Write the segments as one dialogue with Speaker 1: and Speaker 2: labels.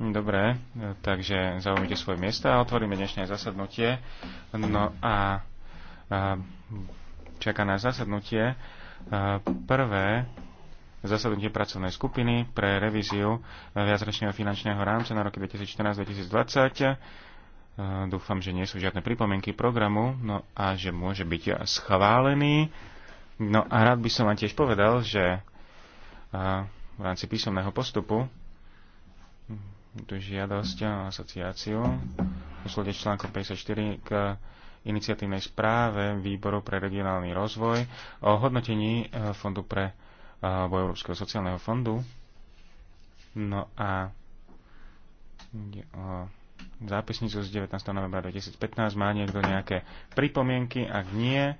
Speaker 1: Dobre, takže zaujmite svoje miesta a otvoríme dnešné zasadnutie. No a, a čaká nás zasadnutie. A, prvé zasadnutie pracovnej skupiny pre revíziu viacročného finančného rámca na roky 2014-2020. Dúfam, že nie sú žiadne pripomienky programu, no a že môže byť schválený. No a rád by som vám tiež povedal, že v rámci písomného postupu tú žiadosť a asociáciu v súlade článkom 54 k iniciatívnej správe Výboru pre regionálny rozvoj o hodnotení e, Fondu pre alebo Európskeho sociálneho fondu. No a zápisnicu z 19. novembra 2015. Má niekto nejaké pripomienky? Ak nie, e,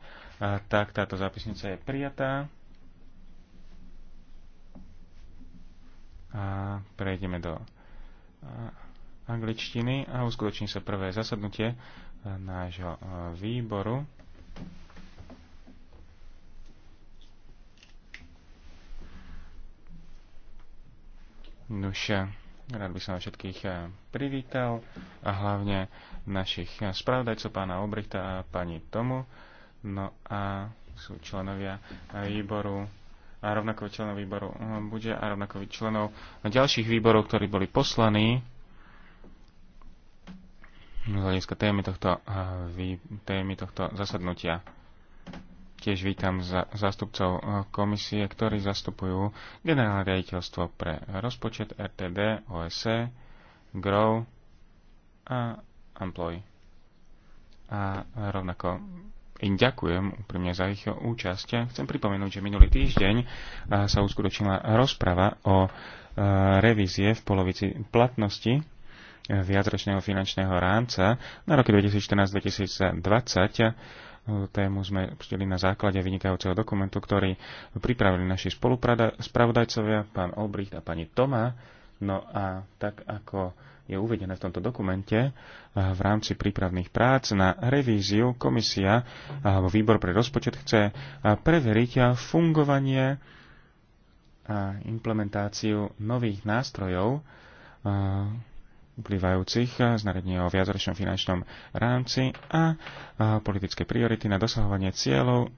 Speaker 1: tak táto zápisnica je prijatá. a prejdeme do angličtiny a uskutoční sa prvé zasadnutie e, nášho e, výboru. Nuž, rád by som vás všetkých e, privítal a hlavne našich spravodajcov, pána Obrichta a pani Tomu. No a sú členovia výboru a rovnako členov výboru eh, bude a rovnako členov ďalších výborov, ktorí boli poslaní z hľadiska témy tohto, eh, témy tohto zasadnutia. Tiež vítam za, zástupcov eh, komisie, ktorí zastupujú generálne riaditeľstvo pre rozpočet RTD, OSE, GROW a Employ. A rovnako im ďakujem úprimne za ich účasť. Chcem pripomenúť, že minulý týždeň eh, sa uskutočnila rozprava o eh, revízie v polovici platnosti eh, viacročného finančného rámca na roky 2014-2020. Tému sme pustili na základe vynikajúceho dokumentu, ktorý pripravili naši spolupravodajcovia, pán Olbricht a pani Toma No a tak ako je uvedené v tomto dokumente, eh, v rámci prípravných prác na revíziu komisia alebo výbor pre rozpočet chce eh, preveriť eh, fungovanie a implementáciu nových nástrojov vplyvajúcich z nariadenia o viacročnom finančnom rámci a politické priority na dosahovanie cieľov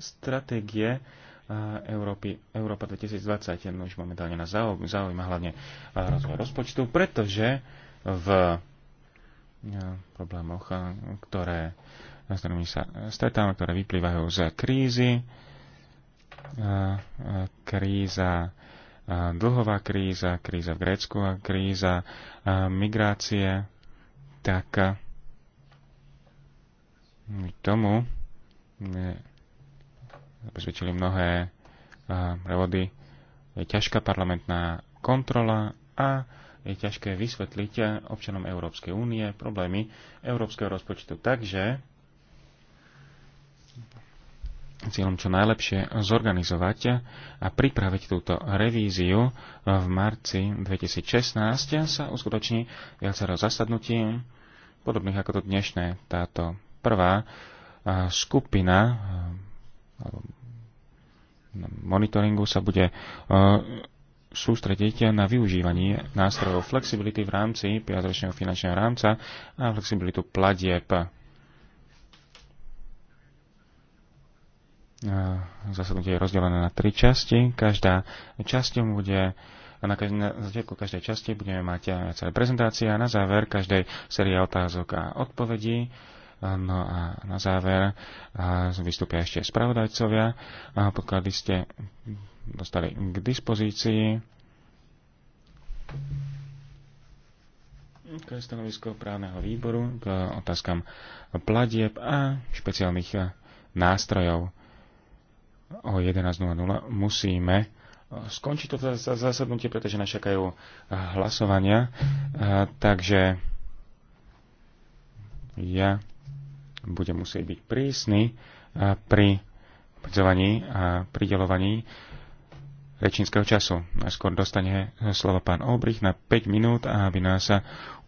Speaker 1: stratégie Európy, Európa 2020. No už momentálne nás zaujíma hlavne rozvoj rozpočtu, pretože v problémoch, ktoré, s ktorými sa stretáme, ktoré vyplývajú z krízy, kríza, dlhová kríza, kríza v Grécku a kríza migrácie, tak k tomu e, presvedčili mnohé prevody. Je ťažká parlamentná kontrola a je ťažké vysvetliť občanom Európskej únie problémy európskeho rozpočtu. Takže cieľom čo najlepšie zorganizovať a pripraviť túto revíziu v marci 2016 sa uskutoční viacero zasadnutí, podobných ako to dnešné. Táto prvá skupina monitoringu sa bude e, sústrediť na využívanie nástrojov flexibility v rámci 5 finančného rámca a flexibilitu platieb. E, zasadnutie je rozdelené na tri časti. Každá časť bude na, kaž- na začiatku každej časti budeme mať celé prezentácie a na záver každej série otázok a odpovedí No a na záver vystúpia ešte spravodajcovia. Poklady ste dostali k dispozícii. K stanovisko právneho výboru, k otázkam platieb a špeciálnych nástrojov. O 11.00 musíme skončiť toto zasadnutie, pretože nás čakajú hlasovania. Takže ja bude musieť byť prísny pri obmedzovaní a pridelovaní rečníckého času. Najskôr dostane slovo pán Obrich na 5 minút, aby nás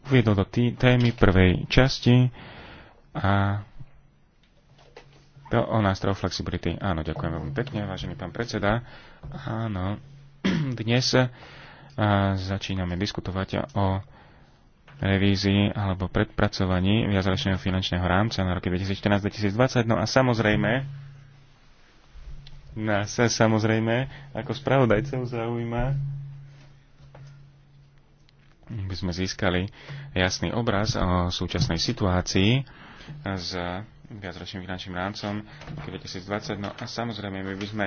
Speaker 1: uviedol do tý, témy prvej časti a to o nástroju flexibility. Áno, ďakujem veľmi pekne, vážený pán predseda. Áno, dnes začíname diskutovať o revízii alebo predpracovaní viacročného finančného rámca na roky 2014-2020. No a samozrejme, na sa samozrejme ako spravodajcov zaujíma, by sme získali jasný obraz o súčasnej situácii s viacročným finančným rámcom 2020. No a samozrejme, my by sme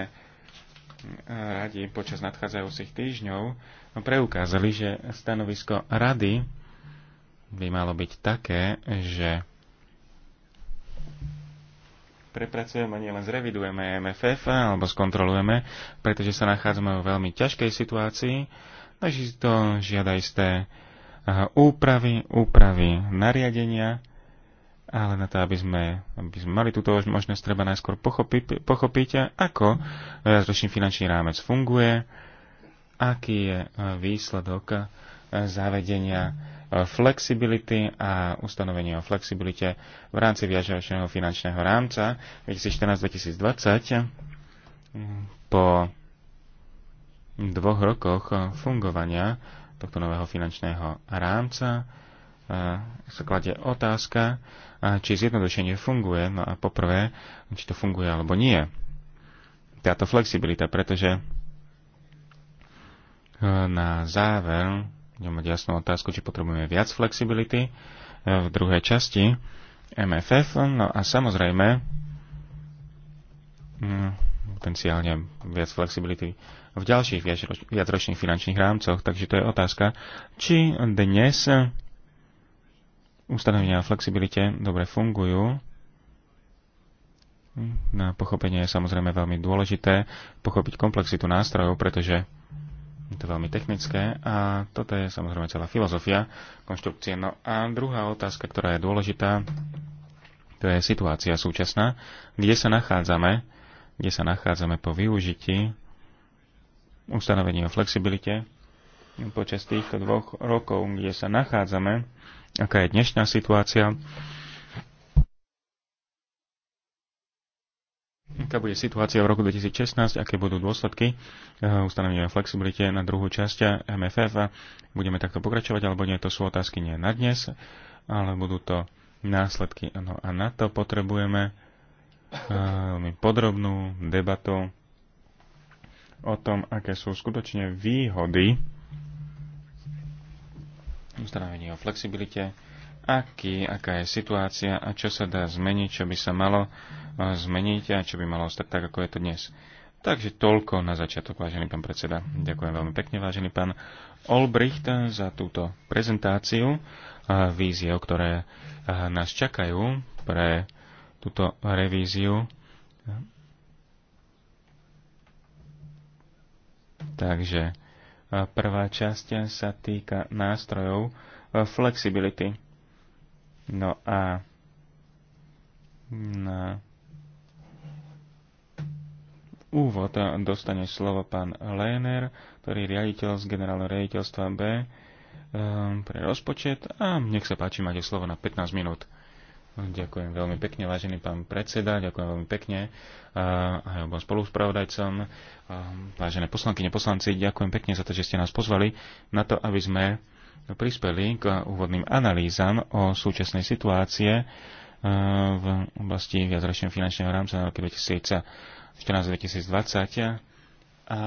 Speaker 1: radi počas nadchádzajúcich týždňov preukázali, že stanovisko rady by malo byť také, že prepracujeme, nielen zrevidujeme MFF alebo skontrolujeme, pretože sa nachádzame vo veľmi ťažkej situácii, takže to žiada isté úpravy, úpravy nariadenia, ale na to, aby sme, aby sme mali túto možnosť, treba najskôr pochopiť, pochopiť ako viacročný finančný rámec funguje, aký je výsledok zavedenia E, flexibility a ustanovenie o flexibilite v rámci viažovačného finančného rámca 2014-2020 po dvoch rokoch fungovania tohto nového finančného rámca e, sa kladie otázka, e, či zjednodušenie funguje, no a poprvé, či to funguje alebo nie. Táto flexibilita, pretože na záver budem mať jasnú otázku, či potrebujeme viac flexibility e, v druhej časti MFF. No a samozrejme, mm, potenciálne viac flexibility v ďalších viacročných finančných rámcoch. Takže to je otázka, či dnes ustanovenia o flexibilite dobre fungujú. Na pochopenie je samozrejme veľmi dôležité pochopiť komplexitu nástrojov, pretože je to veľmi technické a toto je samozrejme celá filozofia konštrukcie. No a druhá otázka, ktorá je dôležitá, to je situácia súčasná, kde sa nachádzame, kde sa nachádzame po využití ustanovení o flexibilite počas týchto dvoch rokov, kde sa nachádzame, aká je dnešná situácia, Aká bude situácia v roku 2016, aké budú dôsledky eh, ustanovenia o flexibilite na druhú časť eh, MFF. Budeme takto pokračovať, alebo nie, to sú otázky nie na dnes, ale budú to následky. No a na to potrebujeme eh, veľmi podrobnú debatu o tom, aké sú skutočne výhody ustanovenia o flexibilite aký, aká je situácia a čo sa dá zmeniť, čo by sa malo e, zmeniť a čo by malo ostať tak, ako je to dnes. Takže toľko na začiatok, vážený pán predseda. Ďakujem veľmi pekne, vážený pán Olbricht, za túto prezentáciu o ktoré e, nás čakajú pre túto revíziu. Takže e, prvá časť sa týka nástrojov flexibility. No a na úvod dostane slovo pán Léner, ktorý je riaditeľ z generálneho riaditeľstva B eh, pre rozpočet a nech sa páči, máte slovo na 15 minút. Ďakujem veľmi pekne, vážený pán predseda, ďakujem veľmi pekne eh, aj obom spoluspravodajcom. Eh, vážené poslanky, poslanci, ďakujem pekne za to, že ste nás pozvali na to, aby sme prispeli k úvodným analýzam o súčasnej situácie e, v oblasti viacročného finančného rámca na roky 2014-2020 a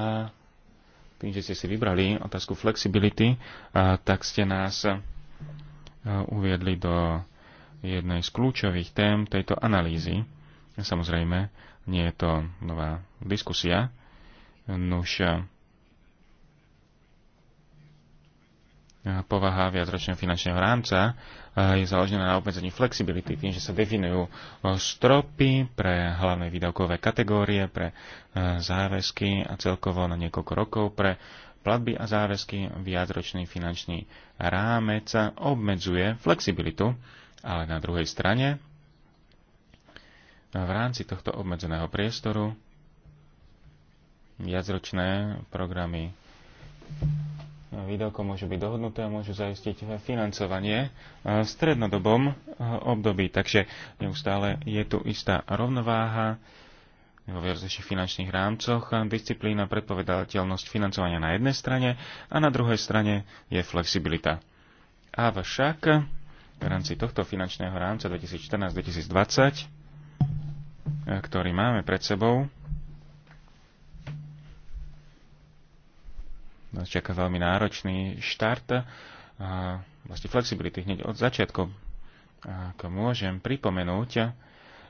Speaker 1: tým, že ste si vybrali otázku flexibility, e, tak ste nás e, uviedli do jednej z kľúčových tém tejto analýzy. Samozrejme, nie je to nová diskusia, nuž povaha viacročného finančného rámca eh, je založená na obmedzení flexibility, tým, že sa definujú eh, stropy pre hlavné výdavkové kategórie, pre eh, záväzky a celkovo na niekoľko rokov pre platby a záväzky. Viacročný finančný rámec obmedzuje flexibilitu, ale na druhej strane v rámci tohto obmedzeného priestoru viacročné programy výdavkov môže byť dohodnuté a môžu zaistiť financovanie e, v strednodobom e, období. Takže neustále je tu istá rovnováha vo viacerých finančných rámcoch, disciplína, predpovedateľnosť financovania na jednej strane a na druhej strane je flexibilita. Avšak v rámci tohto finančného rámca 2014-2020, e, ktorý máme pred sebou, nás čaká veľmi náročný štart a vlastne flexibility hneď od začiatku. Ako môžem pripomenúť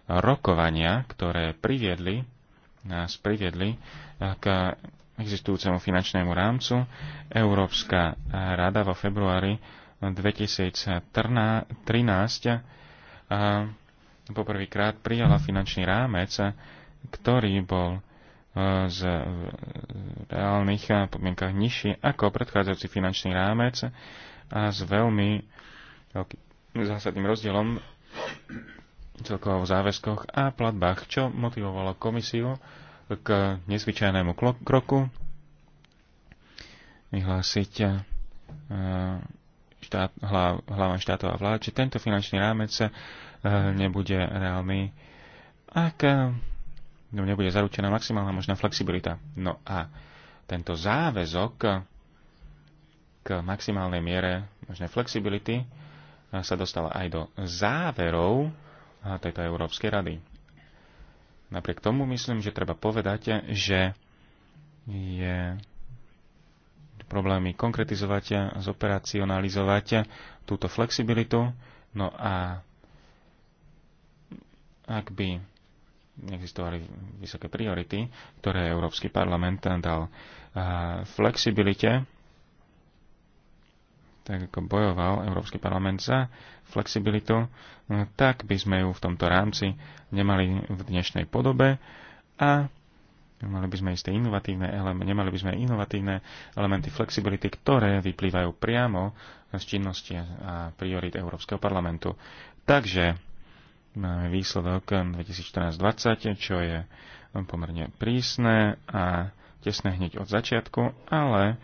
Speaker 1: rokovania, ktoré priviedli, nás priviedli k existujúcemu finančnému rámcu. Európska rada vo februári 2013 poprvýkrát prijala finančný rámec, ktorý bol z eh, reálnych eh, podmienkach nižší ako predchádzajúci finančný rámec a s veľmi veľkým zásadným rozdielom celkovo v záväzkoch a platbách, čo motivovalo komisiu k nezvyčajnému kroku vyhlásiť eh, štát, hlav, štátov a vlád, že tento finančný rámec nebude reálny, ak No, nebude zaručená maximálna možná flexibilita. No a tento záväzok k maximálnej miere možnej flexibility sa dostala aj do záverov tejto Európskej rady. Napriek tomu myslím, že treba povedať, že je problémy konkretizovať a zoperacionalizovať túto flexibilitu. No a ak by existovali vysoké priority, ktoré Európsky parlament dal flexibilite, tak ako bojoval Európsky parlament za flexibilitu, no, tak by sme ju v tomto rámci nemali v dnešnej podobe a Mali by sme isté inovatívne elementy, nemali by sme inovatívne elementy flexibility, ktoré vyplývajú priamo z činnosti a priorit Európskeho parlamentu. Takže Máme výsledok 2014-2020, čo je pomerne prísne a tesné hneď od začiatku, ale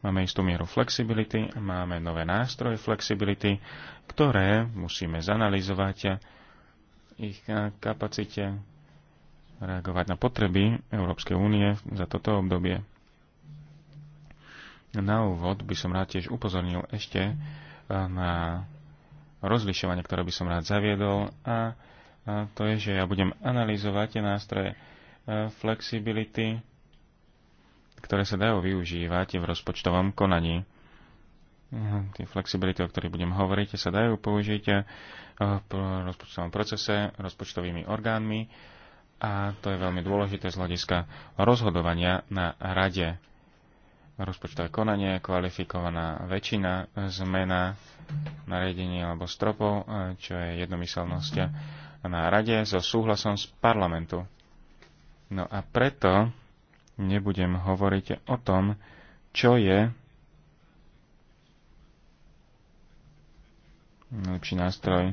Speaker 1: máme istú mieru flexibility, máme nové nástroje flexibility, ktoré musíme zanalizovať ich kapacite reagovať na potreby Európskej únie za toto obdobie. Na úvod by som rád tiež upozornil ešte na rozlišovanie, ktoré by som rád zaviedol a, to je, že ja budem analyzovať tie nástroje e, flexibility, ktoré sa dajú využívať v rozpočtovom konaní. Mhm, tie flexibility, o ktorých budem hovoriť, sa dajú použiť e, v rozpočtovom procese, rozpočtovými orgánmi a to je veľmi dôležité z hľadiska rozhodovania na rade rozpočtové konanie, kvalifikovaná väčšina, zmena nariadení alebo stropov, eh, čo je jednomyselnosť na rade so súhlasom z parlamentu. No a preto nebudem hovoriť o tom, čo je najlepší nástroj, eh,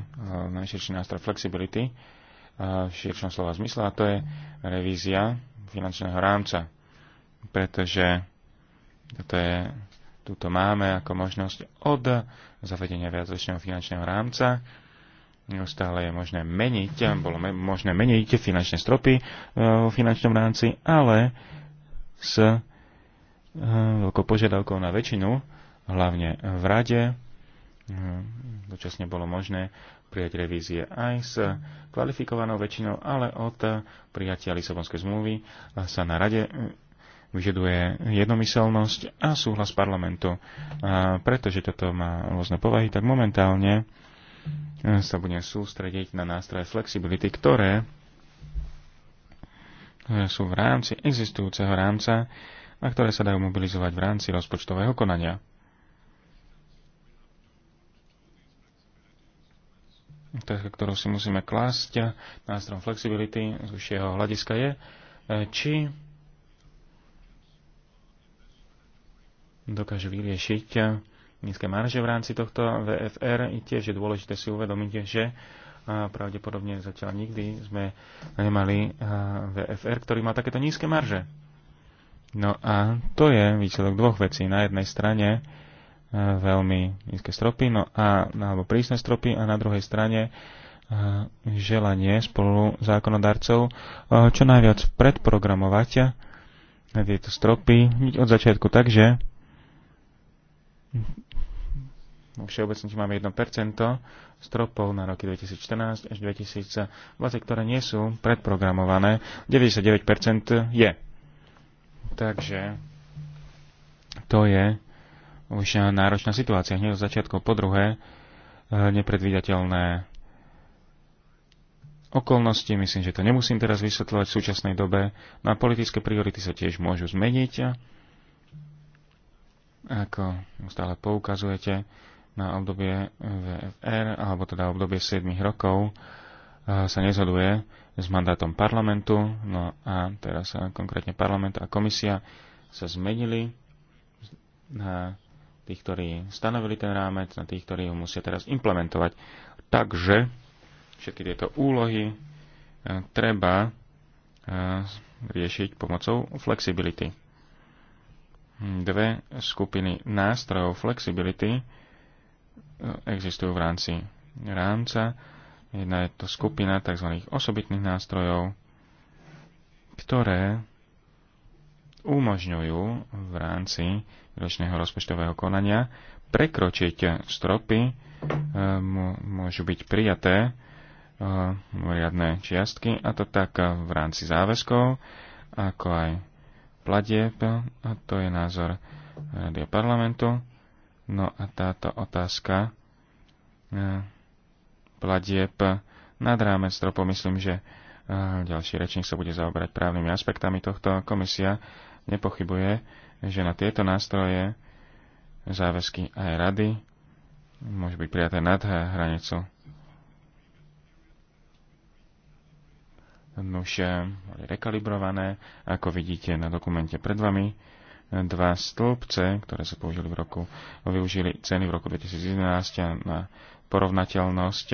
Speaker 1: najširší nástroj flexibility eh, v širšom slova zmysle, a to je revízia finančného rámca. Pretože toto je, túto máme ako možnosť od zavedenia viacročného finančného rámca. Neustále je možné meniť, bolo me, možné meniť finančné stropy e, vo finančnom rámci, ale s e, veľkou požiadavkou na väčšinu, hlavne v rade, e, dočasne bolo možné prijať revízie aj s kvalifikovanou väčšinou, ale od prijatia Lisabonskej zmluvy sa na rade vyžaduje jednomyselnosť a súhlas parlamentu. A pretože toto má rôzne povahy, tak momentálne e, sa budem sústrediť na nástroje flexibility, ktoré sú v rámci existujúceho rámca a ktoré sa dajú mobilizovať v rámci rozpočtového konania. otázka, ktorú si musíme klásť nástrom flexibility z vyššieho hľadiska je, e, či dokáže vyriešiť eh, nízke marže v rámci tohto VFR. I tiež je dôležité si uvedomiť, že eh, pravdepodobne zatiaľ nikdy sme nemali eh, VFR, ktorý má takéto nízke marže. No a to je výsledok dvoch vecí. Na jednej strane veľmi nízke stropy, no a, alebo prísne stropy a na druhej strane želanie spolu zákonodarcov čo najviac predprogramovať tieto stropy od začiatku takže Všeobecne máme 1% stropov na roky 2014 až 2020, ktoré nie sú predprogramované. 99% je. Takže to je už náročná situácia. Hneď od začiatku po druhé e, nepredvídateľné okolnosti, myslím, že to nemusím teraz vysvetľovať v súčasnej dobe, no a politické priority sa tiež môžu zmeniť ako stále poukazujete, na obdobie VFR, alebo teda obdobie 7 rokov, eh, sa nezhoduje s mandátom parlamentu. No a teraz eh, konkrétne parlament a komisia sa zmenili na tých, ktorí stanovili ten rámec, na tých, ktorí ho musia teraz implementovať. Takže všetky tieto úlohy eh, treba riešiť pomocou flexibility dve skupiny nástrojov flexibility e, existujú v rámci rámca. Jedna je to skupina tzv. osobitných nástrojov, ktoré umožňujú v rámci ročného rozpočtového konania prekročiť stropy, e, môžu byť prijaté e, riadne čiastky, a to tak v rámci záväzkov, ako aj platieb, a to je názor Rádia parlamentu. No a táto otázka e, platieb nad rámec stropu, myslím, že e, ďalší rečník sa bude zaoberať právnymi aspektami tohto. Komisia nepochybuje, že na tieto nástroje záväzky aj rady môžu byť prijaté nad hranicu Nuž boli rekalibrované, ako vidíte na dokumente pred vami. Dva stĺpce, ktoré sa použili v roku, využili ceny v roku 2011 na porovnateľnosť.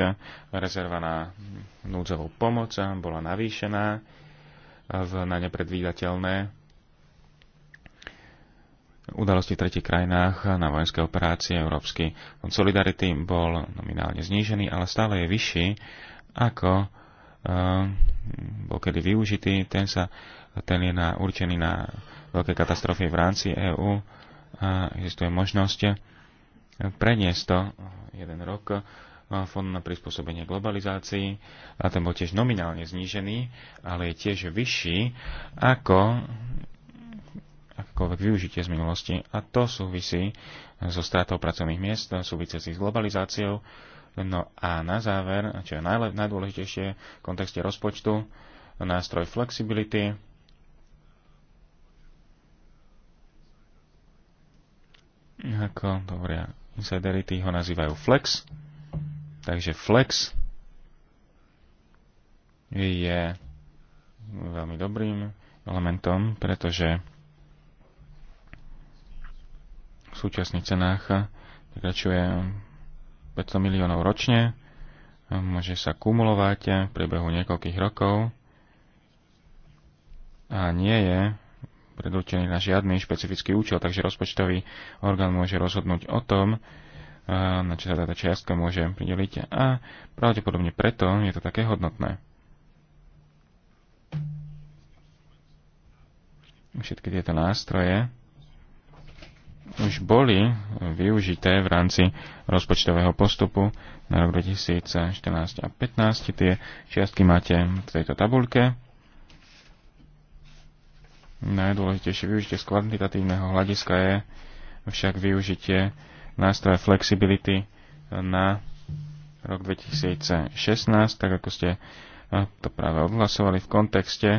Speaker 1: Rezerva na núdzovú pomoc bola navýšená v, na nepredvídateľné udalosti v tretich krajinách na vojenské operácie Európsky fond Solidarity bol nominálne znížený, ale stále je vyšší ako Eh, bol kedy využitý, ten, sa, ten je na, určený na veľké katastrofy v rámci EÚ a existuje možnosť preniesť to jeden rok eh, fond na prispôsobenie globalizácii a ten bol tiež nominálne znížený, ale je tiež vyšší ako akékoľvek využitie z minulosti. A to súvisí so stratou pracovných miest, súvisí s globalizáciou, No a na záver, čo je najdôležitejšie v kontexte rozpočtu, nástroj flexibility, ako hovoria insidery, ho nazývajú flex. Takže flex je veľmi dobrým elementom, pretože v súčasných cenách prekračuje 500 miliónov ročne, môže sa kumulovať v priebehu niekoľkých rokov a nie je predurčený na žiadny špecifický účel, takže rozpočtový orgán môže rozhodnúť o tom, e, na čo sa táto čiastka môže prideliť a pravdepodobne preto je to také hodnotné. Všetky tieto nástroje už boli využité v rámci rozpočtového postupu na rok 2014 a 2015. Tie čiastky máte v tejto tabulke. Najdôležitejšie využitie z kvantitatívneho hľadiska je však využitie nástroja flexibility na rok 2016, tak ako ste eh, to práve odhlasovali v kontexte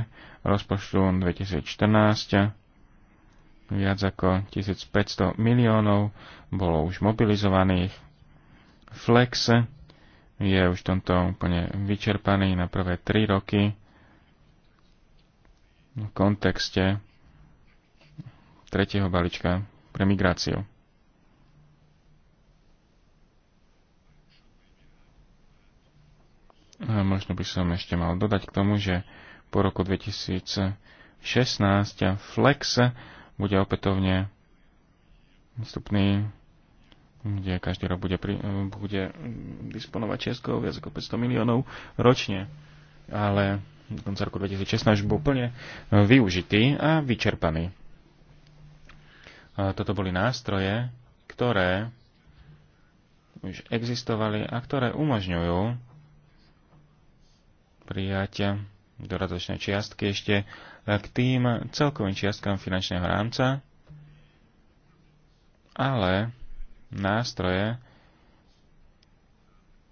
Speaker 1: rozpočtu 2014 Viac ako 1500 miliónov bolo už mobilizovaných. Flex je už v tomto úplne vyčerpaný na prvé 3 roky v kontexte tretieho balíčka pre migráciu. A možno by som ešte mal dodať k tomu, že po roku 2016 Flex bude opätovne vstupný, kde každý rok bude, pri, bude disponovať Českou viac ako 500 miliónov ročne. Ale do konca roku 2016 bol plne e, využitý a vyčerpaný. A toto boli nástroje, ktoré už existovali a ktoré umožňujú prijať doradočné čiastky ešte k tým celkovým čiastkám finančného rámca, ale nástroje,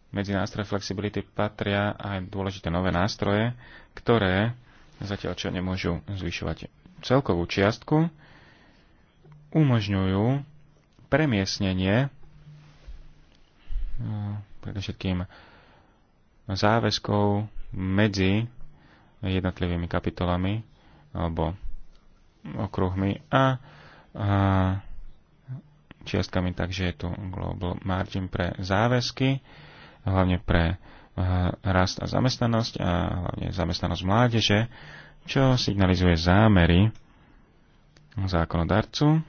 Speaker 1: medzi nástroje flexibility patria aj dôležité nové nástroje, ktoré zatiaľ čo nemôžu zvyšovať celkovú čiastku, umožňujú premiesnenie no, predovšetkým záväzkov medzi jednotlivými kapitolami alebo okruhmi a, a čiastkami, takže je tu global margin pre záväzky, hlavne pre e, rast a zamestnanosť a hlavne zamestnanosť mládeže, čo signalizuje zámery zákonodarcu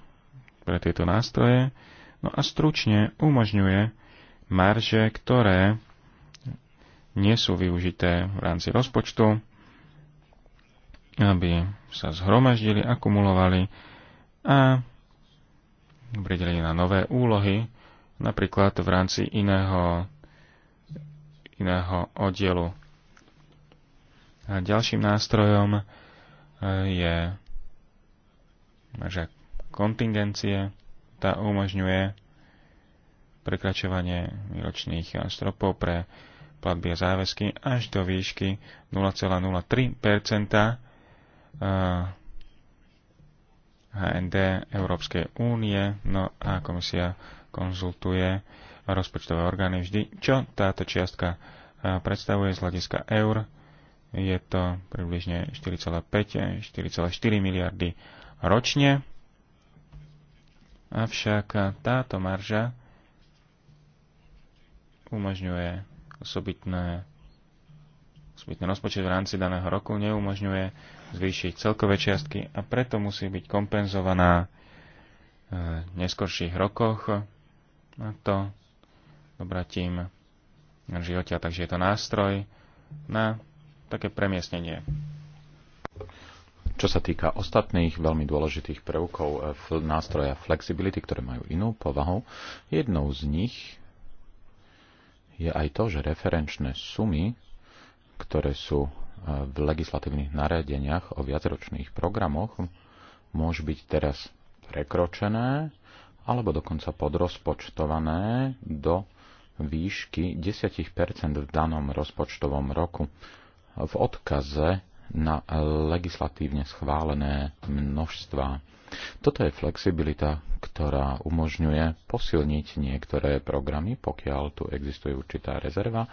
Speaker 1: pre tieto nástroje, no a stručne umožňuje marže, ktoré nie sú využité v rámci rozpočtu, aby sa zhromaždili, akumulovali a pridelili na nové úlohy, napríklad v rámci iného, iného oddielu. A ďalším nástrojom e, je že kontingencie, tá umožňuje prekračovanie výročných stropov pre platby a záväzky až do výšky 0,03 HND eh, Európskej únie, no a komisia konzultuje rozpočtové orgány vždy, čo táto čiastka eh, predstavuje z hľadiska eur. Je to približne 4,5-4,4 miliardy ročne. Avšak eh, táto marža umožňuje osobitné, osobitný rozpočet v rámci daného roku, neumožňuje zvýšiť celkové čiastky a preto musí byť kompenzovaná e, v neskorších rokoch na to dobratím života. Takže je to nástroj na také premiesnenie.
Speaker 2: Čo sa týka ostatných veľmi dôležitých prvkov e, nástroja flexibility, ktoré majú inú povahu, jednou z nich je aj to, že referenčné sumy, ktoré sú v legislatívnych nariadeniach o viacročných programoch môže byť teraz prekročené alebo dokonca podrozpočtované do výšky 10 v danom rozpočtovom roku v odkaze na legislatívne schválené množstva. Toto je flexibilita, ktorá umožňuje posilniť niektoré programy, pokiaľ tu existuje určitá rezerva,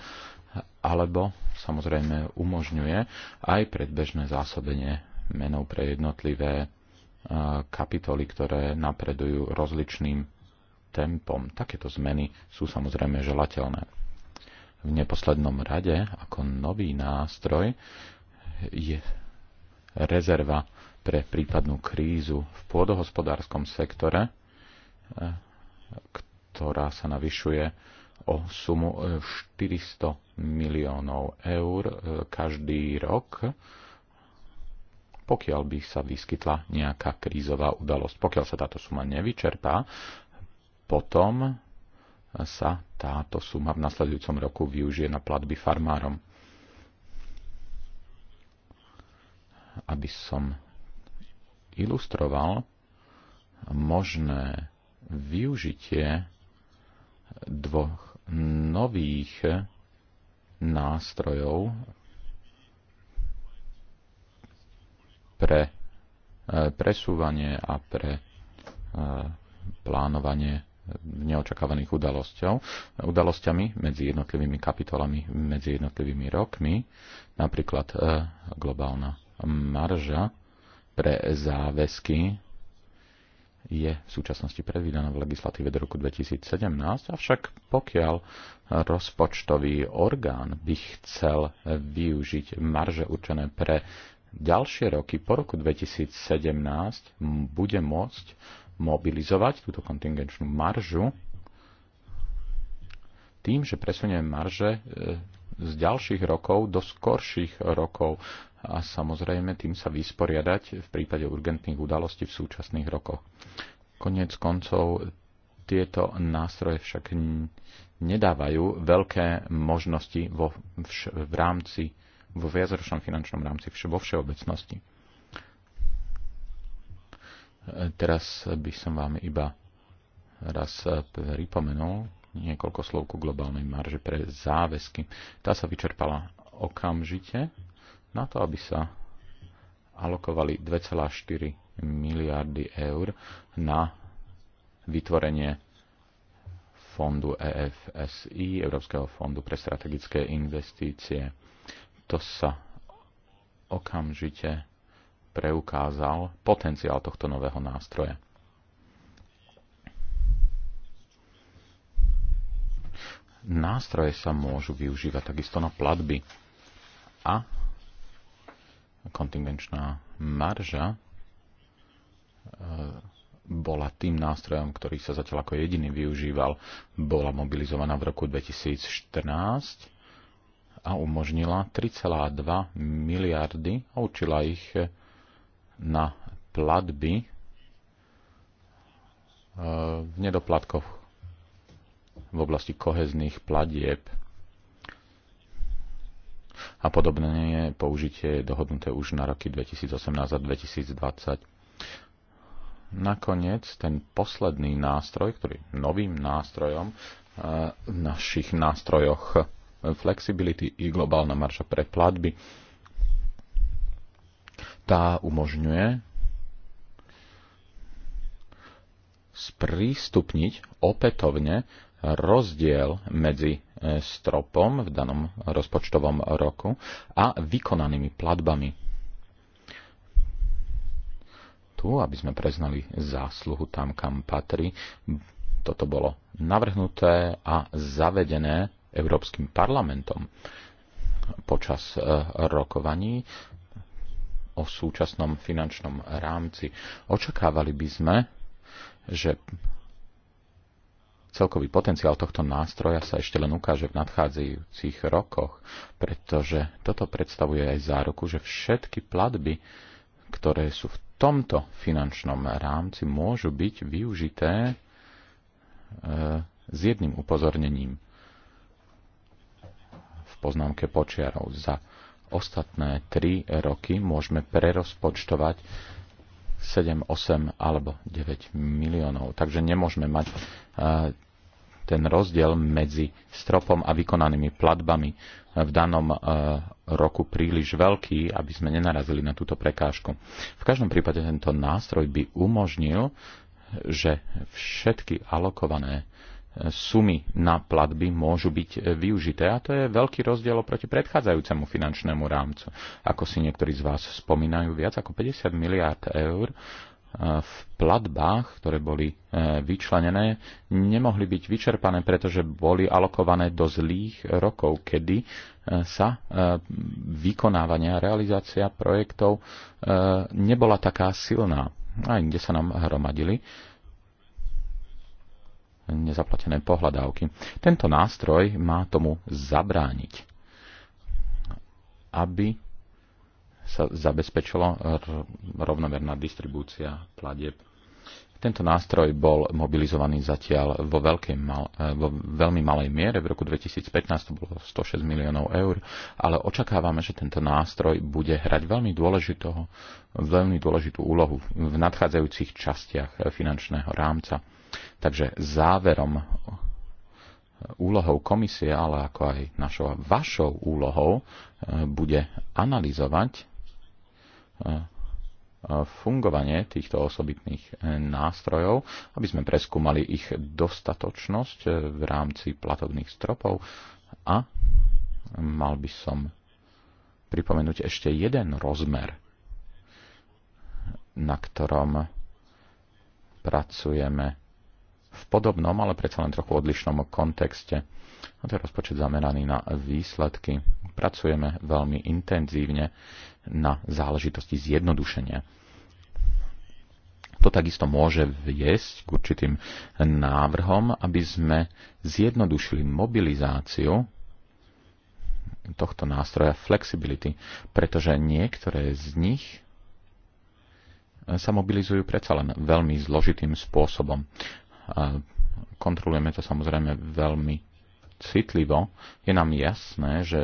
Speaker 2: alebo samozrejme umožňuje aj predbežné zásobenie menov pre jednotlivé e, kapitoly, ktoré napredujú rozličným tempom. Takéto zmeny sú samozrejme želateľné. V neposlednom rade ako nový nástroj je rezerva pre prípadnú krízu v pôdohospodárskom sektore, e, ktorá sa navyšuje o sumu 400 e, miliónov eur e, každý rok, pokiaľ by sa vyskytla nejaká krízová udalosť. Pokiaľ sa táto suma nevyčerpá, potom sa táto suma v nasledujúcom roku využije na platby farmárom. Aby som ilustroval možné využitie dvoch nových nástrojov pre e, presúvanie a pre e, plánovanie neočakávaných udalosťou, udalosťami medzi jednotlivými kapitolami, medzi jednotlivými rokmi, napríklad e, globálna marža pre záväzky je v súčasnosti predvídaná v legislatíve do roku 2017, avšak pokiaľ rozpočtový orgán by chcel využiť marže určené pre ďalšie roky po roku 2017, bude môcť mobilizovať túto kontingenčnú maržu tým, že presunie marže e, z ďalších rokov do skorších rokov a samozrejme tým sa vysporiadať v prípade urgentných udalostí v súčasných rokoch. Konec koncov tieto nástroje však nedávajú veľké možnosti vo, vš- v rámci, vo viacročnom finančnom rámci vš- vo všeobecnosti. Teraz by som vám iba raz pripomenul, niekoľko slov ku globálnej marže pre záväzky. Tá sa vyčerpala okamžite na to, aby sa alokovali 2,4 miliardy eur na vytvorenie fondu EFSI, Európskeho fondu pre strategické investície. To sa okamžite preukázal potenciál tohto nového nástroja. nástroje sa môžu využívať takisto na platby. A kontingenčná marža e, bola tým nástrojom, ktorý sa zatiaľ ako jediný využíval, bola mobilizovaná v roku 2014 a umožnila 3,2 miliardy a učila ich na platby e, v nedoplatkoch v oblasti kohezných platieb a podobné použitie dohodnuté už na roky 2018 a 2020. Nakoniec ten posledný nástroj, ktorý je novým nástrojom eh, v našich nástrojoch eh, flexibility i globálna marža pre platby, tá umožňuje sprístupniť opätovne rozdiel medzi e, stropom v danom rozpočtovom roku a vykonanými platbami. Tu, aby sme preznali zásluhu tam, kam patrí, toto bolo navrhnuté a zavedené Európskym parlamentom počas e, rokovaní o súčasnom finančnom rámci. Očakávali by sme, že Celkový potenciál tohto nástroja sa ešte len ukáže v nadchádzajúcich rokoch, pretože toto predstavuje aj záruku, že všetky platby, ktoré sú v tomto finančnom rámci, môžu byť využité e, s jedným upozornením v poznámke počiarov. Za ostatné tri roky môžeme prerozpočtovať 7, 8 alebo 9 miliónov. Takže nemôžeme mať e, ten rozdiel medzi stropom a vykonanými platbami v danom e, roku príliš veľký, aby sme nenarazili na túto prekážku. V každom prípade tento nástroj by umožnil, že všetky alokované e, sumy na platby môžu byť využité. A to je veľký rozdiel oproti predchádzajúcemu finančnému rámcu. Ako si niektorí z vás spomínajú, viac ako 50 miliárd eur v platbách, ktoré boli e, vyčlenené, nemohli byť vyčerpané, pretože boli alokované do zlých rokov, kedy e, sa e, vykonávania a realizácia projektov nebola taká silná. A kde sa nám hromadili nezaplatené pohľadávky. Tento nástroj má tomu zabrániť, aby sa zabezpečilo rovnomerná distribúcia platieb. Tento nástroj bol mobilizovaný zatiaľ vo, veľkej mal, e, vo veľmi malej miere. V roku 2015 to bolo 106 miliónov eur, ale očakávame, že tento nástroj bude hrať veľmi, veľmi dôležitú úlohu v nadchádzajúcich častiach e, finančného rámca. Takže záverom e, úlohou komisie, ale ako aj našou vašou úlohou, bude analyzovať fungovanie týchto osobitných e, nástrojov, aby sme preskúmali ich dostatočnosť e, v rámci platobných stropov a mal by som pripomenúť ešte jeden rozmer, na ktorom pracujeme v podobnom, ale predsa len trochu odlišnom kontexte. A to je rozpočet zameraný na výsledky. Pracujeme veľmi intenzívne na záležitosti zjednodušenia. To takisto môže viesť k určitým návrhom, aby sme zjednodušili mobilizáciu tohto nástroja flexibility, pretože niektoré z nich sa mobilizujú predsa len veľmi zložitým spôsobom. Kontrolujeme to samozrejme veľmi citlivo, je nám jasné, že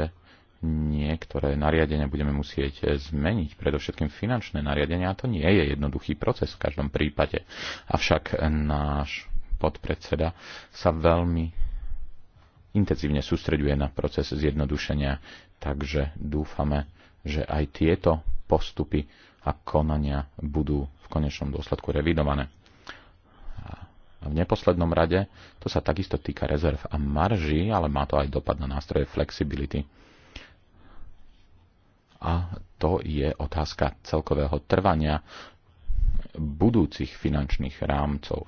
Speaker 2: niektoré nariadenia budeme musieť zmeniť, predovšetkým finančné nariadenia, a to nie je jednoduchý proces v každom prípade. Avšak náš podpredseda sa veľmi intenzívne sústreďuje na proces zjednodušenia, takže dúfame, že aj tieto postupy a konania budú v konečnom dôsledku revidované v neposlednom rade to sa takisto týka rezerv a marží, ale má to aj dopad na nástroje flexibility. A to je otázka celkového trvania budúcich finančných rámcov, e,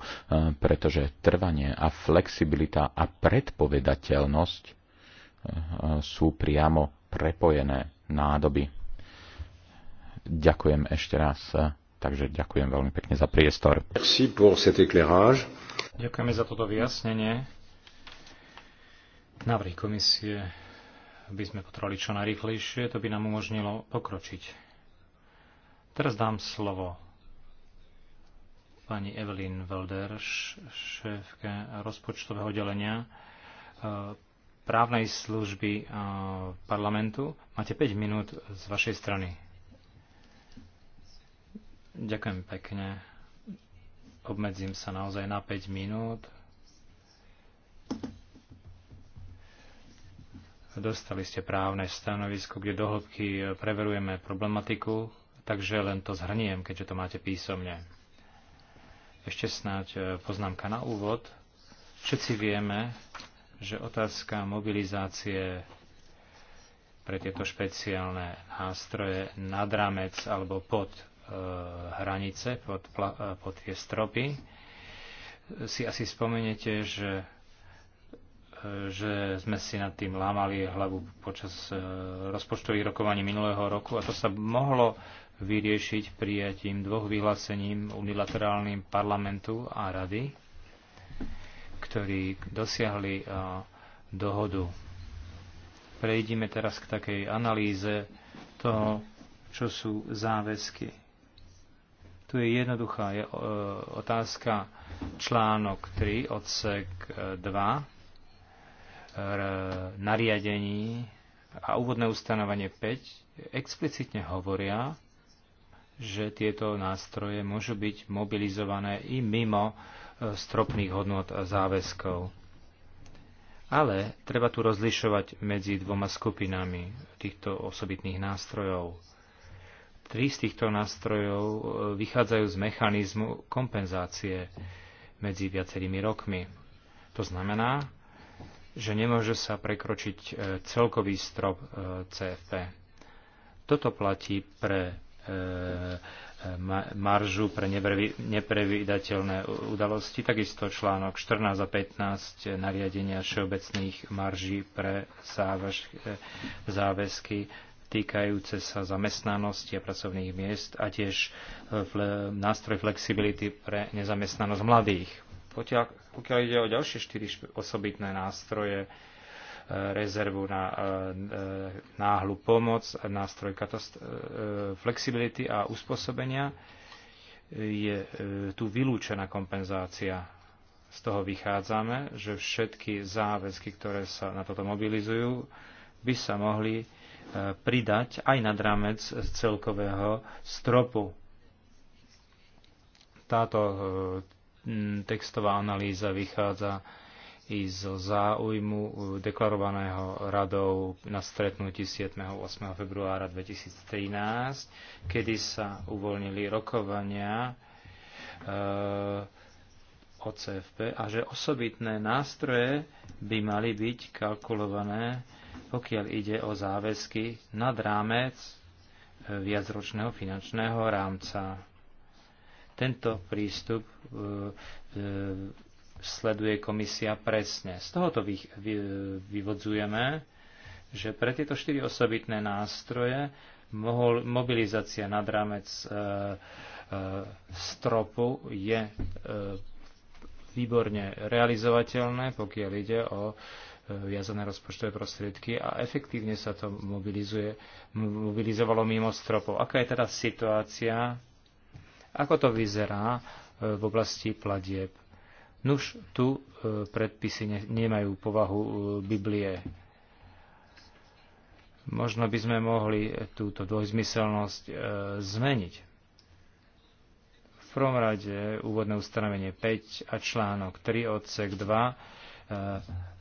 Speaker 2: pretože trvanie a flexibilita a predpovedateľnosť e, sú priamo prepojené nádoby. Ďakujem ešte raz, e, takže ďakujem veľmi pekne za priestor. Merci pour cet éclairage.
Speaker 3: Ďakujeme za toto vyjasnenie. Návrhy komisie by sme potrebovali čo najrychlejšie, to by nám umožnilo pokročiť. Teraz dám slovo pani Evelyn Velder, šéfke rozpočtového delenia e, právnej služby e, parlamentu. Máte 5 minút z vašej strany. Ďakujem pekne Obmedzím sa naozaj na 5 minút. Dostali ste právne stanovisko, kde dohlbky preverujeme problematiku, takže len to zhrniem, keďže to máte písomne. Ešte snáď e, poznámka na úvod. Všetci vieme, že otázka mobilizácie pre tieto špeciálne nástroje nad rámec alebo pod E, hranice, pod, e, pod tie stropy. Si asi spomeniete, že, e, že sme si nad tým lámali hlavu počas rozpočtových rokovaní minulého roku a to sa mohlo vyriešiť prijatím dvoch vyhlásením unilaterálnym parlamentu a rady, ktorí dosiahli dohodu. Prejdime teraz k takej analýze toho, čo sú záväzky tu je jednoduchá je, e, otázka článok 3, odsek 2, e, e, nariadení a úvodné ustanovanie 5 explicitne hovoria, že tieto nástroje môžu byť mobilizované i mimo stropných hodnot a záväzkov. Ale treba tu rozlišovať medzi dvoma skupinami týchto osobitných nástrojov Tri z týchto nástrojov e, vychádzajú z mechanizmu kompenzácie medzi viacerými rokmi. To znamená, že nemôže sa prekročiť e, celkový strop e, CFP. Toto platí pre maržu pre neprevydateľné udalosti, takisto článok 14 a 15 nariadenia všeobecných marží pre záväzky týkajúce sa zamestnanosti a pracovných miest a tiež e, nástroj flexibility pre nezamestnanosť mladých. Pokiaľ ide o ďalšie štyri osobitné nástroje, e, rezervu na e, náhlu pomoc, nástroj flexibility a uspôsobenia, je tu vylúčená kompenzácia. Z toho vychádzame, že všetky záväzky, ktoré sa na toto mobilizujú, by sa mohli pridať aj nad rámec celkového stropu. Táto e, textová analýza vychádza i zo záujmu e, deklarovaného radou na stretnutí 7. 8. februára 2013, kedy sa uvoľnili rokovania e, o CFP a že osobitné nástroje by mali byť kalkulované, pokiaľ ide o záväzky nad rámec e, viacročného finančného rámca. Tento prístup e, e, sleduje komisia presne. Z tohoto vyvodzujeme, že pre tieto štyri osobitné nástroje mohol, mobilizácia nad rámec e, e, stropu je e, výborne realizovateľné, pokiaľ ide o e, viazané rozpočtové prostriedky a efektívne sa to mobilizuje, mobilizovalo mimo stropov. Aká je teda situácia? Ako to vyzerá e, v oblasti platieb? Nuž, tu e, predpisy ne, nemajú povahu Biblie. Možno by sme mohli túto dvojzmyselnosť zmeniť prvom rade úvodné ustanovenie 5 a článok 3 odsek 2 e,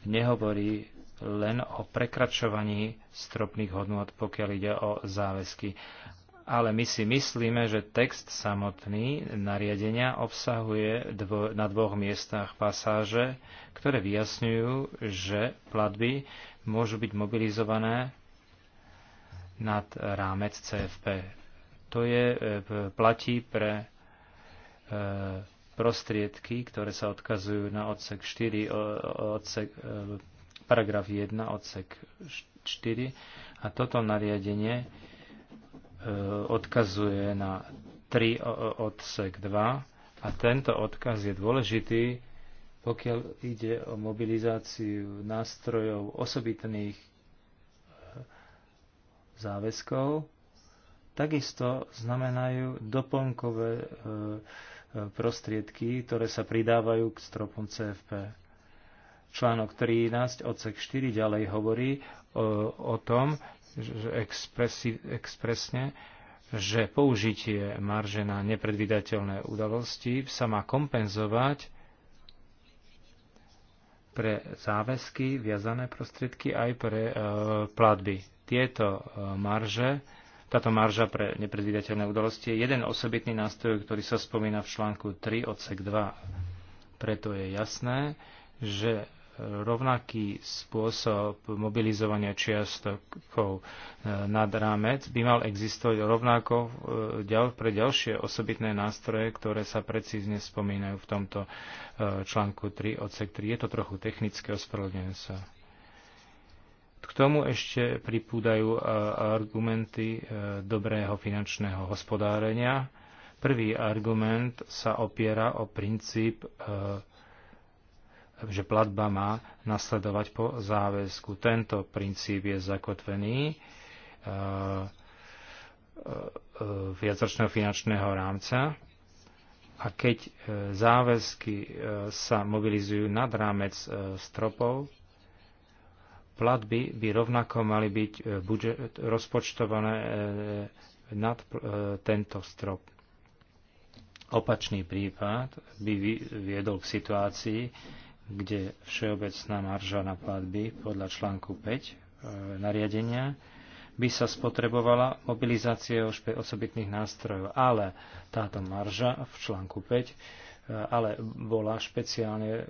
Speaker 3: nehovorí len o prekračovaní stropných hodnot, pokiaľ ide o záväzky. Ale my si myslíme, že text samotný nariadenia obsahuje dvo, na dvoch miestach pasáže, ktoré vyjasňujú, že platby môžu byť mobilizované nad rámec CFP. To je, e, platí pre prostriedky, ktoré sa odkazujú na odsek 4, odsek, e, paragraf 1, odsek 4. A toto nariadenie e, odkazuje na 3 odsek 2. A tento odkaz je dôležitý, pokiaľ ide o mobilizáciu nástrojov osobitných e, záväzkov, takisto znamenajú doplnkové e, prostriedky, ktoré sa pridávajú k stropom CFP. Článok 13, odsek 4 ďalej hovorí o, e, o tom, že expresi, expresne, že použitie marže na nepredvydateľné udalosti sa má kompenzovať pre záväzky, viazané prostriedky aj pre e, platby. Tieto e, marže táto marža pre nepredvídateľné udalosti je jeden osobitný nástroj, ktorý sa spomína v článku 3 odsek 2. Preto je jasné, že rovnaký spôsob mobilizovania čiastokov e, nad rámec by mal existovať rovnako e, pre ďalšie osobitné nástroje, ktoré sa precízne spomínajú v tomto e, článku 3 odsek 3. Je to trochu technické, ospravedlňujem sa. K tomu ešte pripúdajú e, argumenty e, dobrého finančného hospodárenia. Prvý argument sa opiera o princíp, e, že platba má nasledovať po záväzku. Tento princíp je zakotvený viacročného finančného rámca a keď záväzky sa mobilizujú nad rámec stropov, Platby by rovnako mali byť e, budžet, rozpočtované e, nad e, tento strop. Opačný prípad by viedol k situácii, kde všeobecná marža na platby podľa článku 5 nariadenia by sa spotrebovala mobilizáciou osobitných nástrojov, ale táto marža v článku 5 ale bola špeciálne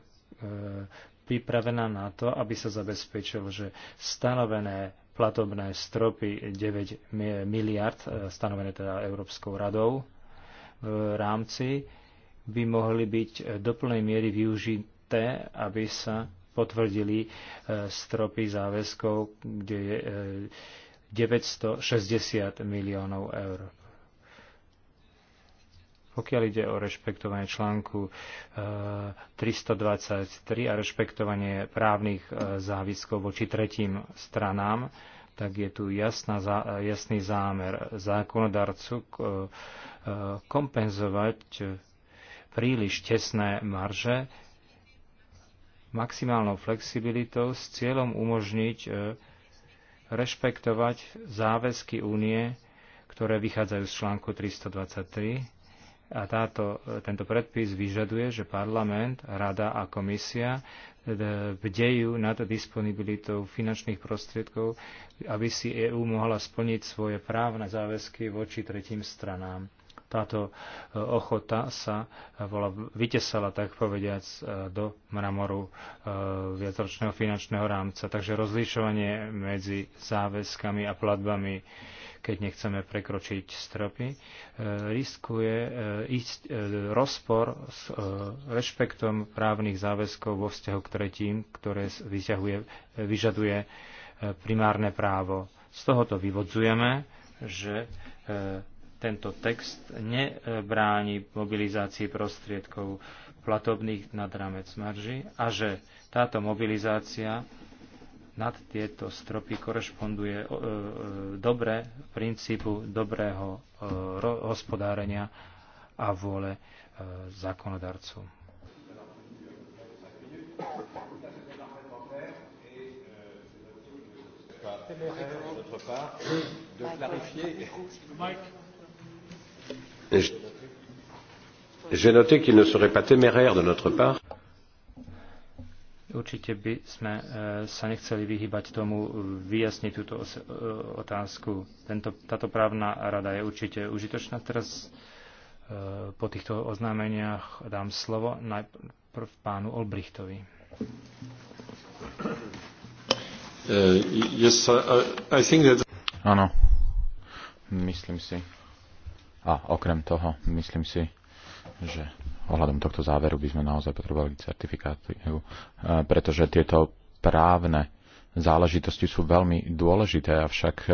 Speaker 3: pripravená na to, aby sa zabezpečilo, že stanovené platobné stropy 9 miliard, e, stanovené teda Európskou radou v rámci, by mohli byť e, do plnej miery využité, aby sa potvrdili e, stropy záväzkov, kde je 960 miliónov eur. Pokiaľ ide o rešpektovanie článku 323 e, a rešpektovanie právnych e, záviskov voči tretím stranám, tak je tu jasná, jasný zámer zákonodarcu e, kompenzovať príliš tesné marže maximálnou flexibilitou s cieľom umožniť rešpektovať záväzky únie, ktoré vychádzajú z článku 323 a táto, tento predpis vyžaduje, že parlament, rada a komisia e, bdejú nad disponibilitou finančných prostriedkov, aby si EÚ mohla splniť svoje právne záväzky voči tretím stranám táto e, ochota sa bola e, vytesala, tak povediac, e, do mramoru viacročného finančného rámca. Takže rozlišovanie medzi záväzkami a platbami keď nechceme prekročiť stropy, riskuje ísť rozpor s rešpektom právnych záväzkov vo vzťahu k tretím, ktoré vyťahuje, vyžaduje primárne právo. Z tohoto vyvodzujeme, že tento text nebráni mobilizácii prostriedkov platobných nad rámec marži a že táto mobilizácia nad tieto stropy korešponduje e, e dobre princípu dobrého e, hospodárenia a vôle e, zákonodarcu.
Speaker 4: Mike.
Speaker 2: J'ai noté qu'il ne serait pas téméraire de notre part.
Speaker 3: Určite by sme eh, sa nechceli vyhybať tomu vyjasniť túto eh, otázku. Tento, táto právna rada je určite užitočná. Teraz eh, po týchto oznámeniach dám slovo najprv pánu Olbrichtovi.
Speaker 4: Uh, yes, I, I think that...
Speaker 2: Áno, myslím si, a okrem toho, myslím si, že ohľadom tohto záveru by sme naozaj potrebovali certifikáciu, e e, pretože tieto právne záležitosti sú veľmi dôležité, avšak e,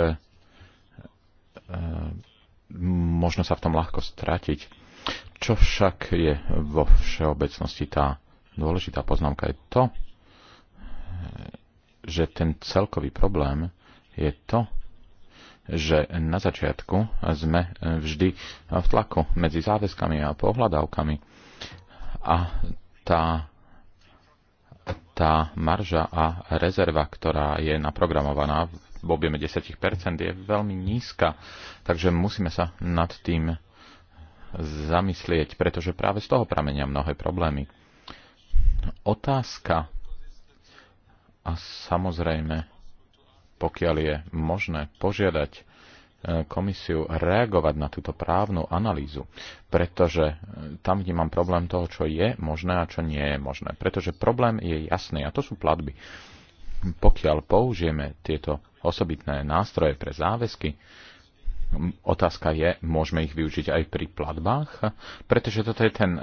Speaker 2: možno sa v tom ľahko stratiť. Čo však je vo všeobecnosti tá dôležitá poznámka je to, že ten celkový problém je to, že na začiatku sme vždy v tlaku medzi záväzkami a pohľadávkami. A tá, tá marža a rezerva, ktorá je naprogramovaná v objeme 10%, je veľmi nízka. Takže musíme sa nad tým zamyslieť, pretože práve z toho pramenia mnohé problémy. Otázka a samozrejme pokiaľ je možné požiadať e, komisiu reagovať na túto právnu analýzu, pretože e, tam vnímam problém toho, čo je možné a čo nie je možné. Pretože problém je jasný a to sú platby. Pokiaľ použijeme tieto osobitné nástroje pre záväzky, otázka je, môžeme ich využiť aj pri platbách, pretože toto je ten e,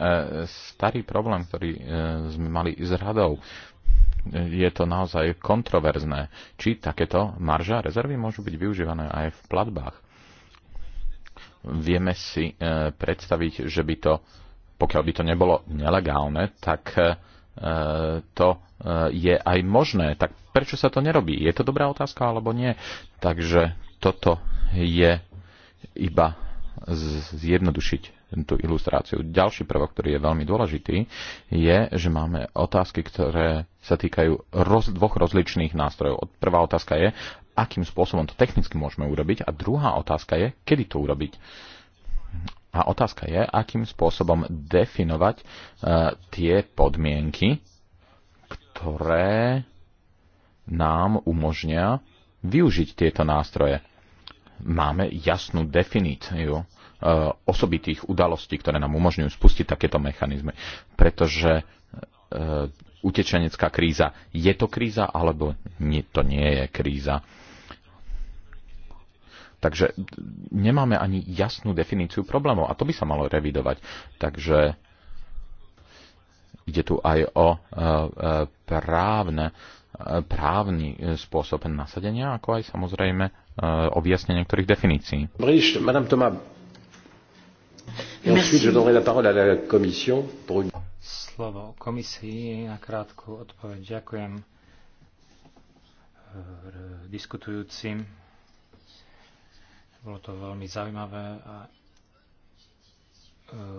Speaker 2: starý problém, ktorý sme mali s radou je to naozaj kontroverzné, či takéto marža rezervy môžu byť využívané aj v platbách. Vieme si e, predstaviť, že by to, pokiaľ by to nebolo nelegálne, tak e, to e, je aj možné. Tak prečo sa to nerobí? Je to dobrá otázka alebo nie? Takže toto je iba zjednodušiť tú ilustráciu. Ďalší prvok, ktorý je veľmi dôležitý, je, že máme otázky, ktoré sa týkajú roz, dvoch rozličných nástrojov. Prvá otázka je, akým spôsobom to technicky môžeme urobiť a druhá otázka je, kedy to urobiť. A otázka je, akým spôsobom definovať e, tie podmienky, ktoré nám umožnia využiť tieto nástroje. Máme jasnú definíciu Eh, osobitých udalostí, ktoré nám umožňujú spustiť takéto mechanizmy. Pretože eh, utečenecká kríza je to kríza, alebo nie, to nie je kríza. Takže nemáme ani jasnú definíciu problémov a to by sa malo revidovať. Takže ide tu aj o eh, právne, právny spôsob nasadenia, ako aj samozrejme objasnenie niektorých definícií. Madame Thomas, Et Merci. je donnerai la parole à la Commission pour une...
Speaker 3: Slovo komisii na krátku odpoveď. Ďakujem eh, diskutujúcim. Bolo to veľmi zaujímavé a eh,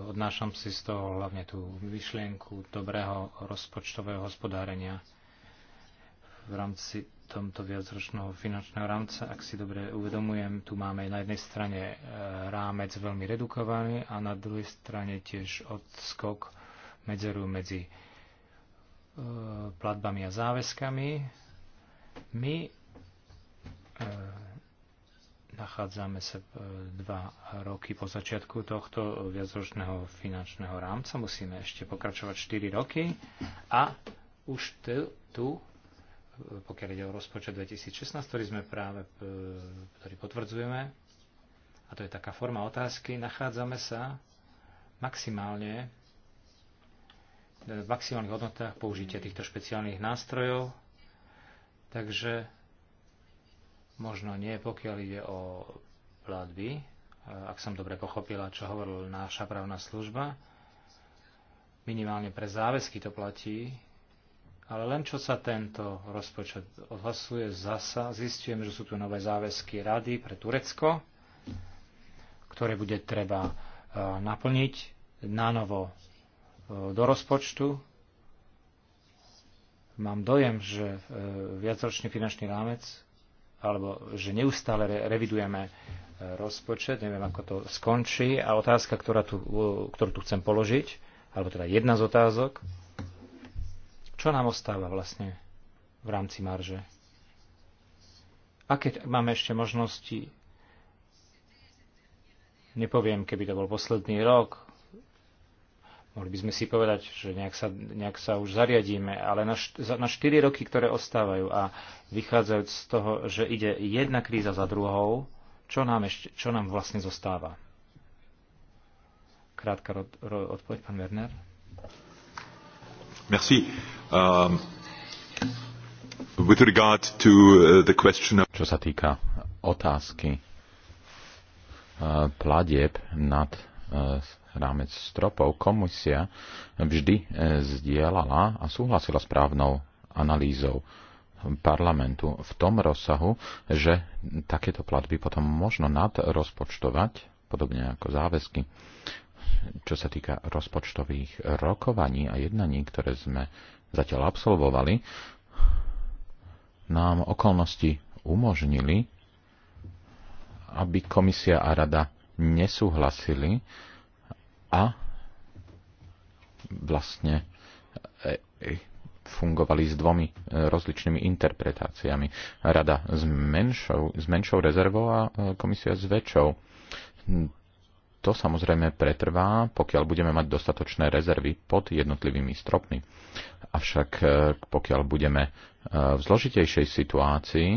Speaker 3: odnášam si z toho hlavne tú myšlienku dobrého rozpočtového hospodárenia v rámci tomto viacročného finančného rámca, ak si dobre uvedomujem, tu máme na jednej strane e, rámec veľmi redukovaný a na druhej strane tiež odskok medzeru medzi e, platbami a záväzkami. My e, nachádzame sa dva roky po začiatku tohto viacročného finančného rámca. Musíme ešte pokračovať 4 roky a už tu, tu pokiaľ ide o rozpočet 2016, ktorý sme práve e, ktorý potvrdzujeme, a to je taká forma otázky, nachádzame sa maximálne e, v maximálnych hodnotách použitia týchto špeciálnych nástrojov, takže možno nie, pokiaľ ide o platby, e, ak som dobre pochopila, čo hovorila náša právna služba, minimálne pre záväzky to platí, ale len čo sa tento rozpočet odhlasuje zasa, zistujem, že sú tu nové záväzky rady pre Turecko, ktoré bude treba e, naplniť na novo e, do rozpočtu. Mám dojem, že e, viacročný finančný rámec, alebo že neustále revidujeme rozpočet, neviem, ako to skončí. A otázka, ktorá tu, ktorú tu chcem položiť, alebo teda jedna z otázok, čo nám ostáva vlastne v rámci marže? A keď máme ešte možnosti? Nepoviem, keby to bol posledný rok. Mohli by sme si povedať, že nejak sa, nejak sa už zariadíme, ale na, na 4 roky, ktoré ostávajú a vychádzajúc z toho, že ide jedna kríza za druhou, čo nám, ešte, čo nám vlastne zostáva? Krátka odpoveď, pán Werner.
Speaker 2: Merci. Um, with regard to uh, the question of... Čo sa týka otázky uh, pladieb nad uh, rámec stropov, komisia vždy zdieľala a súhlasila s právnou analýzou parlamentu v tom rozsahu, že takéto platby potom možno nadrozpočtovať, podobne ako záväzky čo sa týka rozpočtových rokovaní a jednaní, ktoré sme zatiaľ absolvovali, nám okolnosti umožnili, aby komisia a rada nesúhlasili a vlastne e, e, fungovali s dvomi e, rozličnými interpretáciami. Rada s menšou, s menšou rezervou a komisia s väčšou to samozrejme pretrvá, pokiaľ budeme mať dostatočné rezervy pod jednotlivými stropmi. Avšak e, pokiaľ budeme e, v zložitejšej situácii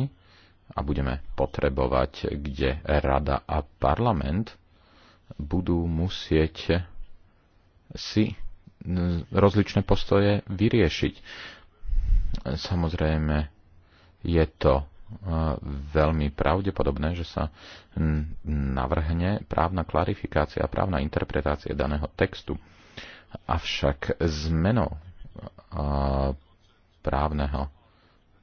Speaker 2: a budeme potrebovať, kde rada a parlament budú musieť si rozličné postoje vyriešiť. Samozrejme, je to veľmi pravdepodobné, že sa navrhne právna klarifikácia, a právna interpretácia daného textu. Avšak zmenou právneho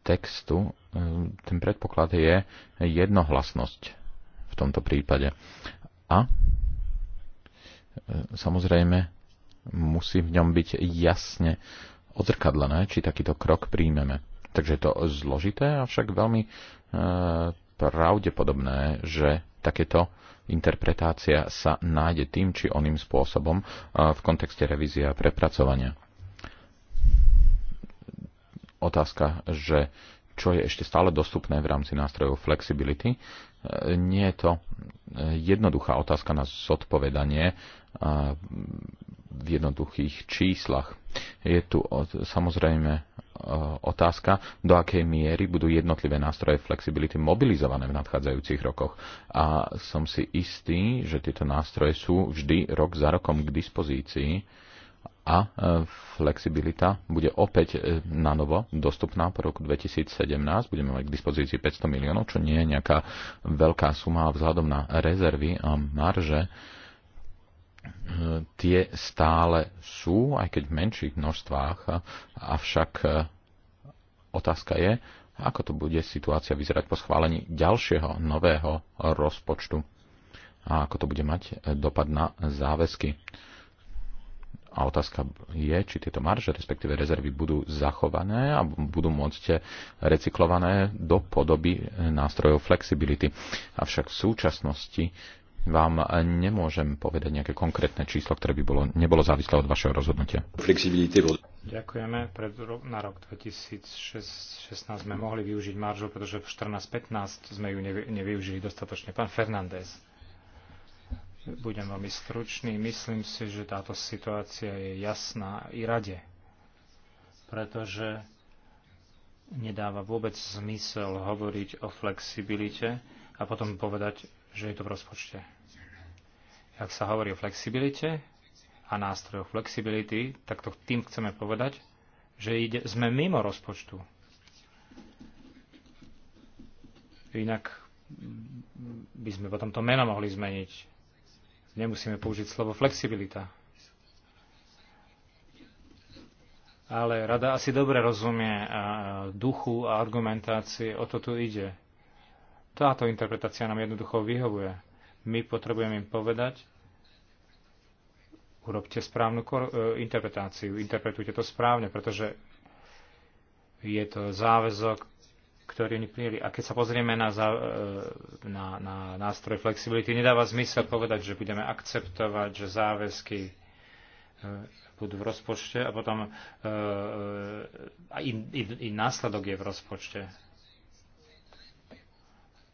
Speaker 2: textu e, ten predpoklad je jednohlasnosť v tomto prípade. A e, samozrejme musí v ňom byť jasne odzrkadlené, či takýto krok príjmeme. Takže je to zložité, avšak veľmi e, pravdepodobné, že takéto interpretácia sa nájde tým či oným spôsobom e, v kontexte revízie a prepracovania. Otázka, že čo je ešte stále dostupné v rámci nástrojov flexibility, e, nie je to e, jednoduchá otázka na zodpovedanie v jednoduchých číslach. Je tu samozrejme Eh, otázka, do akej miery budú jednotlivé nástroje flexibility mobilizované v nadchádzajúcich rokoch. A som si istý, že tieto nástroje sú vždy rok za rokom k dispozícii a eh, flexibilita bude opäť eh, na novo dostupná po roku 2017. Budeme mať k dispozícii 500 miliónov, čo nie je nejaká veľká suma vzhľadom na rezervy a marže tie stále sú, aj keď v menších množstvách, avšak e, otázka je, ako to bude situácia vyzerať po schválení ďalšieho nového rozpočtu a ako to bude mať e, dopad na záväzky. A otázka je, či tieto marže, respektíve rezervy, budú zachované a budú môcť e, recyklované do podoby nástrojov flexibility. Avšak v súčasnosti vám nemôžem povedať nejaké konkrétne číslo, ktoré by bolo, nebolo závislé od vašeho rozhodnutia.
Speaker 3: Ďakujeme. Pred, na rok 2016 sme mohli využiť maržu, pretože v 14-15 sme ju nevy, nevyužili dostatočne. Pán Fernández, budem veľmi stručný. Myslím si, že táto situácia je jasná i rade, pretože nedáva vôbec zmysel hovoriť o flexibilite a potom povedať, že je to v rozpočte. Ak sa hovorí o flexibilite a nástrojoch flexibility, tak to tým chceme povedať, že ide, sme mimo rozpočtu. Inak by sme potom to meno mohli zmeniť. Nemusíme použiť slovo flexibilita. Ale rada asi dobre rozumie duchu a argumentácii, o to tu ide táto interpretácia nám jednoducho vyhovuje. My potrebujeme im povedať, urobte správnu e, interpretáciu, interpretujte to správne, pretože je to záväzok, ktorý oni prijeli. A keď sa pozrieme na, za, e, na, na nástroj flexibility, nedáva zmysel povedať, že budeme akceptovať, že záväzky e, budú v rozpočte a potom e, e, i, i, i následok je v rozpočte.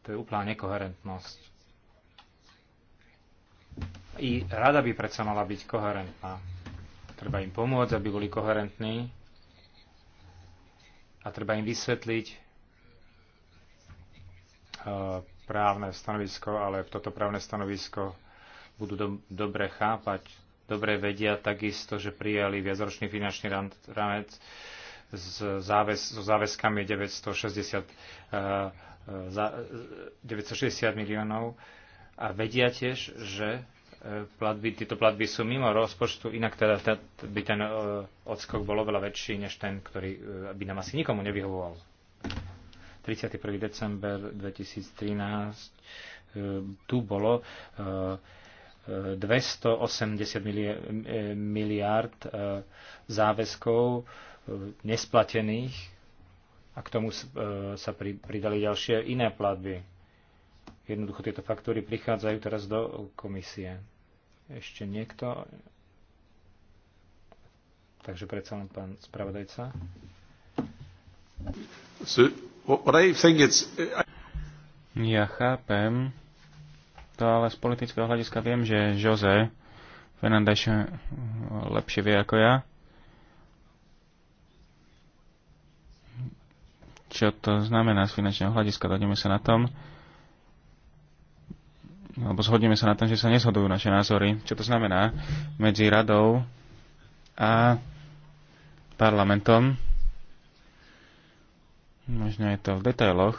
Speaker 3: To je úplná nekoherentnosť. I rada by predsa mala byť koherentná. Treba im pomôcť, aby boli koherentní a treba im vysvetliť, e, právne stanovisko, ale toto právne stanovisko budú do, dobre chápať, dobre vedia takisto, že prijali viacročný finančný rámec s záväz, so záväzkami 960 za 960 e, miliónov a vedia tiež, že e, platby, tieto platby sú mimo rozpočtu, inak teda by ten e, odskok bol oveľa väčší než ten, ktorý by nám asi nikomu nevyhovoval. 31. december 2013 tu bolo 280 miliard záväzkov nesplatených a k tomu e, sa pridali ďalšie iné platby. Jednoducho tieto faktúry prichádzajú teraz do komisie. Ešte niekto? Takže predsa len pán spravodajca.
Speaker 1: Ja chápem to, ale z politického hľadiska viem, že Jose Fernandeš lepšie vie ako ja. čo to znamená z finančného hľadiska. Dojdeme sa na tom, alebo zhodneme sa na tom, že sa nezhodujú naše názory. Čo to znamená medzi radou a parlamentom. Možno je to v detailoch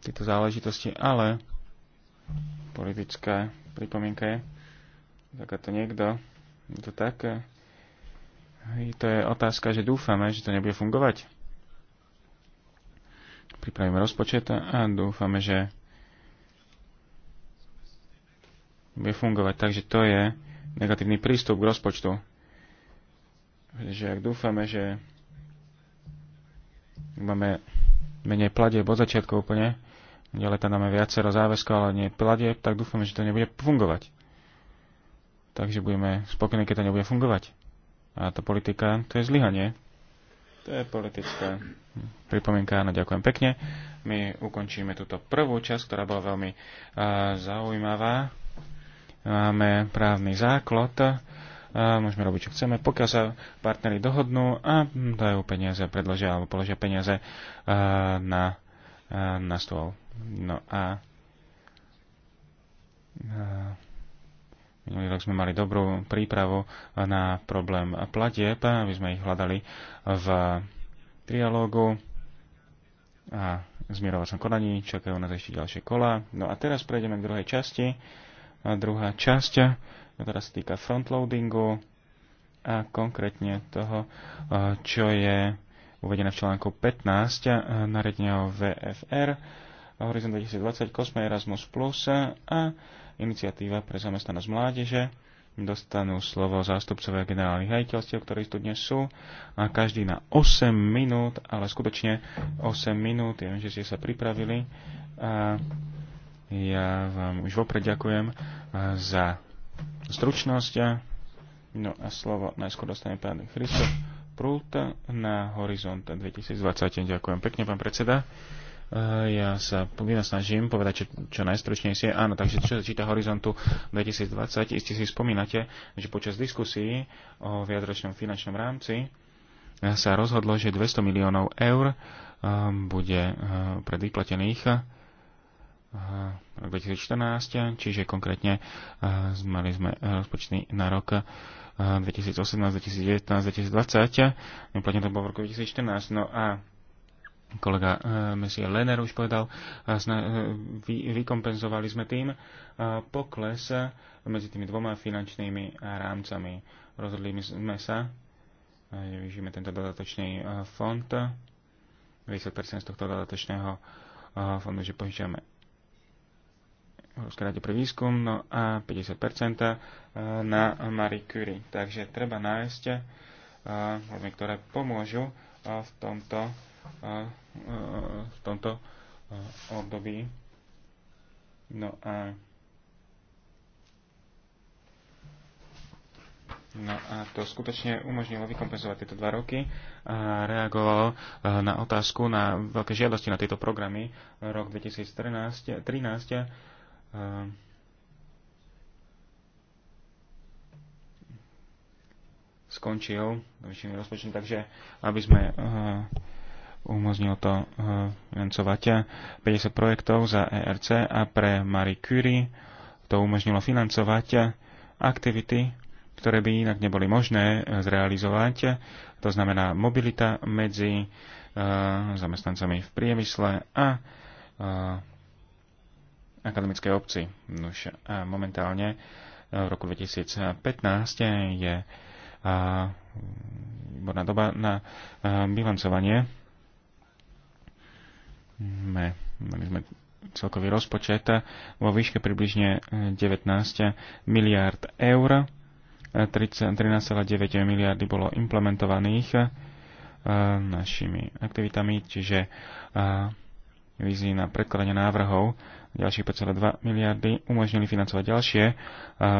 Speaker 1: tieto záležitosti, ale politická pripomienka je takáto niekto. Je to tak. To je otázka, že dúfame, že to nebude fungovať pripravíme rozpočet a dúfame, že bude fungovať. Takže to je negatívny prístup k rozpočtu. Že ak dúfame, že máme menej pladeb od začiatku úplne, ďalej tam dáme viacero záväzkov, ale nie pladeb, tak dúfame, že to nebude fungovať. Takže budeme spokojní, keď to nebude fungovať. A tá politika, to je zlyhanie. To je politická pripomienka, áno, ďakujem pekne. My ukončíme túto prvú časť, ktorá bola veľmi zaujímavá. Máme právny základ, môžeme robiť, čo chceme, pokiaľ sa partnery dohodnú a dajú peniaze, predložia alebo položia peniaze na, na stôl. No a Minulý rok sme mali dobrú prípravu na problém platieb, aby sme ich hľadali v trialógu a zmierovacom konaní. Čakajú nás ešte ďalšie kola. No a teraz prejdeme k druhej časti. A druhá časť teraz sa týka frontloadingu a konkrétne toho, čo je uvedené v článku 15 nariadenia o VFR Horizon 2020 Cosme Erasmus Plus a iniciatíva pre zamestnanosť mládeže. Dostanú slovo zástupcovia generálnych hajiteľstiev, ktorí tu dnes sú. A každý na 8 minút, ale skutočne 8 minút. Ja viem, že ste sa pripravili. A ja vám už vopred ďakujem za stručnosť. No a slovo najskôr dostane pán Christoph Prult na Horizont 2020. Ďakujem pekne, pán predseda. Eh, ja sa snažím povedať čo, čo najstručnejšie. Áno, takže čo sa číta Horizontu 2020, iste si spomínate, že počas diskusí o viadročnom finančnom rámci eh, sa rozhodlo, že 200 miliónov eur eh, bude predvyplatených rok 2014, čiže konkrétne mali sme rozpočný na rok 2018, 2019, 2020, neplatne to bolo v roku 2014. No a kolega eh, Messier Lenner už povedal, eh, eh, vykompenzovali sme tým pokles medzi tými dvoma finančnými rámcami. Rozhodli sme sa, že využijeme tento dodatočný fond, 90% z tohto dodatočného fondu, že požičame Európskej rade pre výskum, no a 50% na Marie Curie. Takže treba nájsť ktoré pomôžu v tomto v tomto eh, období. No a No a to skutočne umožnilo vykompenzovať tieto dva roky a reagovalo eh, na otázku na veľké žiadosti na tieto programy rok 2013. 13, eh, skončil väčšiny rozpočtu, takže aby sme umožnil to eh, financovať 50 eh, projektov za ERC a pre Marie Curie to umožnilo financovať eh, aktivity, ktoré by inak neboli možné zrealizovať. To znamená mobilita medzi zamestnancami v priemysle a akademické obci. Už a momentálne v roku 2015 je výborná doba na bilancovanie sme, mali sme celkový rozpočet vo výške približne 19 eh, miliárd eur. 13,9 eh, miliardy bolo implementovaných eh, našimi aktivitami, čiže vízii na predkladanie návrhov ďalších 5,2 miliardy umožnili financovať ďalšie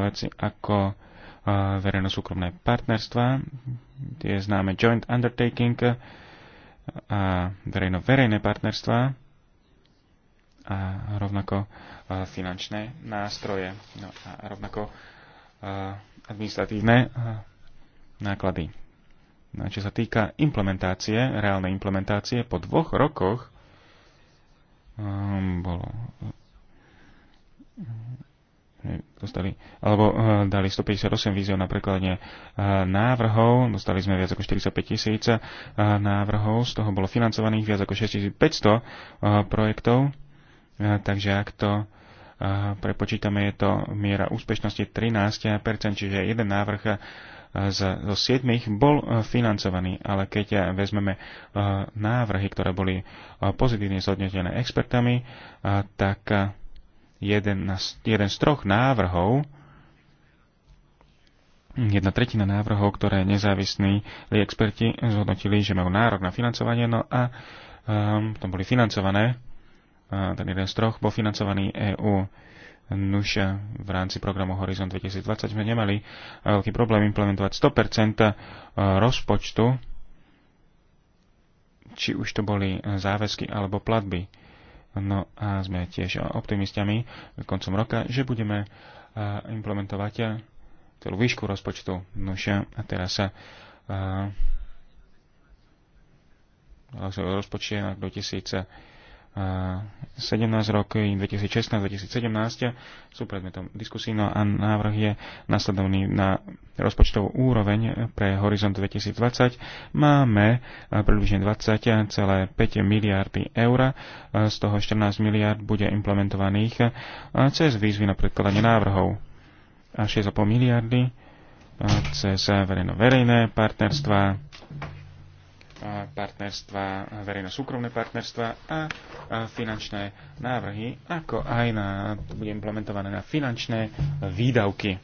Speaker 1: veci ako verejno-súkromné partnerstva, tie známe joint undertaking, a verejno-verejné partnerstva a rovnako e, finančné nástroje no a rovnako e, administratívne e, náklady. No čo sa týka implementácie, reálnej implementácie, po dvoch rokoch um, bolo dostali, alebo eh, dali 158 víziev na prekladanie eh, návrhov, dostali sme viac ako 45 tisíc eh, návrhov, z toho bolo financovaných viac ako 6500 projektov, takže ak to prepočítame, je to miera úspešnosti 13%, čiže jeden návrh zo 7 bol financovaný, ale keď vezmeme návrhy, ktoré boli pozitívne zhodnotené expertami, tak jeden, jeden z troch návrhov, jedna tretina návrhov, ktoré nezávislí experti zhodnotili, že majú nárok na financovanie, no a um, ehm, to boli financované, a ten jeden z troch bol financovaný EÚ. Nuž v rámci programu Horizon 2020 sme nemali e, veľký problém implementovať 100% e, rozpočtu, či už to boli záväzky alebo platby. No a sme tiež optimistiami koncom roka, že budeme implementovať celú výšku rozpočtu. Nože a teraz sa rozpočie na 2000 17 eh, roky 2016-2017 sú predmetom diskusí, no a návrh je nasledovný na rozpočtovú úroveň pre Horizont 2020. Máme eh, približne 20,5 miliardy eur, eh, z toho 14 miliard bude implementovaných cez výzvy na predkladanie návrhov a 6,5 miliardy cez verejno-verejné partnerstva partnerstva, verejno-súkromné partnerstva a finančné návrhy, ako aj na, bude implementované na finančné výdavky.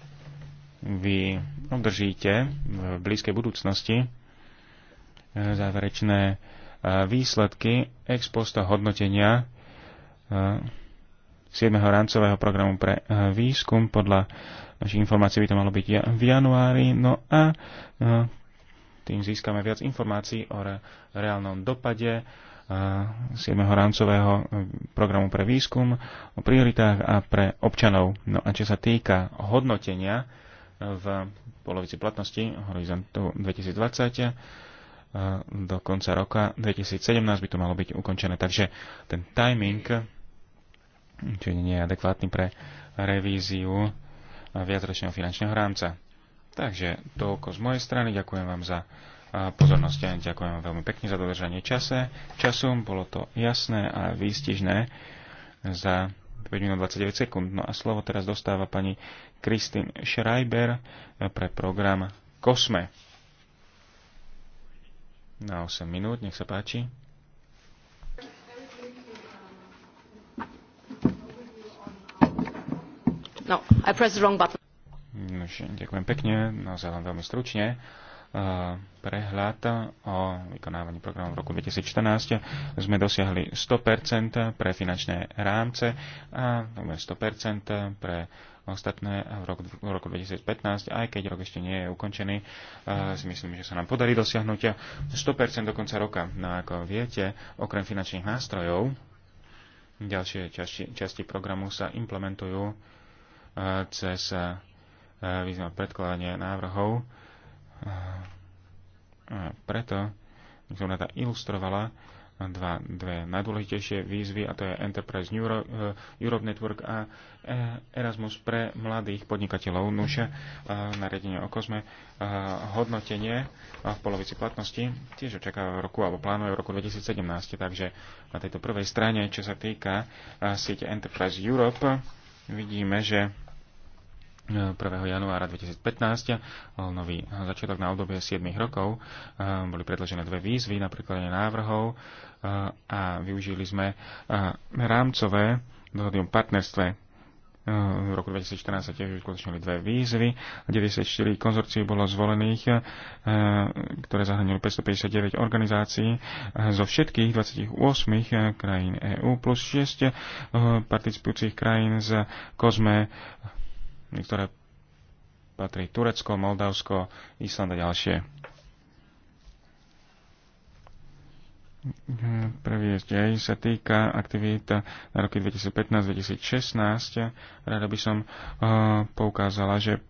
Speaker 1: Vy obdržíte v blízkej budúcnosti e, záverečné e, výsledky ex posta hodnotenia 7. E, rámcového programu pre výskum. Podľa našich informácií by to malo byť v januári. No a tým získame viac informácií o re, reálnom dopade 7. Eh, rámcového eh, programu pre výskum, o prioritách a pre občanov. No a čo sa týka hodnotenia eh, v polovici platnosti horizontu 2020, do konca roka 2017 by to malo byť ukončené. Takže ten timing, čo nie je adekvátny pre revíziu viacročného finančného rámca. Takže toľko z mojej strany. Ďakujem vám za pozornosť a ďakujem vám veľmi pekne za dodržanie čase. Časom bolo to jasné a výstižné za 5 minút 29 sekúnd. No a slovo teraz dostáva pani Kristin Schreiber pre program Kosme. Na 8 minút, nech sa páči.
Speaker 5: No, I press the wrong button.
Speaker 1: Ďakujem pekne, naozaj len veľmi stručne. E, prehľad o vykonávaní programu v roku 2014 sme dosiahli 100% pre finančné rámce a 100% pre ostatné v roku, v roku 2015, aj keď rok ešte nie je ukončený, e, si myslím, že sa nám podarí dosiahnuť 100% do konca roka. No ako viete, okrem finančných nástrojov, ďalšie časti, časti programu sa implementujú e, cez význam predkladania návrhov. A preto som rada ilustrovala dva, dve najdôležitejšie výzvy, a to je Enterprise Europe, Europe Network a e, Erasmus pre mladých podnikateľov. Nuž, e, nariadenie o kozme, e, hodnotenie v polovici platnosti tiež očakáva v roku, alebo plánuje v roku 2017. Takže na tejto prvej strane, čo sa týka siete Enterprise Europe, vidíme, že 1. januára 2015 nový začiatok na obdobie 7 rokov. Ehm, boli predložené dve výzvy na prekladanie návrhov ehm, a využili sme ehm, rámcové dohody o partnerstve. V roku 2014 sa tiež uskutočnili dve výzvy. 94 konzorcií bolo zvolených, ktoré zahrnili 559 organizácií zo všetkých 28 krajín EÚ plus 6 participujúcich krajín z COSME, niektoré patrí Turecko, Moldavsko, Island a ďalšie. Prvý SDA sa týka aktivít na roky 2015-2016. Rada by som eh, poukázala, že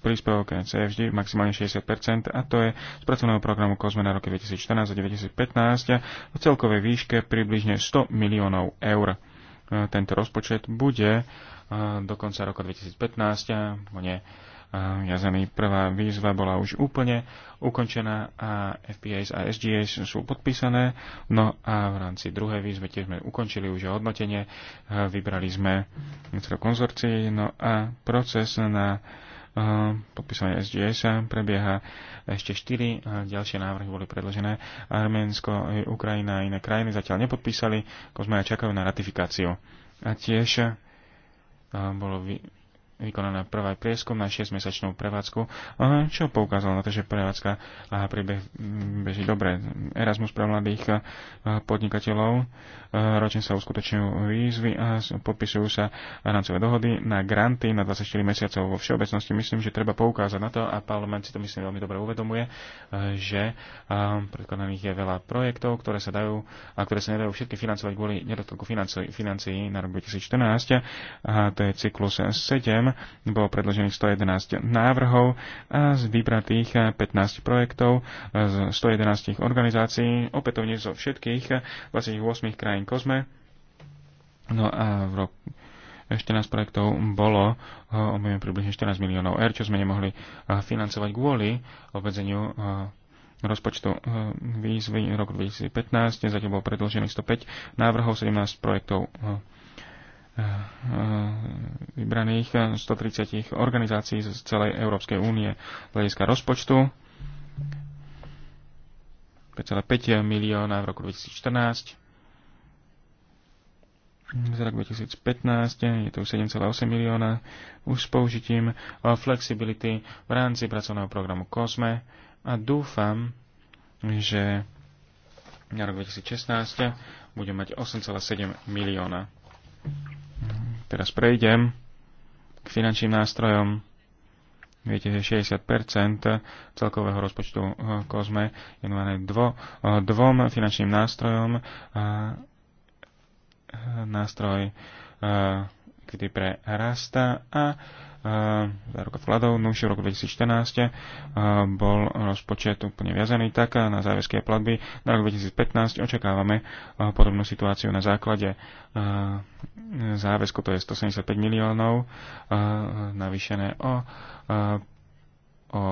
Speaker 1: príspevok NC e je vždy maximálne 60% a to je z pracovného programu COSME na roky 2014 2015 v celkovej výške približne 100 miliónov eur. Eh, tento rozpočet bude do konca roka 2015. Mne jazený prvá výzva bola už úplne ukončená a FPS a SGS sú podpísané. No a v rámci druhej výzvy tiež sme ukončili už hodnotenie. Eh, vybrali sme viacero konzorcií. No a proces na eh, podpísanie SGS eh, prebieha ešte 4 ďalšie návrhy boli predložené. Arménsko, Ukrajina a iné krajiny zatiaľ nepodpísali, sme aj čakajú na ratifikáciu. A tiež bolo vy, vykonaná prvá prieskum na 6-mesačnú prevádzku, čo poukázalo na to, že prevádzka príbeh mm, beží dobre. Erasmus pre mladých eh, podnikateľov, eh, ročne sa uskutočňujú výzvy a podpisujú sa rámcové dohody na granty na 24 mesiacov vo všeobecnosti. Myslím, že treba poukázať na to a parlament si to myslím veľmi dobre uvedomuje, eh, že predkladaných je veľa projektov, ktoré sa dajú a ktoré sa nedajú všetky financovať kvôli nedostatku financií na rok 2014 a to je cyklus 7 bolo predložených 111 návrhov a z vybratých 15 eh, projektov eh, z 111 organizácií, opätovne zo všetkých 28 eh, krajín Kozme. No a v roku 14 projektov bolo objeme približne 14 miliónov eur, čo sme nemohli financovať kvôli obmedzeniu rozpočtu výzvy roku 2015. Zatiaľ bolo predložených 105 návrhov, 17 projektov Eh, eh, vybraných 130 eh, organizácií z celej Európskej únie z hľadiska rozpočtu. 5,5 milióna v roku 2014. Za rok 2015 je to už 7,8 milióna už s použitím flexibility v rámci pracovného programu COSME a dúfam, že na rok 2016 budeme mať 8,7 milióna. Teraz prejdem k finančným nástrojom. Viete, že 60 celkového rozpočtu eh, Kozme je venované dvo, eh, dvom finančným nástrojom. Eh, nástroj aktivity pre rasta a Eh, záruka vkladov, no už v roku 2014 eh, bol rozpočet úplne viazaný tak eh, na záväzky a platby. Na rok 2015 očakávame podobnú situáciu na základe záväzku, to je 175 miliónov, navýšené o, o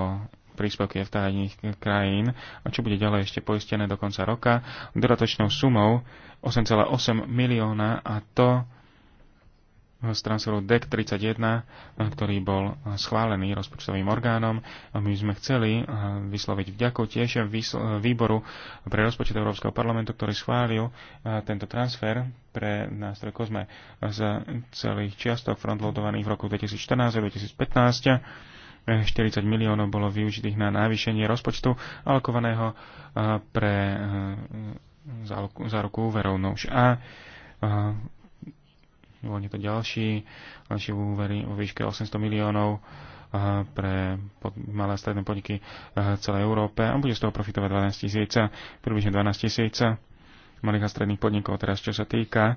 Speaker 1: príspevky tajných krajín, a čo bude ďalej ešte poistené do konca roka, dodatočnou sumou 8,8 milióna a to z transferu DEC 31, ktorý bol schválený rozpočtovým orgánom. My sme chceli eh, vysloviť vďaku tiež výboru pre rozpočet Európskeho parlamentu, ktorý schválil eh, tento transfer pre nástroj COSME z celých čiastok frontloadovaných v roku 2014 a 2015. 40 eh, miliónov bolo využitých na navýšenie rozpočtu alokovaného pre záruku úverov. No už a uvoľní to ďalší, ďalší úvery o výške 800 miliónov eh, pre malé a stredné podniky eh, v celej Európe a bude z toho profitovať 12 tisíc, približne 12 tisíc malých a stredných podnikov. Teraz, čo sa týka eh,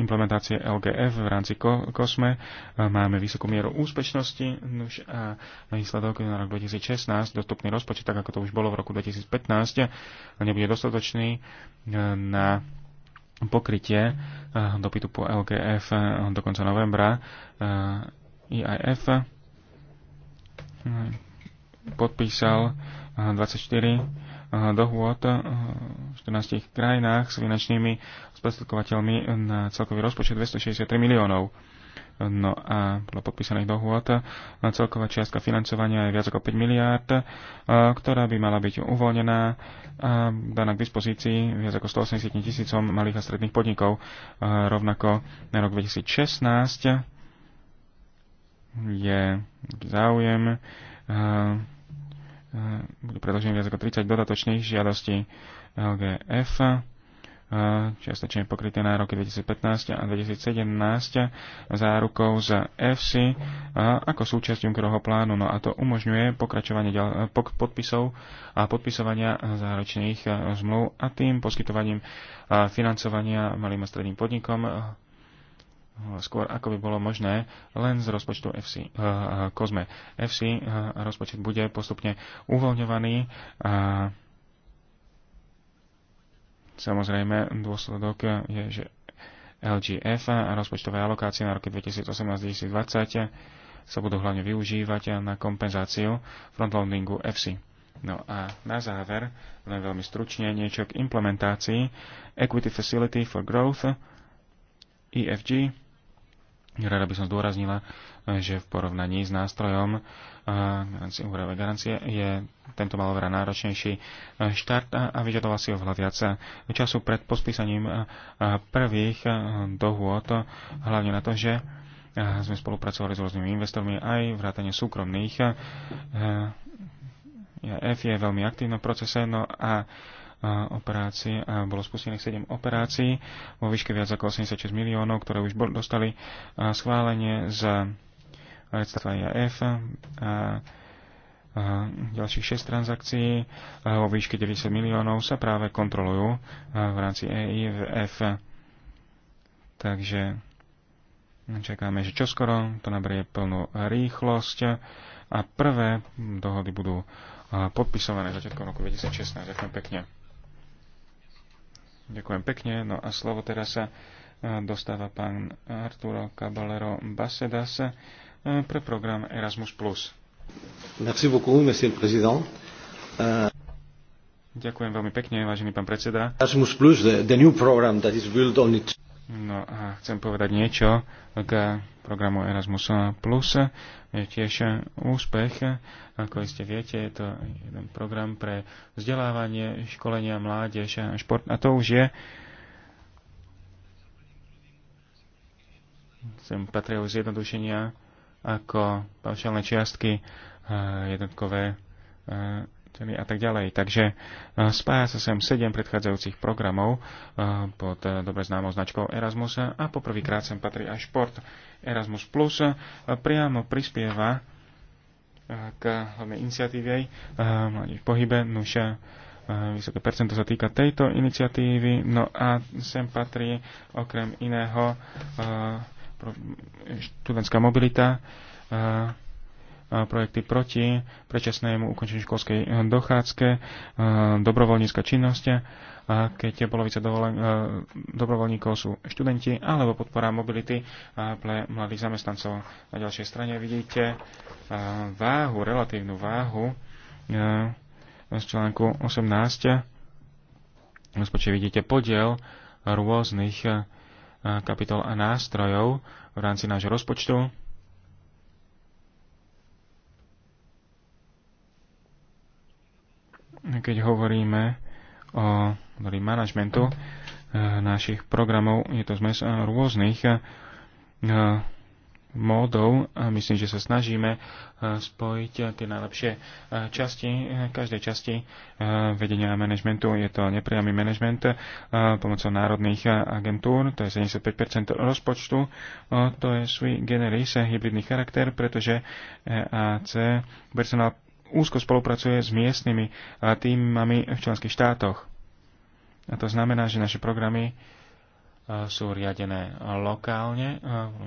Speaker 1: implementácie LGF v rámci COSME, máme vysokú mieru úspešnosti už a výsledok na rok 2016, dostupný rozpočet, tak ako to už bolo v roku 2015, nebude dostatočný na pokrytie eh, dopytu po LGF eh, do konca novembra eh, IIF podpísal 24 dohôd v 14 krajinách s finančnými sprostredkovateľmi na celkový rozpočet 263 miliónov. No a podľa podpísaných dohôd celková čiastka financovania je viac ako 5 miliárd, ktorá by mala byť uvoľnená a daná k dispozícii viac ako 180 tisícom malých a stredných podnikov. Rovnako na rok 2016 je záujem bude predložené viac ako 30 dodatočných žiadostí LGF čiastočne pokryté na roky 2015 a 2017 zárukou z EFSI ako súčasť Junckerovho plánu. No a to umožňuje pokračovanie podpisov a podpisovania záročných zmluv a tým poskytovaním financovania malým a stredným podnikom skôr ako by bolo možné len z rozpočtu FC, Kozme. FC rozpočet bude postupne uvoľňovaný a Samozrejme, dôsledok je, že LGF a rozpočtové alokácie na roky 2018-2020 sa budú hlavne využívať na kompenzáciu frontloadingu FC. No a na záver, len veľmi stručne, niečo k implementácii Equity Facility for Growth, EFG. Rada by som zdôraznila, že v porovnaní s nástrojom eh, úhradové garancie je tento malovera náročnejší eh, štart a vyžadoval si oveľa viac eh, času pred pospísaním prvých dohôd, hlavne na to, že sme spolupracovali s rôznymi investormi aj vrátane súkromných. E F je veľmi aktívna v procese, no a operácie a bolo spustených 7 operácií vo výške viac ako 86 miliónov, ktoré už dostali schválenie z predstavstva IAF a ďalších 6 transakcií vo výške 90 miliónov sa práve kontrolujú v rámci EIF. Takže čakáme, že čoskoro to nabrie plnú rýchlosť a prvé dohody budú podpisované začiatkom roku 2016. Ďakujem pekne. Ďakujem pekne. No a slovo teraz sa dostáva pán Arturo Caballero Basedas Eh, pre program Erasmus+. Merci beaucoup, monsieur le président. Uh... Ďakujem veľmi pekne, vážený pán predseda. Erasmus Plus, the, the new program that is built on it. No a chcem povedať niečo k programu Erasmus Plus. Je tiež úspech, ako iste viete, je to jeden program pre vzdelávanie, školenia, mládež a šport. A to už je sem patria už zjednodušenia ako paušálne čiastky, eh, jednotkové eh, ceny a tak ďalej. Takže eh, spája sa sem sedem predchádzajúcich programov pod dobre známou značkou Erasmus a poprvýkrát sem patrí aj šport. Erasmus Plus priamo prispieva k hlavnej iniciatíve Mladí v pohybe, nuša vysoké percento sa týka tejto iniciatívy, no a sem patrí okrem iného študentská mobilita, eh, eh, projekty proti predčasnému ukončeniu školskej eh, dochádzke, dobrovoľnícka činnosť, keď polovica dobrovoľníkov sú študenti, alebo podpora mobility pre mladých zamestnancov. Na ďalšej strane vidíte váhu, relatívnu váhu z článku 18. Rozpočet vidíte podiel rôznych kapitol a nástrojov v rámci nášho rozpočtu. Keď hovoríme o manažmentu e, našich programov, je to zmes e, rôznych e, módou a myslím, že sa snažíme eh, spojiť eh, tie najlepšie eh, časti, každej časti vedenia a manažmentu. Je to nepriamy manažment pomocou národných agentúr, to je 75% rozpočtu, to je sui generis, hybridný charakter, pretože EAC e personál úzko spolupracuje s miestnymi týmami v členských štátoch. A to znamená, že naše programy sú riadené lokálne,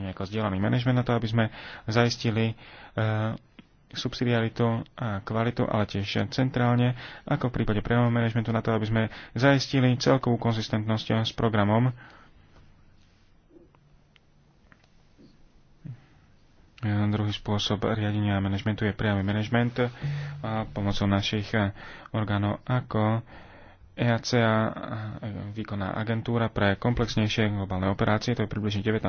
Speaker 1: nejako sdielaný manažment na to, aby sme zaistili e, subsidiaritu a kvalitu, ale tiež centrálne, ako v prípade priamého manažmentu na to, aby sme zaistili celkovú konzistentnosť s programom. E, druhý spôsob riadenia a manažmentu je priamy manažment pomocou našich orgánov ako EACA e, výkonná agentúra pre komplexnejšie globálne operácie, to je približne 19%,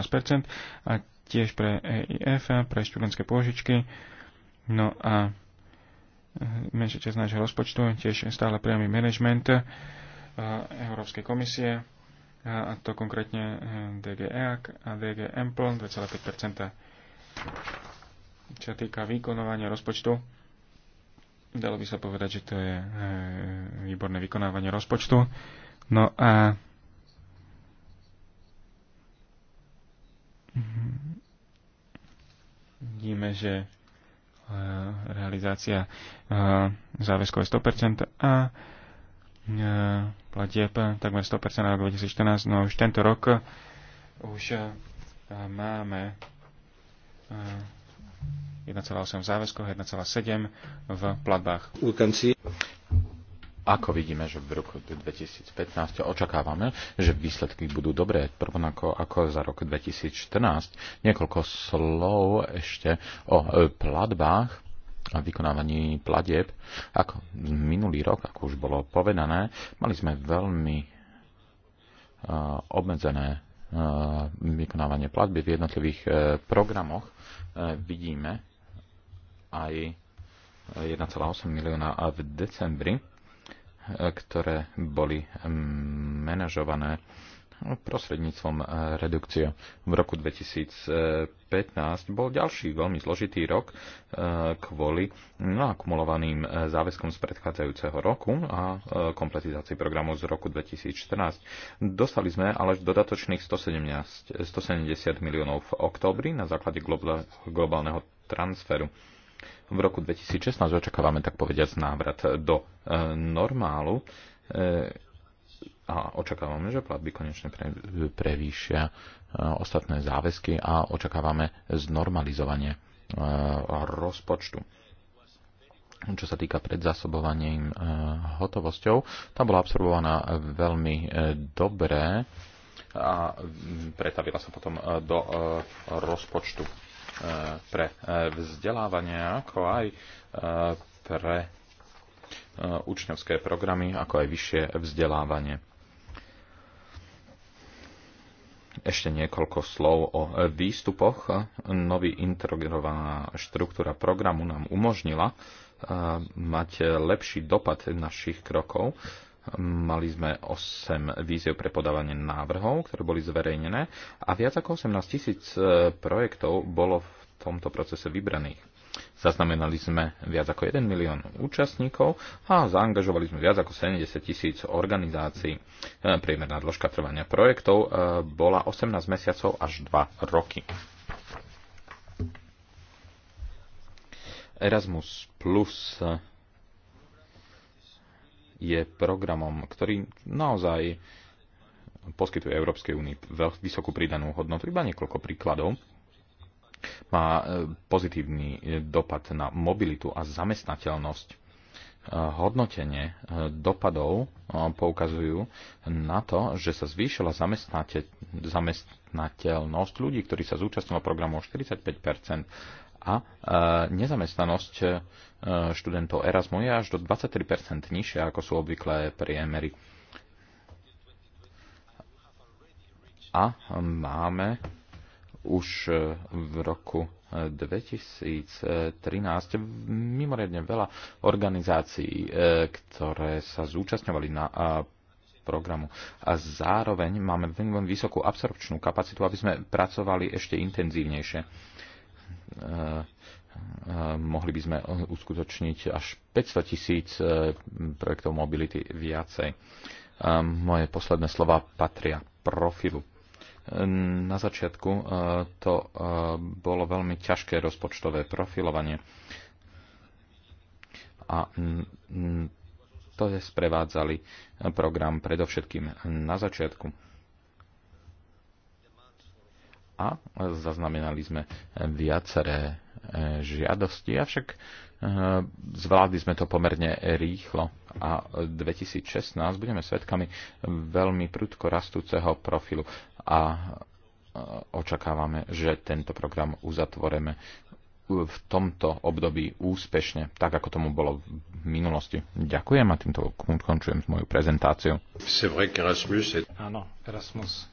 Speaker 1: a tiež pre EIF, pre študentské pôžičky. No a e, menšia časť nášho rozpočtu, tiež stále priamy management e, Európskej komisie, a to konkrétne DG EAC a DG EMPL 2,5%. Čo týka výkonovania rozpočtu, dalo by sa povedať, že to je e, výborné vykonávanie rozpočtu. No a vidíme, že e, realizácia e, záväzkov je 100% a platieb takmer 100% na rok 2014, no už tento rok už máme 1,8 v záväzkoch, 1,7 v
Speaker 2: platbách. Ako vidíme, že v roku 2015 očakávame, že výsledky budú dobré, rovnako ako za rok 2014. Niekoľko slov ešte o platbách a vykonávaní platieb. Ako minulý rok, ako už bolo povedané, mali sme veľmi e, obmedzené e, vykonávanie platby v jednotlivých e, programoch. Vidíme, aj 1,8 milióna v decembri, eh, ktoré boli mm, manažované prostredníctvom eh, redukcie. V roku 2015 bol ďalší veľmi zložitý rok eh, kvôli akumulovaným záväzkom z predchádzajúceho roku a kompletizácii programu z roku 2014. Dostali sme ale dodatočných 170 miliónov v októbri na základe globálneho transferu v roku 2016 očakávame, tak povediať, návrat do e, normálu e, a očakávame, že platby konečne pre, prevýšia e, ostatné záväzky a očakávame znormalizovanie rozpočtu. Čo sa týka predzásobovaním hotovosťou, tá bola absorbovaná veľmi dobre a pretavila sa potom do rozpočtu pre eh, vzdelávanie, ako aj eh, pre eh, učňovské programy, ako aj vyššie vzdelávanie. Ešte niekoľko slov o výstupoch. Nový integrovaná štruktúra programu nám umožnila mať lepší dopad našich krokov Mali sme 8 víziev pre podávanie návrhov, ktoré boli zverejnené a viac ako 18 tisíc e, projektov bolo v tomto procese vybraných. Zaznamenali sme viac ako 1 milión účastníkov a zaangažovali sme viac ako 70 tisíc organizácií. E, priemerná dĺžka trvania projektov e, bola 18 mesiacov až 2 roky. Erasmus Plus je programom, ktorý naozaj poskytuje Európskej únii vysokú pridanú hodnotu. Iba niekoľko príkladov. Má e, pozitívny e, dopad na mobilitu a zamestnateľnosť. E, hodnotenie dopadov poukazujú na to, že sa zvýšila zamestnateľnosť ľudí, ktorí sa zúčastnilo programu o 45 a nezamestnanosť Eh, študentov Erasmu je až do 23 nižšie, ako sú obvyklé priemery. A máme už eh, v roku 2013 eh, mimoriadne veľa organizácií, ktoré sa zúčastňovali na programu. A zároveň máme veľmi vysokú absorpčnú kapacitu, aby sme pracovali ešte intenzívnejšie. Eh, mohli by sme eh, uskutočniť až 500 tisíc eh, projektov mobility viacej. Moje posledné slova patria profilu. Na začiatku to bolo veľmi ťažké rozpočtové profilovanie. A to sprevádzali program predovšetkým na začiatku a zaznamenali sme viaceré eh, žiadosti, avšak eh, zvládli sme to pomerne rýchlo a 2016 budeme svedkami veľmi prudko rastúceho profilu a eh, očakávame, že tento program uzatvoreme v tomto období úspešne, tak ako tomu bolo v minulosti. Ďakujem a týmto končujem moju prezentáciu.
Speaker 3: Áno, Erasmus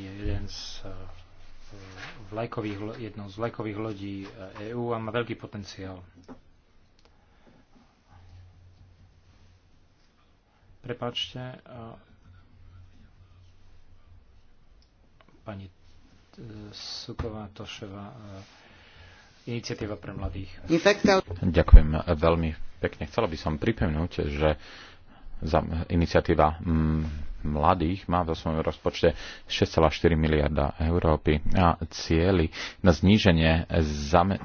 Speaker 3: je jeden z eh, vlajkových, jednou z vlajkových lodí EÚ eh, e a má veľký potenciál. Prepačte, eh, pani Suková Toševa, iniciatíva pre mladých.
Speaker 4: Ďakujem
Speaker 2: veľmi pekne. Chcela by som pripomnúť, že za iniciatíva mm, mladých má vo svojom rozpočte 6,4 miliarda Európy a cieľy na, zníženie,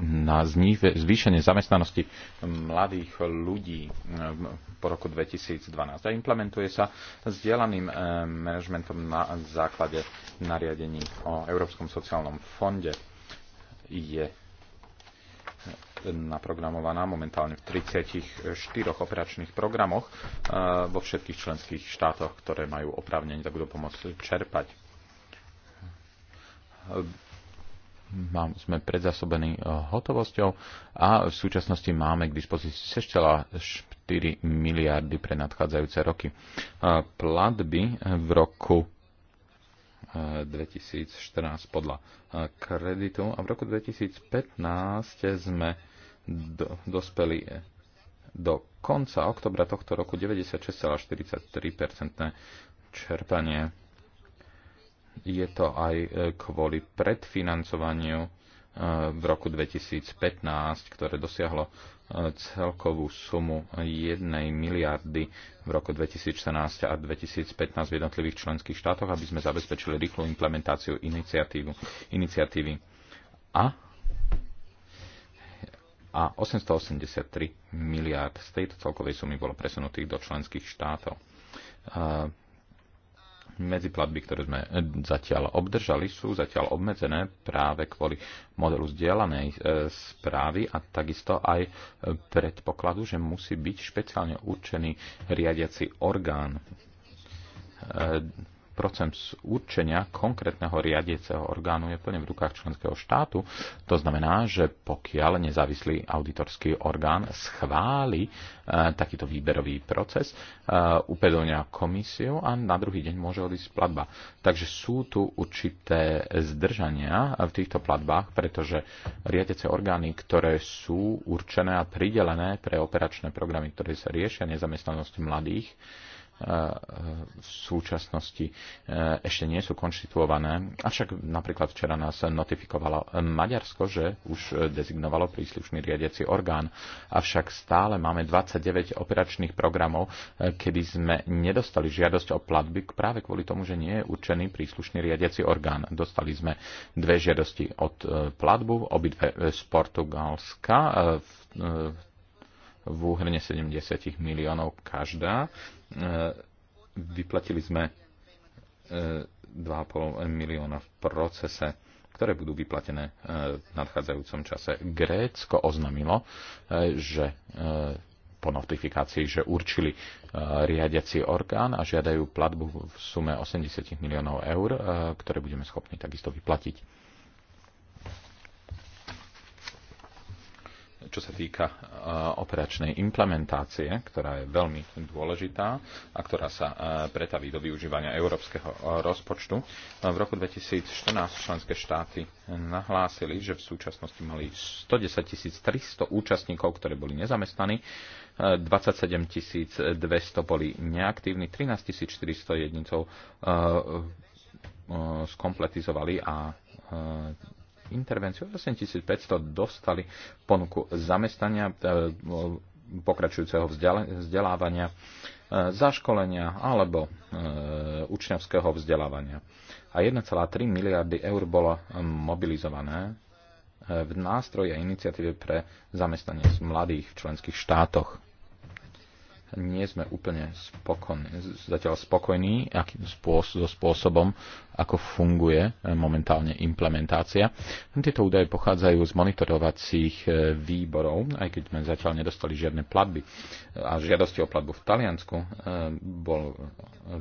Speaker 2: na zvýšenie zamestnanosti mladých ľudí mm, po roku 2012 a implementuje sa sdielaným eh, manažmentom na základe nariadení o Európskom sociálnom fonde je naprogramovaná momentálne v 34 operačných programoch eh, vo všetkých členských štátoch, ktoré majú oprávnenie takúto pomoc čerpať. Eh, mám, sme predzasobení eh, hotovosťou a v súčasnosti máme k dispozícii 6,4 miliardy pre nadchádzajúce roky. Platby v roku 2014 podľa eh, kreditu a v roku 2015 sme do, dospeli eh, do konca oktobra tohto roku 96,43% čerpanie. Je to aj eh, kvôli predfinancovaniu v roku 2015, ktoré dosiahlo celkovú sumu 1 miliardy v roku 2014 a 2015 v jednotlivých členských štátoch, aby sme zabezpečili rýchlu implementáciu iniciatívy. A a 883 miliard z tejto celkovej sumy bolo presunutých do členských štátov. Medziplatby, ktoré sme eh, zatiaľ obdržali, sú zatiaľ obmedzené práve kvôli modelu zdieľanej eh, správy a takisto aj eh, predpokladu, že musí byť špeciálne určený riadiaci orgán proces určenia konkrétneho riadieceho orgánu je plne v rukách členského štátu. To znamená, že pokiaľ nezávislý auditorský orgán schváli e, takýto výberový proces, e, upedovňa komisiu a na druhý deň môže odísť platba. Takže sú tu určité zdržania v týchto platbách, pretože riadiece orgány, ktoré sú určené a pridelené pre operačné programy, ktoré sa riešia nezamestnanosť mladých, E, v súčasnosti e, ešte nie sú konštituované. Avšak napríklad včera nás notifikovalo Maďarsko, že už dezignovalo príslušný riadiaci orgán. Avšak stále máme 29 operačných programov, e, kedy sme nedostali žiadosť o platby práve kvôli tomu, že nie je určený príslušný riadiaci orgán. Dostali sme dve žiadosti od platbu, obidve z Portugalska v v úhrne 70 miliónov každá. E, vyplatili sme 2,5 e, milióna v procese, ktoré budú vyplatené e, v nadchádzajúcom čase. Grécko oznamilo, že po notifikácii, že určili riadiaci orgán a žiadajú platbu v sume 80 miliónov eur, ktoré budeme schopní takisto vyplatiť. čo sa týka e, operačnej implementácie, ktorá je veľmi dôležitá a ktorá sa e, pretaví do využívania európskeho e, rozpočtu. V roku 2014 členské štáty nahlásili, že v súčasnosti mali 110 300 účastníkov, ktorí boli nezamestnaní, 27 200 boli neaktívni, 13 400 jednicov skompletizovali a intervenciu 8500 dostali ponuku zamestnania, e, pokračujúceho vzdelávania, e, zaškolenia alebo e, učňovského vzdelávania. A 1,3 miliardy eur bolo mobilizované v nástroji a iniciatíve pre zamestnanie mladých v členských štátoch nie sme úplne spokojní, zatiaľ spokojní akým spôsob, so spôsobom, ako funguje e, momentálne implementácia. Tieto údaje pochádzajú z monitorovacích e, výborov, aj keď sme zatiaľ nedostali žiadne platby. A žiadosti o platbu v Taliansku e, bol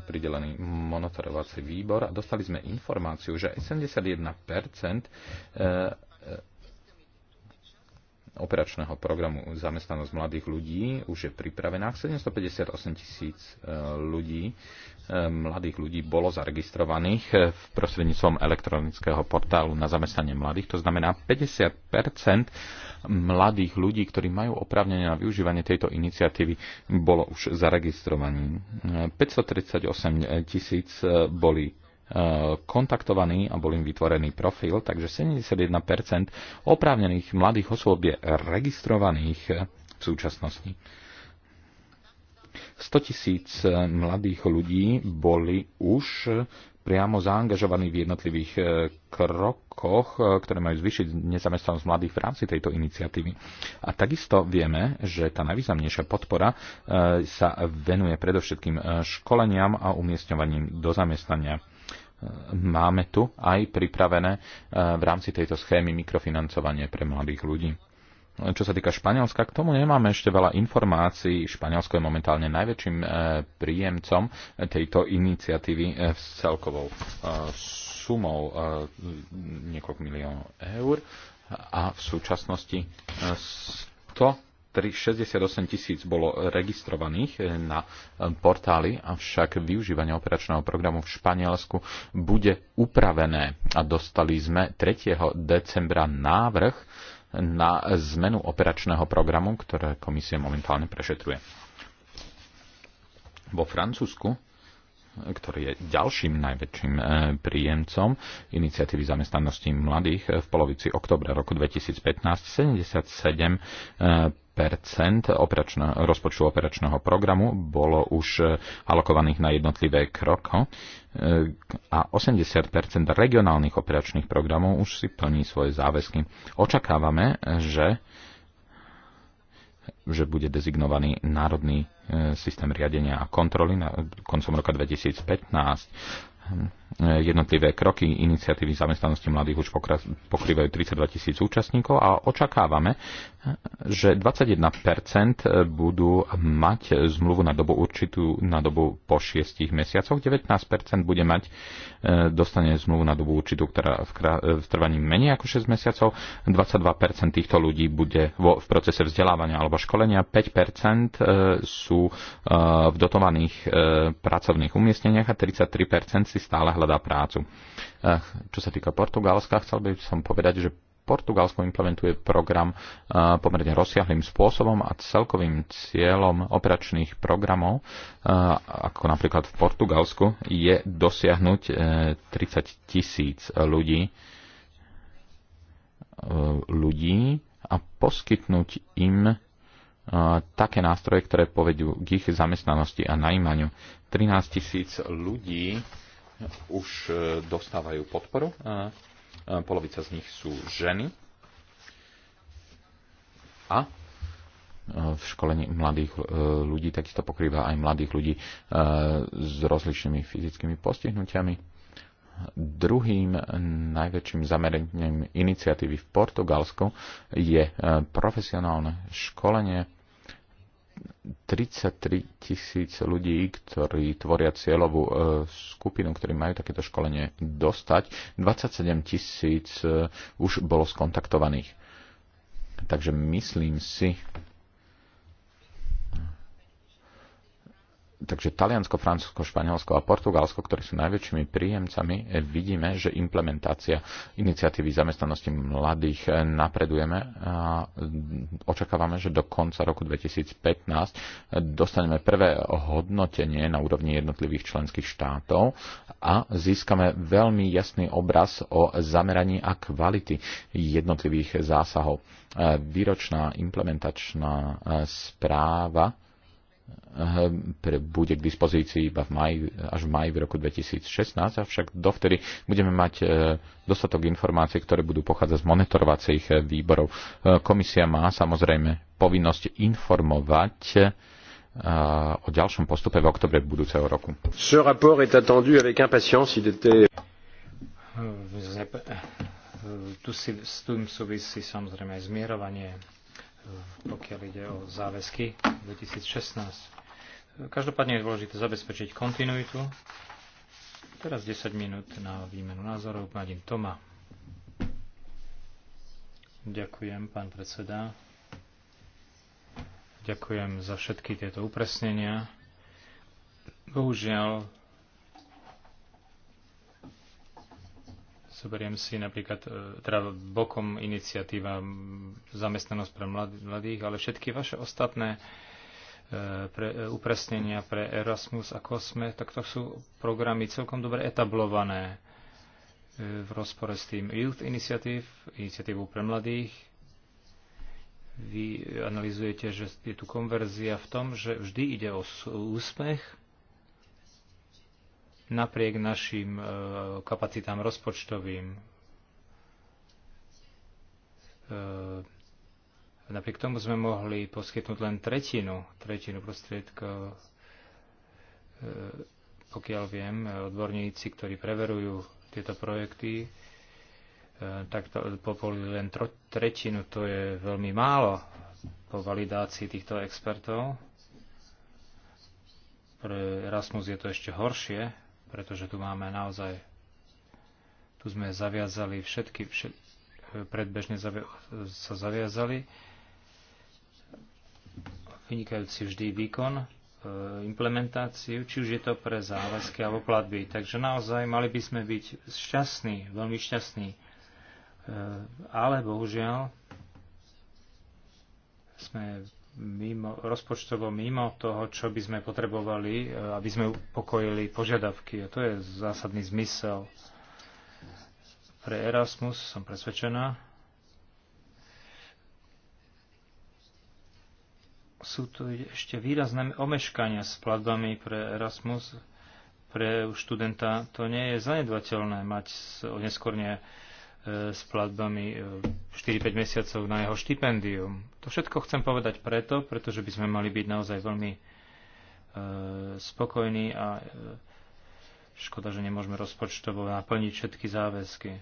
Speaker 2: pridelený monitorovací výbor a dostali sme informáciu, že 71% operačného programu zamestnanosť mladých ľudí už je pripravená. 758 tisíc e, ľudí, e, mladých ľudí bolo zaregistrovaných e, v prostredníctvom elektronického portálu na zamestnanie mladých. To znamená 50 mladých ľudí, ktorí majú oprávnenie na využívanie tejto iniciatívy, bolo už zaregistrovaní. 538 tisíc boli kontaktovaní a bol im vytvorený profil, takže 71% oprávnených mladých osôb je registrovaných v súčasnosti. 100 tisíc mladých ľudí boli už priamo zaangažovaní v jednotlivých e, krokoch, e, ktoré majú zvyšiť nezamestnanosť mladých v rámci tejto iniciatívy. A takisto vieme, že tá najvýznamnejšia podpora e, sa venuje predovšetkým školeniam a umiestňovaním do zamestnania máme tu aj pripravené e, v rámci tejto schémy mikrofinancovanie pre mladých ľudí. Čo sa týka Španielska, k tomu nemáme ešte veľa informácií. Španielsko je momentálne najväčším e, príjemcom tejto iniciatívy e, s celkovou sumou niekoľko miliónov eur a v súčasnosti 100 68 tisíc bolo registrovaných eh, na eh, portáli, avšak využívanie operačného programu v Španielsku bude upravené a dostali sme 3. decembra návrh na zmenu operačného programu, ktoré komisie momentálne prešetruje. Vo Francúzsku eh, ktorý je ďalším najväčším príjemcom iniciatívy zamestnanosti mladých v polovici oktobra roku 2015 77 operačno, rozpočtu operačného programu bolo už e, alokovaných na jednotlivé kroko e, a 80 regionálnych operačných programov už si plní svoje záväzky. Očakávame, že že bude dezignovaný národný e, systém riadenia a kontroly na koncom roka 2015 E, jednotlivé kroky iniciatívy zamestnanosti mladých už pokrývajú 32 tisíc účastníkov a očakávame, e, že 21 budú mať zmluvu na dobu určitú na dobu po 6 mesiacoch, 19 bude mať, e, dostane zmluvu na dobu určitú, ktorá v, v trvaní menej ako 6 mesiacov, 22 týchto ľudí bude vo, v procese vzdelávania alebo školenia, 5 sú v dotovaných pracovných umiestneniach a 33 si stále hľadá prácu. Eh, čo sa týka Portugalska, chcel by som povedať, že Portugalsko implementuje program eh, pomerne rozsiahlým spôsobom a celkovým cieľom operačných programov, eh, ako napríklad v Portugalsku, je dosiahnuť 30 tisíc ľudí, ľudí a poskytnúť im také nástroje, ktoré povedú k ich zamestnanosti a najímaniu. 13 tisíc ľudí už e, dostávajú podporu. Polovica z nich sú ženy. A e, v školení mladých e, ľudí takisto pokrýva aj mladých ľudí s rozličnými fyzickými postihnutiami. Druhým najväčším zameraním iniciatívy v Portugalsku je profesionálne školenie 33 tisíc ľudí, ktorí tvoria cieľovú e, skupinu, ktorí majú takéto školenie dostať. 27 tisíc e, už bolo skontaktovaných. Takže myslím si, Takže Taliansko, Francúzsko, Španielsko a Portugalsko, ktorí sú najväčšími príjemcami, e, vidíme, že implementácia iniciatívy zamestnanosti mladých e, napredujeme. A očakávame, že do konca roku 2015 e, dostaneme prvé hodnotenie na úrovni jednotlivých členských štátov a získame veľmi jasný obraz o zameraní a kvality jednotlivých zásahov. Výročná implementačná správa Eh, pre, bude k dispozícii iba v maj, až v maji v roku 2016, avšak dovtedy budeme mať eh, dostatok informácií, ktoré budú pochádzať z monitorovacích eh, výborov. Komisia má samozrejme povinnosť informovať o ďalšom postupe v oktobre budúceho roku.
Speaker 4: Ce rapport est attendu avec impatience, il était...
Speaker 3: Tu si, s tým súvisí samozrejme aj zmierovanie pokiaľ ide o záväzky 2016. Každopádne je dôležité zabezpečiť kontinuitu. Teraz 10 minút na výmenu názorov. Pani Toma. Ďakujem, pán predseda. Ďakujem za všetky tieto upresnenia. Bohužiaľ, Zoberiem si napríklad, e, teda bokom iniciatíva zamestnanosť pre mladých, ale všetky vaše ostatné e, pre, e, upresnenia pre Erasmus a Kosme, tak to sú programy celkom dobre etablované v rozpore s tým Youth Initiative, iniciatívou pre mladých. Vy analizujete, že je tu konverzia v tom, že vždy ide o úspech napriek našim e, kapacitám rozpočtovým. E, napriek tomu sme mohli poskytnúť len tretinu, tretinu prostriedkov. E, pokiaľ viem, odborníci, ktorí preverujú tieto projekty, tak to povolili len tretinu, to je veľmi málo po validácii týchto expertov. Pre Erasmus je to ešte horšie, pretože tu máme naozaj, tu sme zaviazali všetky, všetky predbežne zavia, sa zaviazali, vynikajúci vždy výkon, e, implementáciu, či už je to pre záväzky alebo platby. Takže naozaj mali by sme byť šťastní, veľmi šťastní. E, ale bohužiaľ sme mimo, rozpočtovo mimo toho, čo by sme potrebovali, e, aby sme upokojili požiadavky. A to je zásadný zmysel. Pre Erasmus som presvedčená. Sú tu ešte výrazné omeškania s platbami pre Erasmus. Pre študenta to nie je zanedvateľné mať oneskorne s platbami 4-5 e, mesiacov na jeho štipendium. To všetko chcem povedať preto, pretože by sme mali byť naozaj veľmi e, spokojní a e, škoda, že nemôžeme rozpočtovo naplniť všetky záväzky.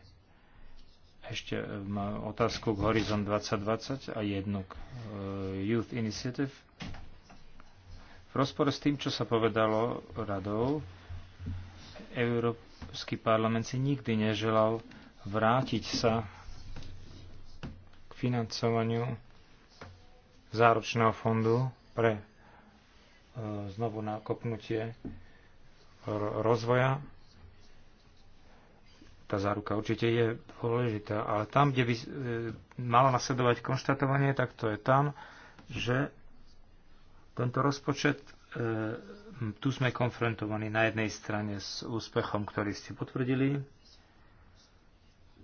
Speaker 3: Ešte mám otázku k Horizon 2020 a jednu k Youth Initiative. V rozpore s tým, čo sa povedalo radou, Európsky parlament si nikdy neželal vrátiť sa k financovaniu záručného fondu pre e, znovu nakopnutie rozvoja. Tá záruka určite je dôležitá, ale tam, kde by e, malo nasledovať konštatovanie, tak to je tam, že tento rozpočet, e, tu sme konfrontovaní na jednej strane s úspechom, ktorý ste potvrdili,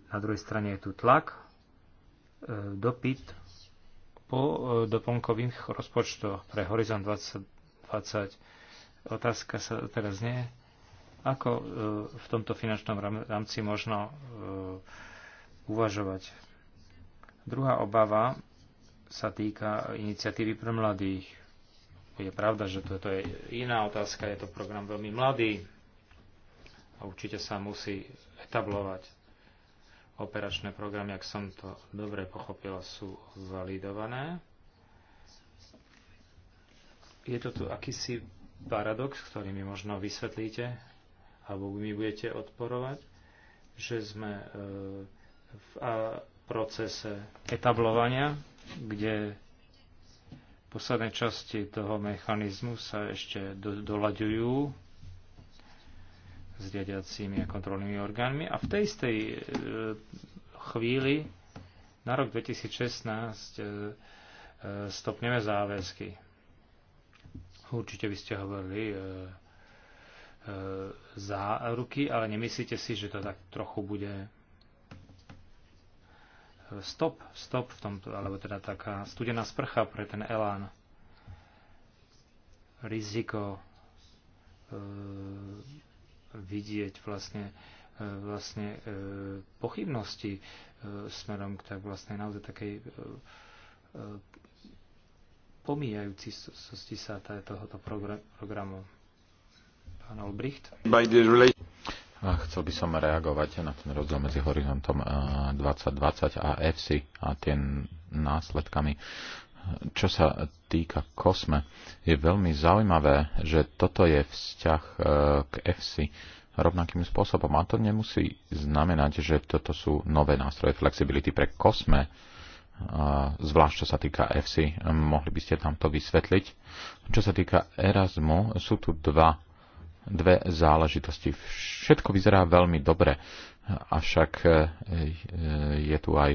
Speaker 3: na druhej strane je tu tlak, e, dopyt po e, doplnkových rozpočtoch pre Horizon 2020. Otázka sa teraz nie, ako e, v tomto finančnom rámci možno uvažovať. Druhá obava sa týka iniciatívy pre mladých. Je pravda, že toto je iná otázka, je to program veľmi mladý a určite sa musí etablovať operačné programy, ak som to dobre pochopil, sú validované. Je to tu akýsi paradox, ktorý mi možno vysvetlíte, alebo mi budete odporovať, že sme e, v procese etablovania, kde v posledné časti toho mechanizmu sa ešte do, doľaďujú s riadiacimi a kontrolnými orgánmi. A v tej istej e, chvíli na rok 2016 e, e, stopneme záväzky. Určite by ste hovorili za ruky, ale nemyslíte si, že to tak trochu bude stop, stop v tomto, alebo teda taká studená sprcha pre ten elán. Riziko vidieť vlastne, e, vlastne e, pochybnosti e, smerom k tak vlastnej naozaj takej pomíjajúci sa tohoto programu. Pán Olbricht.
Speaker 2: A chcel by som reagovať na ten rozdiel medzi horizontom 2020 a EFSI a tým následkami čo sa týka Kosme, je veľmi zaujímavé, že toto je vzťah e, k EFSI rovnakým spôsobom. A to nemusí znamenať, že toto sú nové nástroje flexibility pre Kosme, e, zvlášť čo sa týka FC, mohli by ste tam to vysvetliť. Čo sa týka Erasmu, sú tu dva, dve záležitosti. Všetko vyzerá veľmi dobre, avšak e, je tu aj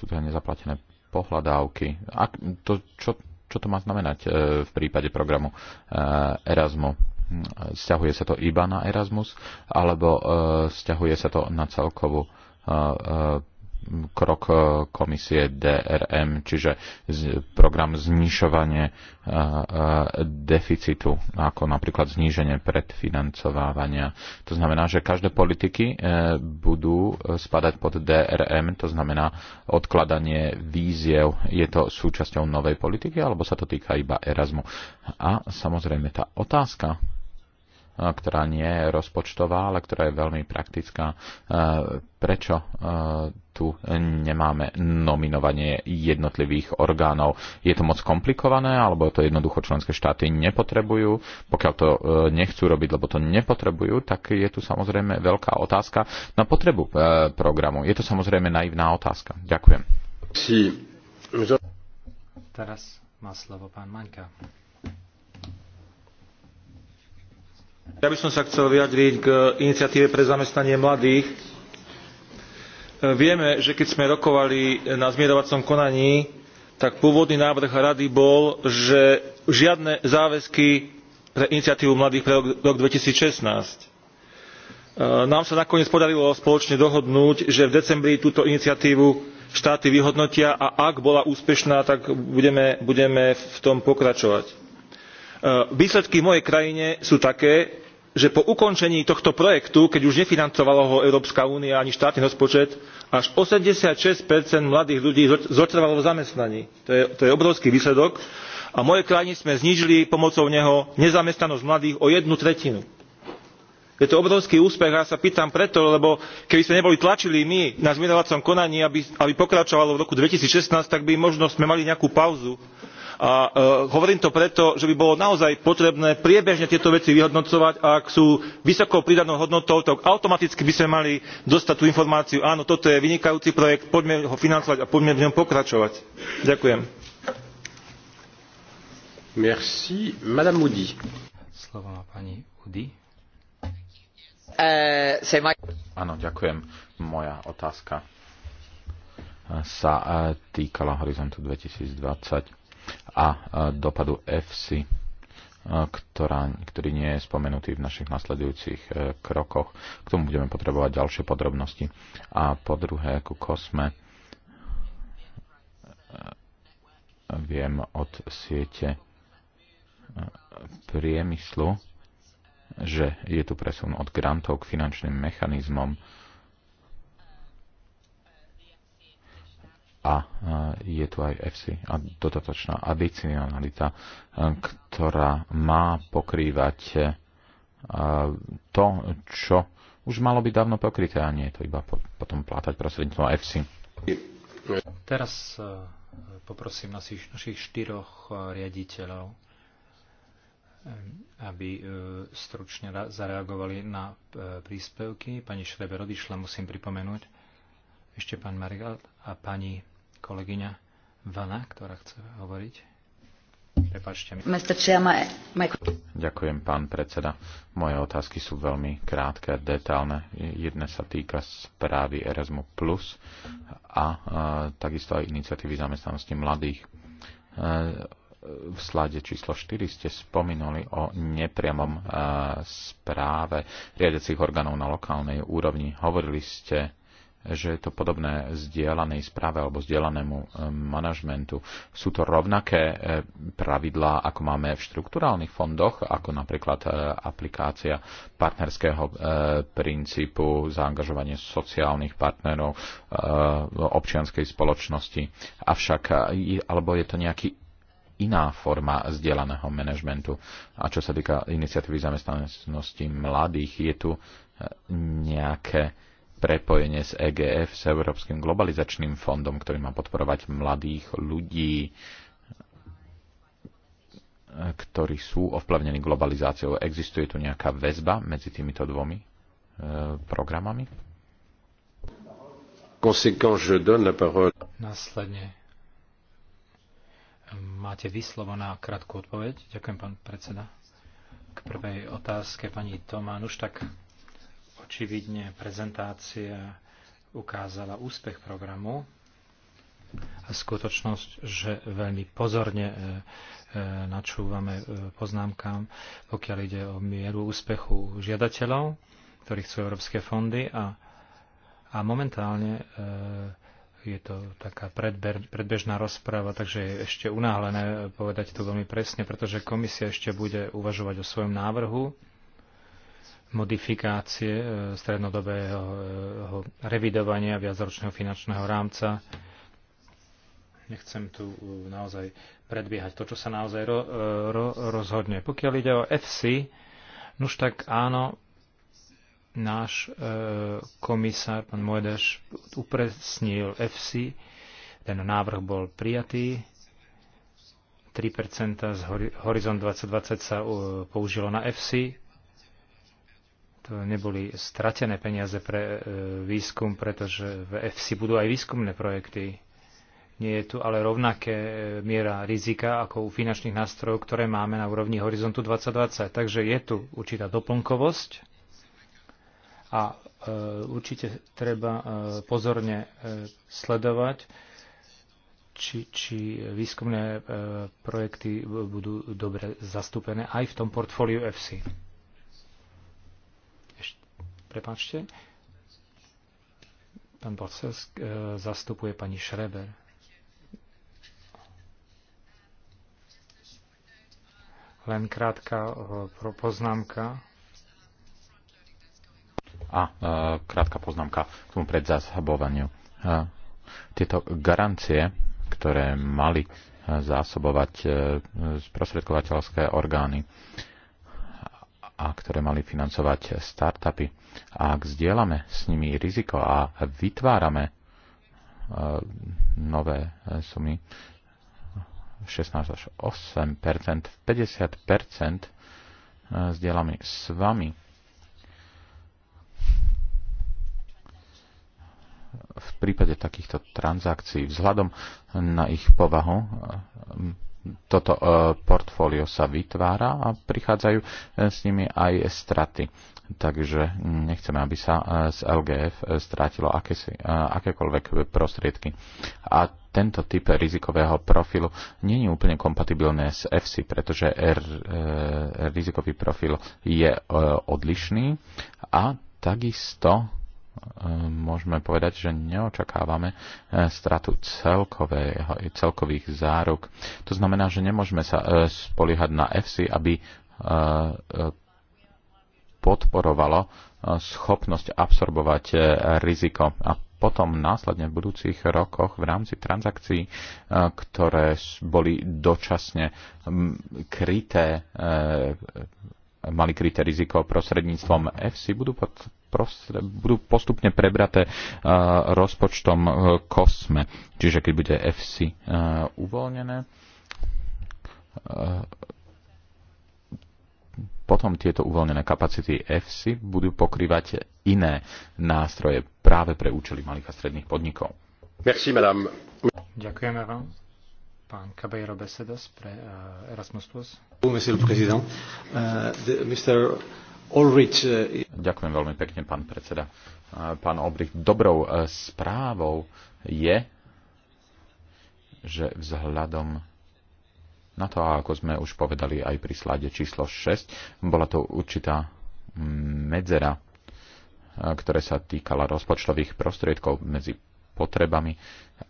Speaker 2: sú tu aj nezaplatené pohľadávky. A to, čo, čo to má znamenať e, v prípade programu e, Erasmus? Sťahuje sa to iba na Erasmus, alebo sťahuje e, sa to na celkovú krok e, komisie DRM, čiže program znišovanie e, e, deficitu, ako napríklad zníženie predfinancovávania. To znamená, že každé politiky budú spadať pod DRM, to znamená odkladanie víziev. Je to súčasťou novej politiky, alebo sa to týka iba Erasmu? A samozrejme tá otázka, ktorá nie je rozpočtová, ale ktorá je veľmi praktická. E, prečo e, tu nemáme nominovanie jednotlivých orgánov? Je to moc komplikované, alebo to jednoducho členské štáty nepotrebujú? Pokiaľ to e, nechcú robiť, lebo to nepotrebujú, tak je tu samozrejme veľká otázka na potrebu programu. Je to samozrejme naivná otázka. Ďakujem.
Speaker 3: Teraz má slovo pán Maňka. Ja by som sa
Speaker 5: chcel vyjadriť k iniciatíve pre zamestnanie mladých. Vieme, že keď sme rokovali na zmierovacom konaní, tak pôvodný návrh rady bol, že žiadne záväzky pre iniciatívu mladých pre rok 2016. Nám sa nakoniec podarilo spoločne dohodnúť, že v decembri túto iniciatívu štáty vyhodnotia a ak bola úspešná, tak budeme, budeme v tom pokračovať E, výsledky v mojej krajine sú také že po ukončení tohto projektu keď už nefinancovala ho európska únia ani štátny rozpočet až eighty six mladých ľudí zotrvalo v zamestnaní. To je, to je obrovský výsledok a v mojej krajine sme znížili pomocou neho nezamestnanosť mladých o jednu tretinu. Je to obrovský úspech a ja sa pýtam preto, lebo keby sme neboli tlačili my na zmierovacom konaní, aby, aby pokračovalo v roku 2016, tak by možno sme mali nejakú pauzu a e, hovorím to preto že by bolo naozaj potrebné priebežne tieto veci vyhodnocovať a ak sú vysokou pridanou hodnotou tak automaticky by sme mali dostať tú informáciu áno toto je vynikajúci projekt poďme ho financovať a poďme v ňom pokračovať. ďakujem.
Speaker 2: Merci. Madame
Speaker 3: Slovo má pani
Speaker 5: eh,
Speaker 2: Áno, ďakujem. Moja otázka sa eh, týkala horizontu 2020 a dopadu FC, ktorá, ktorý nie je spomenutý v našich nasledujúcich e, krokoch. K tomu budeme potrebovať ďalšie podrobnosti. A po druhé, ku kosme e, viem od siete e, priemyslu, že je tu presun od grantov k finančným mechanizmom, a e, je tu aj FC a dodatočná adicionalita, e, ktorá má pokrývať e, to, čo už malo byť dávno pokryté a nie je to iba potom plátať prostredníctvom FC.
Speaker 3: Teraz poprosím našich, našich štyroch riaditeľov, aby stručne zareagovali na príspevky. Pani Šreber odišla, musím pripomenúť ešte pán Marigald a pani kolegyňa Vana, ktorá chce hovoriť. Prepačte
Speaker 4: mi.
Speaker 2: Ďakujem, pán predseda. Moje otázky sú veľmi krátke a detálne. Jedna sa týka správy Erasmus Plus a takisto aj iniciatívy zamestnanosti mladých e, v slade číslo 4 ste spomínali o nepriamom e, správe riadecích orgánov na lokálnej úrovni. Hovorili ste že je to podobné zdieľanej správe alebo zdieľanému e, manažmentu. Sú to rovnaké e, pravidlá, ako máme v štruktúrálnych fondoch, ako napríklad e, aplikácia partnerského princípu, zaangažovanie sociálnych partnerov, občianskej spoločnosti. Avšak, alebo je to nejaký iná forma zdieľaného manažmentu. A čo sa týka iniciatívy zamestnanosti mladých, je tu nejaké prepojenie s EGF, s Európskym globalizačným fondom, ktorý má podporovať mladých ľudí, ktorí sú ovplyvnení globalizáciou. Existuje tu nejaká väzba medzi týmito dvomi e, programami?
Speaker 3: Následne máte vyslovo na krátku odpoveď. Ďakujem, pán predseda. K prvej otázke pani Tomán. Už tak Očividne prezentácia ukázala úspech programu a skutočnosť, že veľmi pozorne e, e, načúvame e, poznámkam, pokiaľ ide o mieru úspechu žiadateľov, ktorí chcú európske fondy a, a momentálne je to taká predber, predbežná rozpráva, takže je ešte unáhlené povedať to veľmi presne, pretože komisia ešte bude uvažovať o svojom návrhu modifikácie e, strednodobého e, revidovania viacročného finančného rámca. Nechcem tu e, naozaj predbiehať to, čo sa naozaj ro, ro, rozhodne. Pokiaľ ide o FC, nuž tak áno, náš e, komisár, pán Mojdeš, upresnil FC, ten návrh bol prijatý, 3% z Horizon 2020 sa použilo na FC, to neboli stratené peniaze pre e, výskum, pretože v EFSI budú aj výskumné projekty. Nie je tu ale rovnaké e, miera rizika ako u finančných nástrojov, ktoré máme na úrovni horizontu 2020. Takže je tu určitá doplnkovosť a e, určite treba pozorne sledovať, či, či výskumné projekty budú dobre zastúpené aj v tom portfóliu EFSI. Prepačte. Pán Borcesk e, zastupuje pani Šreber. Len krátka e, poznámka.
Speaker 2: A, e, krátka poznámka k tomu predzásobovaniu. Tieto garancie, ktoré mali zásobovať sprostredkovateľské orgány, a ktoré mali financovať startupy. A ak zdieľame s nimi riziko a vytvárame e, nové sumy 16 až 8 50 e, zdieľame s vami. V prípade takýchto transakcií vzhľadom na ich povahu e, toto e, portfólio sa vytvára a prichádzajú e, s nimi aj straty. Takže nechceme, aby sa e, z LGF strátilo akési, akékoľvek prostriedky. A tento typ rizikového profilu nie je úplne kompatibilné s FC, pretože R, rizikový profil je odlišný a takisto Ehm, môžeme povedať, že neočakávame e, stratu celkových záruk. To znamená, že nemôžeme sa e, spoliehať na FC, aby e, podporovalo schopnosť absorbovať riziko a potom následne v budúcich rokoch v rámci transakcií, ktoré boli dočasne kryté mali kryté riziko prostredníctvom EFSI, budú, pod, prostre, budú postupne prebraté uh, rozpočtom uh, eh, COSME. Čiže keď bude EFSI uh, uvoľnené, uh, potom tieto uvoľnené kapacity EFSI budú pokrývať iné nástroje práve pre účely malých a stredných podnikov.
Speaker 3: Merci, madame. Ďakujeme vám. Pán Cabejro Besedos pre eh, Erasmus+. Eh,
Speaker 2: eh, Ďakujem veľmi pekne, pán predseda. Pán Obrich, dobrou správou je, že vzhľadom na to, ako sme už povedali aj pri slade číslo 6, bola to určitá mm, medzera, ktoré sa týkala rozpočtových prostriedkov medzi potrebami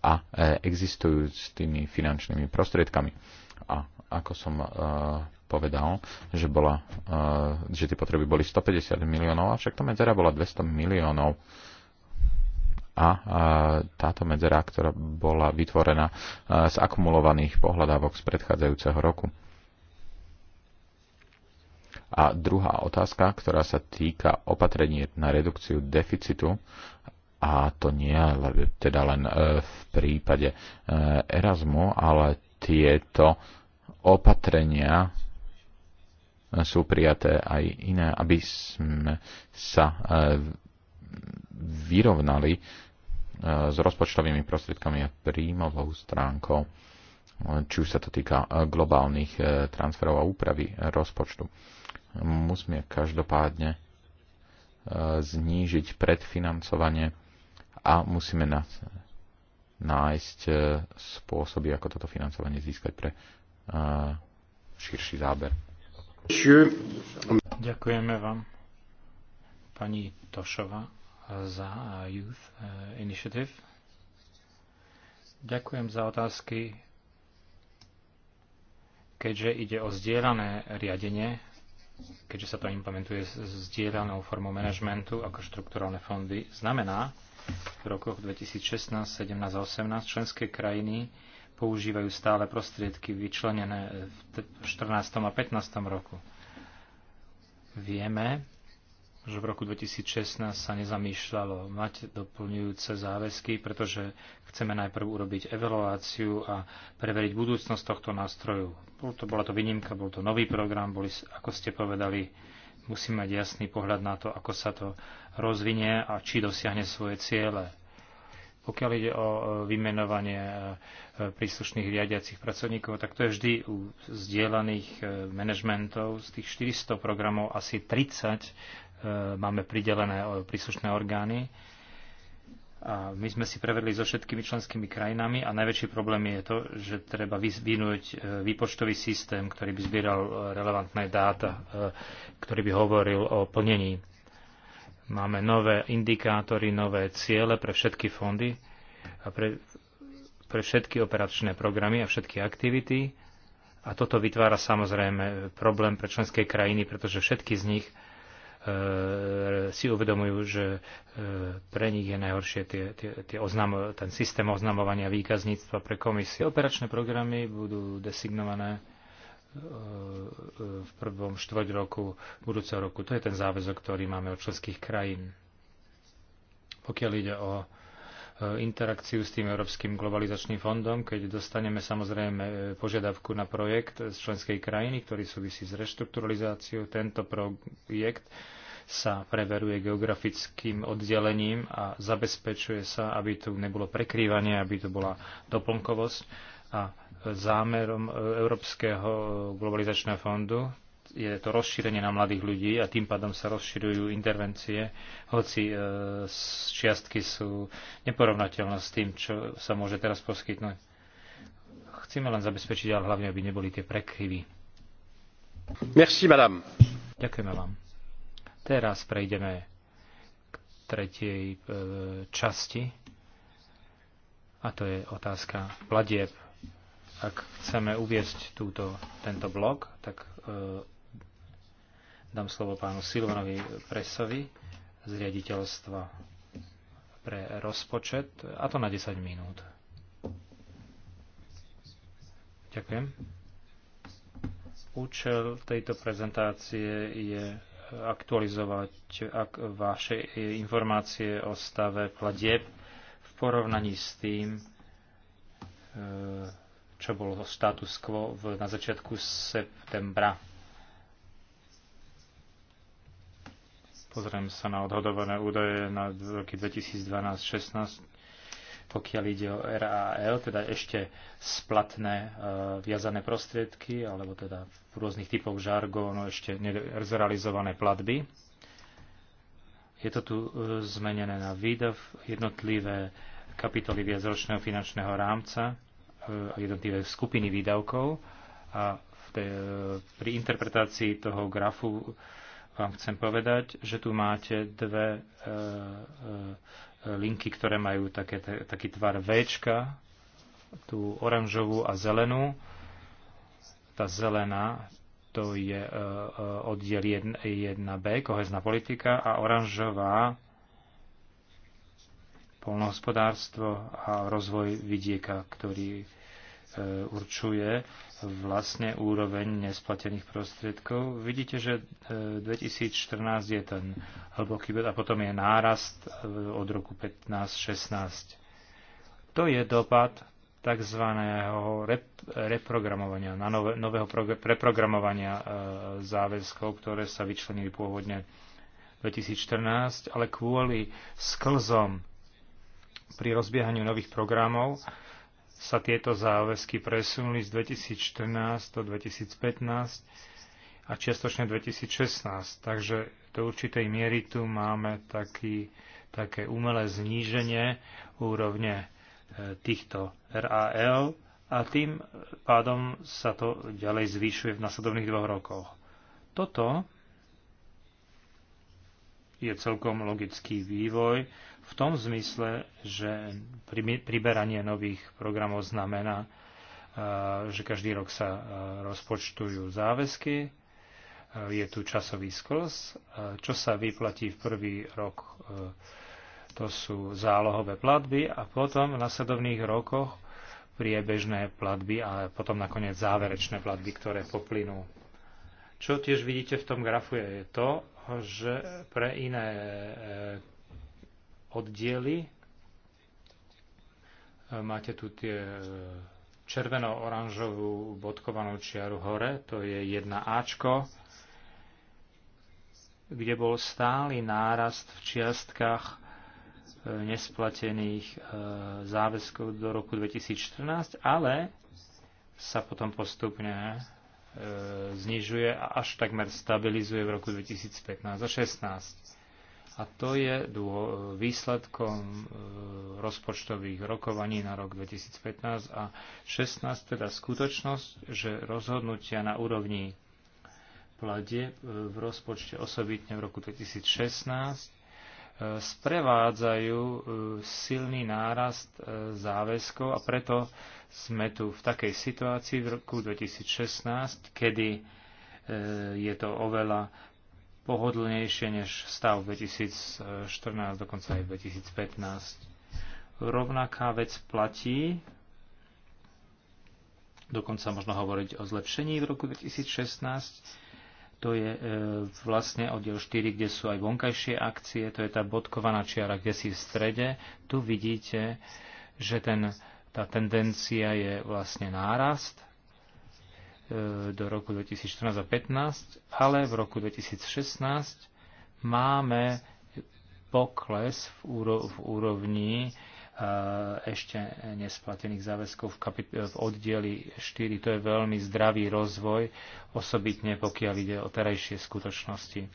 Speaker 2: a e, existujúcimi finančnými prostriedkami. A ako som e, povedal, že, bola, e, že tie potreby boli 150 miliónov, avšak tá medzera bola 200 miliónov. A táto medzera, ktorá bola vytvorená z akumulovaných pohľadávok z predchádzajúceho roku. A druhá otázka, ktorá sa týka opatrení na redukciu deficitu a to nie teda len e, v prípade e, Erasmu, ale tieto opatrenia sú prijaté aj iné, aby sme sa e, vyrovnali s rozpočtovými prostriedkami a príjmovou stránkou, či už sa to týka globálnych transferov a úpravy rozpočtu. Musíme každopádne znížiť predfinancovanie a musíme nájsť e, spôsoby, ako toto financovanie získať pre e, širší záber.
Speaker 3: Ďakujeme vám, pani Tošova, za e, Youth Initiative. Ďakujem za otázky. Keďže ide o zdieľané riadenie, keďže sa to implementuje s zdieľanou formou manažmentu ako štrukturálne fondy, znamená, v rokoch 2016, 17 a 18 členské krajiny používajú stále prostriedky vyčlenené v 14. a 15. roku. Vieme, že v roku 2016 sa nezamýšľalo mať doplňujúce záväzky, pretože chceme najprv urobiť evaluáciu a preveriť budúcnosť tohto nástroju. to, bola to výnimka, bol to nový program, boli, ako ste povedali, musí mať jasný pohľad na to, ako sa to rozvinie a či dosiahne svoje ciele. Pokiaľ ide o e, vymenovanie e, e, príslušných riadiacich pracovníkov, tak to je vždy u zdieľaných manažmentov. Z tých 400 programov asi 30 máme pridelené príslušné orgány a my sme si prevedli so všetkými členskými krajinami a najväčší problém je to, že treba vyvinúť e, výpočtový systém, ktorý by zbieral e, relevantné dáta, e, ktorý by hovoril o plnení. Máme nové indikátory, nové ciele pre všetky fondy a pre, pre všetky operačné programy a všetky aktivity. A toto vytvára samozrejme problém pre členské krajiny, pretože všetky z nich E, si uvedomujú, že e, pre nich je najhoršie tie, tie, tie oznamo, ten systém oznamovania výkazníctva pre komisie. Operačné programy budú designované e, v prvom štvrť roku budúceho roku. To je ten záväzok, ktorý máme od členských krajín. Pokiaľ ide o E, interakciu s tým Európskym globalizačným fondom, keď dostaneme samozrejme e, požiadavku na projekt z členskej krajiny, ktorý súvisí s reštrukturalizáciou. Tento projekt sa preveruje geografickým oddelením a zabezpečuje sa, aby tu nebolo prekrývanie, aby tu bola doplnkovosť. A e, zámerom Európskeho globalizačného fondu je to rozšírenie na mladých ľudí a tým pádom sa rozširujú intervencie, hoci e, čiastky sú neporovnateľné s tým, čo sa môže teraz poskytnúť. Chceme len zabezpečiť, ale hlavne, aby neboli tie prekryvy. Merci, madame. Ďakujeme vám. Teraz prejdeme k tretej e, časti a to je otázka platieb ak chceme uviesť túto, tento blok, tak e, Dám slovo pánu Silvanovi Presovi z riaditeľstva pre rozpočet, a to na 10 minút. Ďakujem. Účel tejto prezentácie je aktualizovať ak vaše informácie o stave pladieb v porovnaní s tým, e, čo bolo status quo na začiatku septembra Pozriem sa na odhodované údaje na roky 2012-16, pokiaľ ide o RAL, teda ešte splatné e, viazané prostriedky, alebo teda v rôznych typoch žargónu ešte nezrealizované platby. Je to tu e, zmenené na výdav jednotlivé kapitoly viacročného finančného rámca e, a jednotlivé skupiny výdavkov a v tej, pri interpretácii toho grafu vám chcem povedať, že tu máte dve e, e, e, linky, ktoré majú také, taký tvar V, tú oranžovú a zelenú. Tá zelená to je oddiel 1b, kohezná politika, a oranžová polnohospodárstvo a rozvoj vidieka, ktorý E, určuje vlastne úroveň nesplatených prostriedkov. Vidíte, že 2014 e, je ten hlboký bod a potom je nárast e, od roku 15-16. To je dopad tzv. reprogramovania, na nové, nového reprogramovania záväzkov, ktoré sa vyčlenili pôvodne 2014, ale kvôli sklzom pri rozbiehaniu nových programov sa tieto záväzky presunuli z 2014 do 2015 a čiastočne 2016. Takže do určitej miery tu máme taký, také umelé zníženie úrovne e, týchto RAL a tým pádom sa to ďalej zvýšuje v nasledovných dvoch rokoch. Toto je celkom logický vývoj, v tom zmysle, že priberanie nových programov znamená, e, že každý rok sa e, rozpočtujú záväzky, e, je tu časový skos, čo sa vyplatí v prvý rok, to sú zálohové platby a potom v nasledovných rokoch priebežné platby a potom nakoniec záverečné platby, ktoré poplynú. Čo tiež vidíte v tom grafu je to, že pre iné oddiely. E, máte tu tie e, červeno-oranžovú bodkovanú čiaru hore, to je jedna ačko kde bol stály nárast v čiastkách e, nesplatených záväzkov do roku 2014, ale sa potom postupne znižuje a až takmer stabilizuje v roku 2015 a 2016 a to je výsledkom e, rozpočtových rokovaní na rok 2015 a 16, teda skutočnosť, že rozhodnutia na úrovni plade v rozpočte osobitne v roku 2016 e, sprevádzajú e, silný nárast záväzkov a preto sme tu v takej situácii v roku 2016, kedy je to oveľa pohodlnejšie než stav 2014, dokonca aj 2015. Rovnaká vec platí, dokonca možno hovoriť o zlepšení v roku 2016, to je e, vlastne oddiel 4, kde sú aj vonkajšie akcie, to je tá bodkovaná čiara, kde si v strede. Tu vidíte, že ten, tá tendencia je vlastne nárast E, do roku 2014 a 2015, ale v roku 2016 máme pokles v, úro, v úrovni e, ešte nesplatených záväzkov v, kapit- v oddieli 4. To je veľmi zdravý rozvoj, osobitne pokiaľ ide o terajšie skutočnosti. E,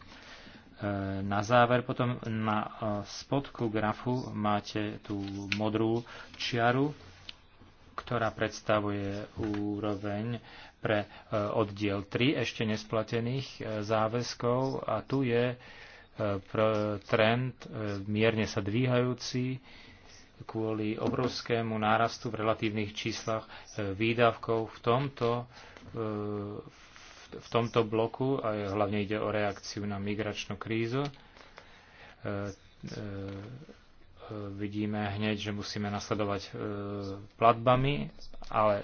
Speaker 3: na záver potom na spodku grafu máte tú modrú čiaru, ktorá predstavuje úroveň pre e, oddiel 3 ešte nesplatených e, záväzkov a tu je e, trend mierne sa dvíhajúci kvôli obrovskému nárastu v relatívnych číslach výdavkov v tomto, v tomto bloku, a hlavne ide o reakciu na migračnú krízu. Vidíme hneď, že musíme nasledovať platbami, ale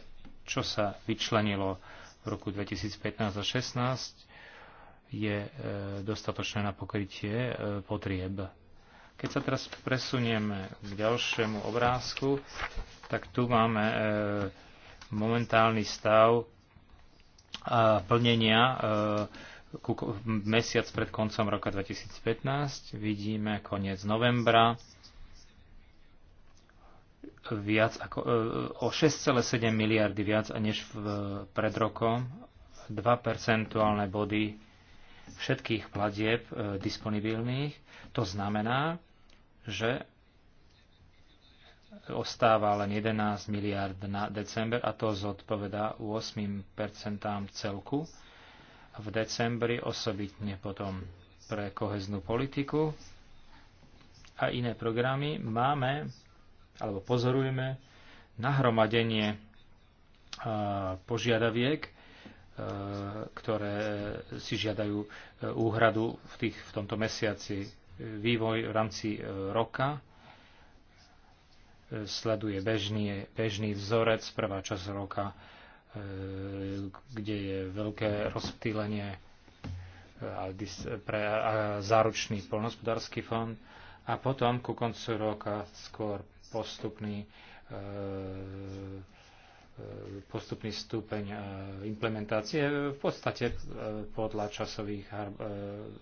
Speaker 3: čo sa vyčlenilo v roku 2015 a 2016, je e, dostatočné na pokrytie e, potrieb. Keď sa teraz presunieme k ďalšiemu obrázku, tak tu máme e, momentálny stav plnenia mesiac pred koncom roka 2015. Vidíme koniec novembra viac ako, e, o 6,7 miliardy viac než v, e, pred rokom, 2 percentuálne body všetkých platieb e, disponibilných. To znamená, že ostáva len 11 miliard na december a to zodpovedá 8% celku. V decembri osobitne potom pre koheznú politiku a iné programy máme alebo pozorujeme nahromadenie e, požiadaviek, e, ktoré si žiadajú e, úhradu v, tých, v tomto mesiaci. Vývoj v rámci roka sleduje bežný, bežný vzorec, prvá časť roka, kde je veľké rozptýlenie pre záručný polnospodársky fond a potom ku koncu roka skôr postupný, eh, postupný stupeň eh, implementácie v podstate eh, podľa časových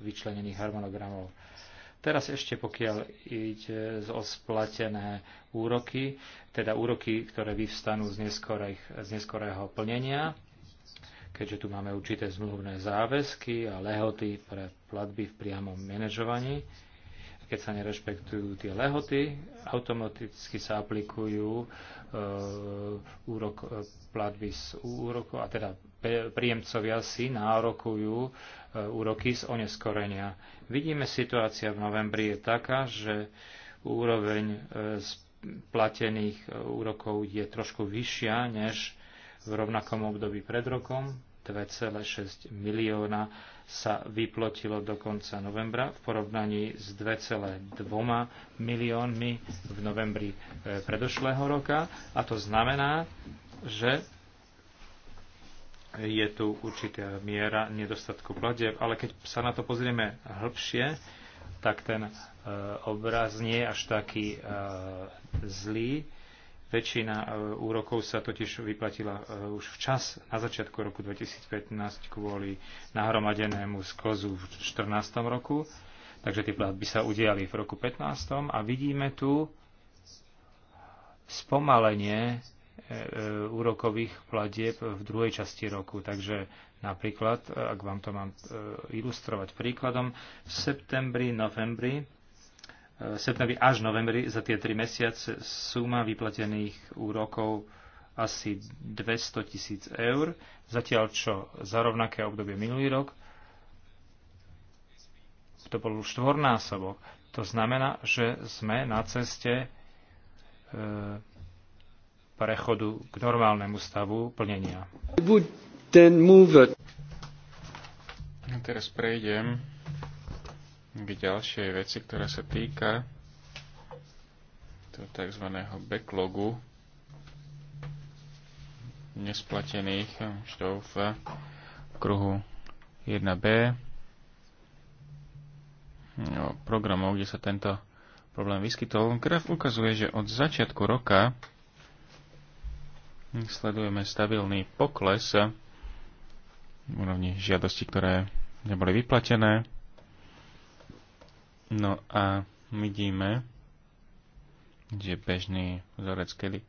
Speaker 3: vyčlenených harmonogramov. Teraz ešte pokiaľ ide o splatené úroky, teda úroky, ktoré vyvstanú z, z neskorého plnenia, keďže tu máme určité zmluvné záväzky a lehoty pre platby v priamom manažovaní, keď sa nerešpektujú tie lehoty, automaticky sa aplikujú uh, úrok, uh, platby z úroku, a teda príjemcovia si nárokujú uh, úroky z oneskorenia. Vidíme, situácia v novembri je taká, že úroveň e, platených úrokov je trošku vyššia než v rovnakom období pred rokom. 2,6 milióna sa vyplotilo do konca novembra v porovnaní s 2,2 miliónmi v novembri eh, predošlého roka. A to znamená, že je tu určitá miera nedostatku platieb. ale keď sa na to pozrieme hĺbšie, tak ten eh, obraz nie je až taký eh, zlý Väčšina e, úrokov sa totiž vyplatila e, už včas na začiatku roku 2015 kvôli nahromadenému skozu v 2014 roku, takže tie platby sa udiali v roku 15 a vidíme tu spomalenie e, úrokových platieb v druhej časti roku. Takže napríklad, ak vám to mám ilustrovať príkladom, v septembri, novembri septembri až novembri za tie tri mesiace suma vyplatených úrokov asi 200 tisíc eur, zatiaľ čo za rovnaké obdobie minulý rok to bol štvornásobok. To znamená, že sme na ceste e, prechodu k normálnemu stavu plnenia.
Speaker 1: Teraz prejdem k ďalšej veci, ktorá sa týka toho tzv. backlogu nesplatených účtov v kruhu 1b no, programov, kde sa tento problém vyskytol. Graf ukazuje, že od začiatku roka sledujeme stabilný pokles úrovni žiadosti, ktoré neboli vyplatené. No a vidíme, že bežný vzorec, kedy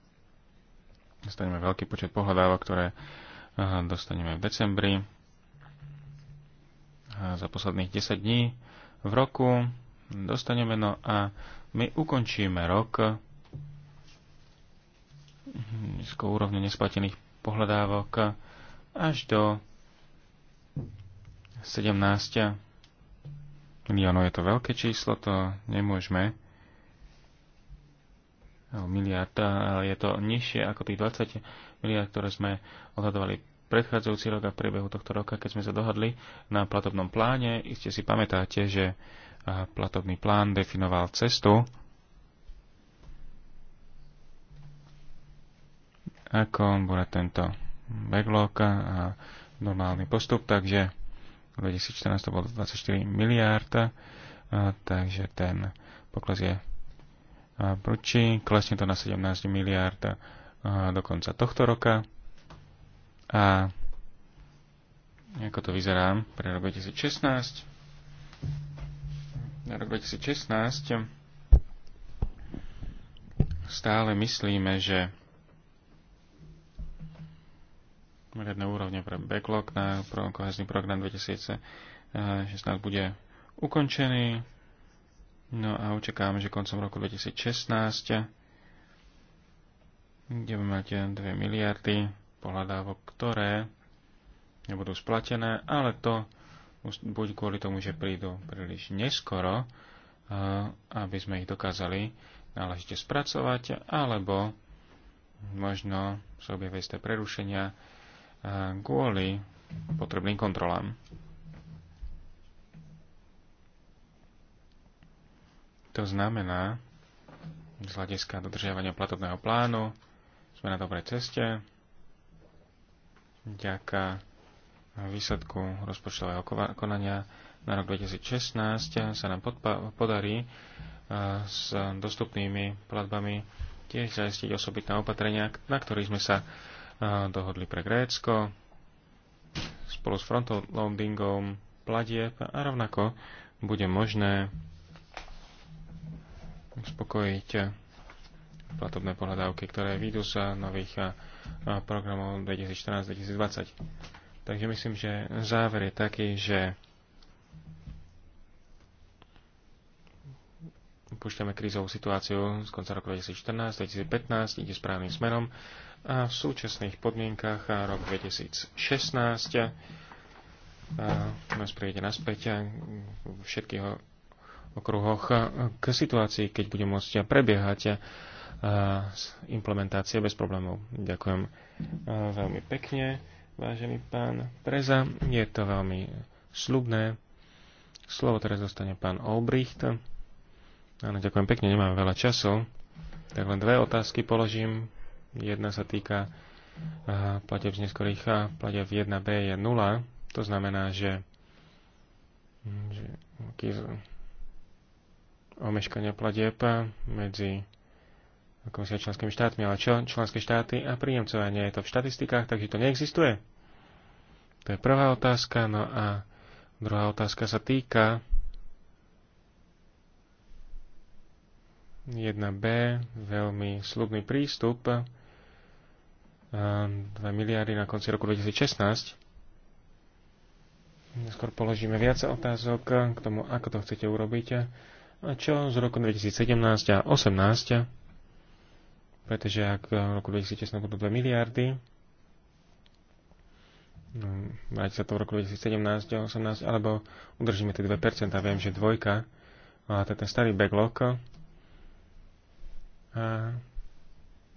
Speaker 1: dostaneme veľký počet pohľadávok, ktoré dostaneme v decembri, a za posledných 10 dní v roku dostaneme, no a my ukončíme rok nízkou úrovne nesplatených pohľadávok až do 17 miliónov je to veľké číslo, to nemôžeme. Miliarda, je to nižšie ako tých 20 miliard, ktoré sme odhadovali predchádzajúci rok a v priebehu tohto roka, keď sme sa dohodli na platobnom pláne. Iste si pamätáte, že platobný plán definoval cestu, ako bude tento backlog a normálny postup, takže 2014 to bolo 24 miliárd, takže ten pokles je prudší. Klesne to na 17 miliárd do konca tohto roka. A ako to vyzerá pre rok 2016? Na rok 2016 stále myslíme, že riadne úrovne pre backlog na prvom kohezný program 2016 bude ukončený. No a očakávame, že koncom roku 2016 kde máte 2 miliardy pohľadávok, ktoré nebudú splatené, ale to buď kvôli tomu, že prídu príliš neskoro, aby sme ich dokázali náležite spracovať, alebo možno sa objavia isté prerušenia, kvôli potrebným kontrolám. To znamená, z hľadiska dodržiavania platobného plánu sme na dobrej ceste. Ďaká výsledku rozpočtového konania na rok 2016 sa nám podarí s dostupnými platbami tiež zaistiť osobitné opatrenia, na ktorých sme sa dohodli pre Grécko spolu s frontloadingom platieb a rovnako bude možné uspokojiť platobné pohľadávky, ktoré výjdu sa nových programov 2014-2020. Takže myslím, že záver je taký, že opúšťame krízovú situáciu z konca roku 2014-2015, ide správnym smerom a v súčasných podmienkách rok 2016 nás prejde naspäť v všetkých okruhoch k situácii, keď bude môcť prebiehať implementácia bez problémov. Ďakujem veľmi pekne, vážený pán Preza. Je to veľmi slubné. Slovo teraz dostane pán Olbricht. Áno, ďakujem pekne, nemám veľa času. Tak len dve otázky položím Jedna sa týka plateb z neskorých a plateb 1b je 0. To znamená, že, že omeškania platieb medzi komisia členskými štátmi, ale čo členské štáty a príjemcovia nie je to v štatistikách, takže to neexistuje. To je prvá otázka, no a druhá otázka sa týka 1b, veľmi slubný prístup 2 ehm, miliardy na konci roku 2016. Neskôr položíme viac otázok k tomu, ako to chcete urobiť a čo z roku 2017 a 2018, pretože ak v roku 2016 budú 2 miliardy, no, vráti sa to v roku 2017 a 2018, alebo udržíme tie 2%, a viem, že dvojka, a to je ten starý backlog, a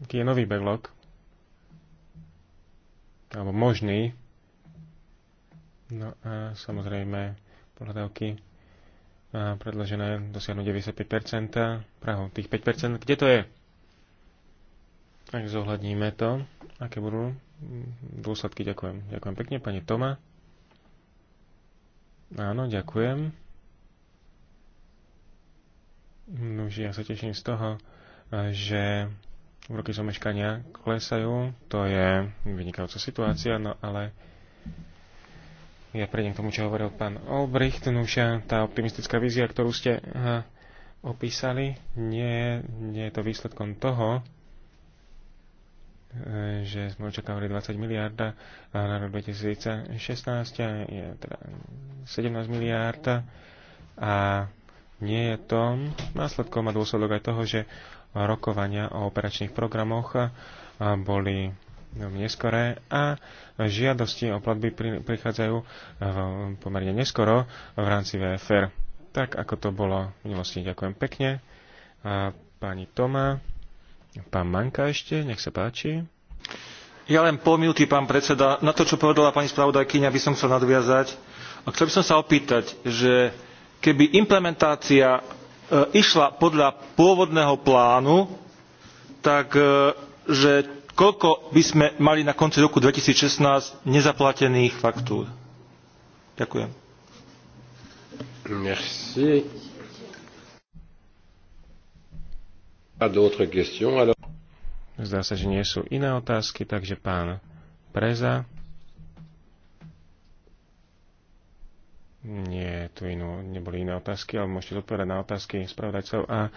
Speaker 1: je nový backlog, alebo možný. No a samozrejme pohľadávky predložené dosiahnu 95%, Prahu tých 5%. Kde to je? Tak zohľadníme to, aké budú dôsledky. Ďakujem. Ďakujem pekne, pani Toma. Áno, ďakujem. Nože ja sa teším z toho, že úroky zomeškania klesajú, to je vynikajúca situácia, no ale ja prejdem k tomu, čo hovoril pán Olbricht, nuša tá optimistická vízia, ktorú ste aha, opísali, nie, nie je to výsledkom toho, e, že sme očakávali 20 miliárda a na rok 2016 je teda 17 miliárda a nie je to následkom a dôsledok aj toho, že rokovania o operačných programoch boli neskoré a žiadosti o platby prichádzajú pomerne neskoro v rámci VFR. Tak, ako to bolo v minulosti. Ďakujem pekne. A pani Toma, pán Manka ešte, nech sa páči.
Speaker 5: Ja len pol minúty, pán predseda. Na to, čo povedala pani spravodajkyňa, by som chcel nadviazať. A chcel by som sa opýtať, že keby implementácia E, išla podľa pôvodného plánu, tak e, že koľko by sme mali na konci roku 2016 nezaplatených faktúr? Ďakujem.
Speaker 2: Merci. A
Speaker 1: Zdá sa, že nie sú iné otázky, takže pán Preza. Nie, tu inú, neboli iné otázky, ale môžete zodpovedať na otázky spravodajcov. A,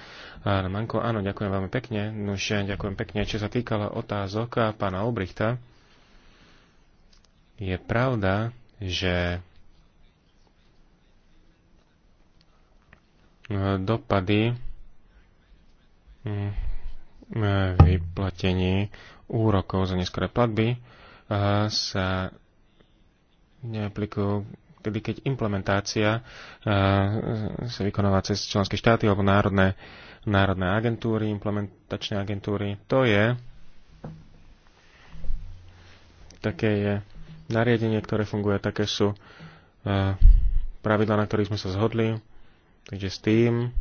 Speaker 1: a Manko, áno, ďakujem veľmi pekne. Nuž, ďakujem pekne. Čo sa týkala otázok pána Obrichta, je pravda, že dopady hm, vyplatení úrokov za neskoré platby sa neaplikujú vtedy, keď implementácia e, sa vykonáva cez členské štáty alebo národné, národné agentúry, implementačné agentúry. To je také je nariadenie, ktoré funguje, také sú e, pravidla, na ktorých sme sa zhodli. Takže s tým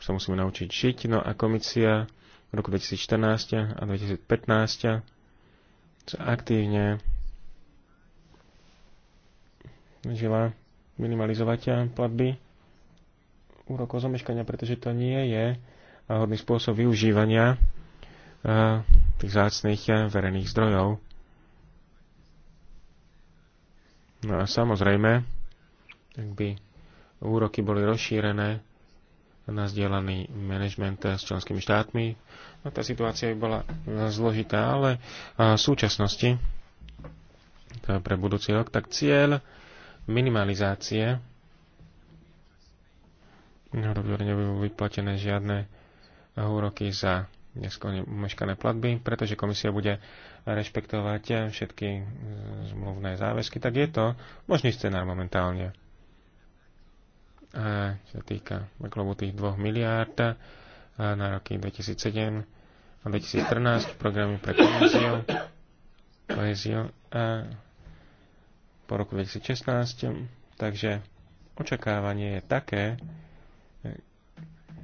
Speaker 1: sa musíme naučiť žiť. No a komisia v roku 2014 a 2015 sa aktívne žila minimalizovať eh, platby úrokov zomeškania, pretože to nie je eh, hodný spôsob využívania eh, tých zácných verejných zdrojov. No a samozrejme, ak by úroky boli rozšírené na zdieľaný manažment s členskými štátmi, no tá situácia by bola zložitá, ale v súčasnosti, to je pre budúci rok, tak cieľ minimalizácie nebudú vyplatené žiadne úroky za umeškané platby, pretože komisia bude rešpektovať všetky zmluvné záväzky, tak je to možný scenár momentálne. A čo sa týka klubu tých 2 miliárd na roky 2007 a 2013 programy pre komisiu, koheziu a po roku 2016, takže očakávanie je také,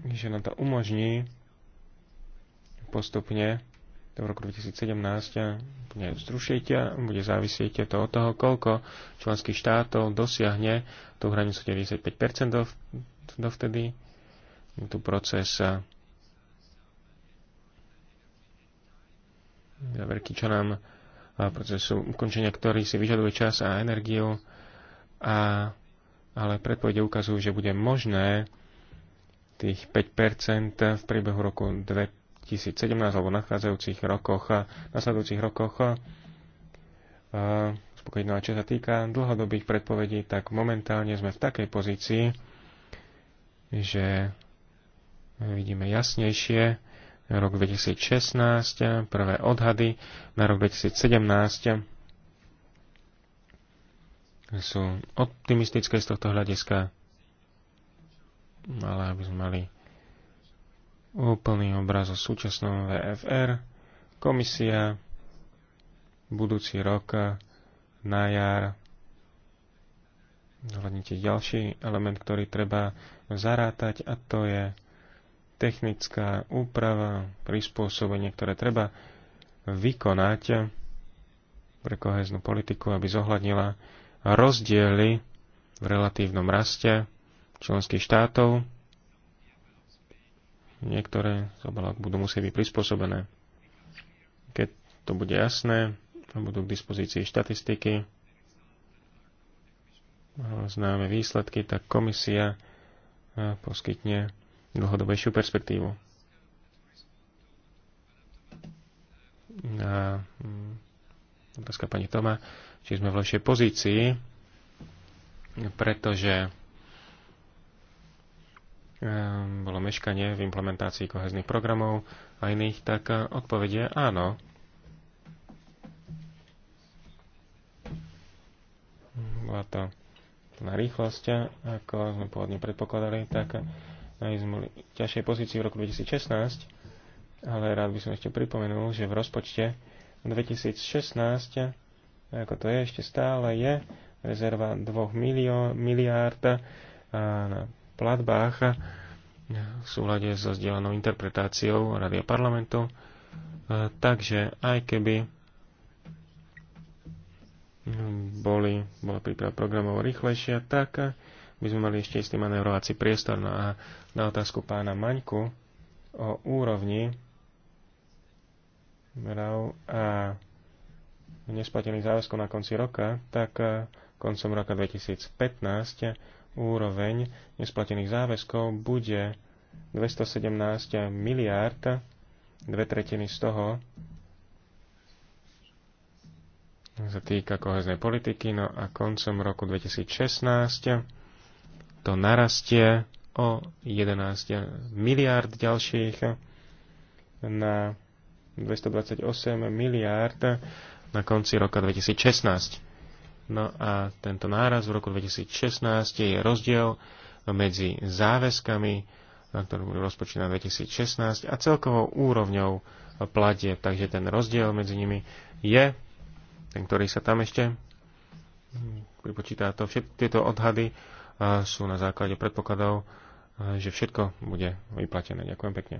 Speaker 1: že nám to umožní postupne do roku 2017 zrušiť a bude závisieť to od toho, koľko členských štátov dosiahne tú hranicu 95% dovtedy. tu proces eh, veľký, čo nám procesu ukončenia, ktorý si vyžaduje čas a energiu, a, ale predpovede ukazujú, že bude možné tých 5% v priebehu roku 2017 alebo v nadchádzajúcich rokoch, nasledujúcich rokoch spokojne no a čo sa týka dlhodobých predpovedí, tak momentálne sme v takej pozícii, že vidíme jasnejšie rok 2016, prvé odhady na rok 2017 sú optimistické z tohto hľadiska, ale aby sme mali úplný obraz o súčasnom VFR, komisia budúci rok na jar zohľadnite ďalší element, ktorý treba zarátať a to je technická úprava, prispôsobenie, ktoré treba vykonať pre koheznú politiku, aby zohľadnila rozdiely v relatívnom raste členských štátov. Niektoré z obalok budú musieť byť prispôsobené. Keď to bude jasné, budú k dispozícii štatistiky, známe výsledky, tak komisia eh, poskytne dlhodobejšiu perspektívu. A, mm, otázka pani Toma, či sme v lepšej pozícii, pretože ehm, bolo meškanie v implementácii kohezných programov a iných, tak eh, odpovedie áno. Bola to na rýchlosť, ako sme pôvodne predpokladali, tak my sme boli v ťažšej pozícii v roku 2016, ale rád by som ešte pripomenul, že v rozpočte 2016, ako to je, ešte stále je rezerva 2 milió, miliárd na platbách v súlade so zdieľanou interpretáciou Rady a parlamentu. Takže aj keby boli, bola príprava programov rýchlejšia, tak by sme mali ešte istý manevrovací priestor. No a na otázku pána Maňku o úrovni mrav a nesplatených záväzkov na konci roka, tak e, koncom roka 2015 úroveň nesplatených záväzkov bude 217 miliárd, dve tretiny z toho sa týka koheznej politiky, no a koncom roku 2016 to narastie o 11 miliárd ďalších na 228 miliárd na konci roka 2016. No a tento náraz v roku 2016 je rozdiel medzi záväzkami, na ktorú rozpočí na 2016 a celkovou úrovňou platie. Takže ten rozdiel medzi nimi je, ten, ktorý sa tam ešte pripočítá mm, to, všetky tieto odhady sú na základe predpokladov, že všetko bude vyplatené. Ďakujem pekne.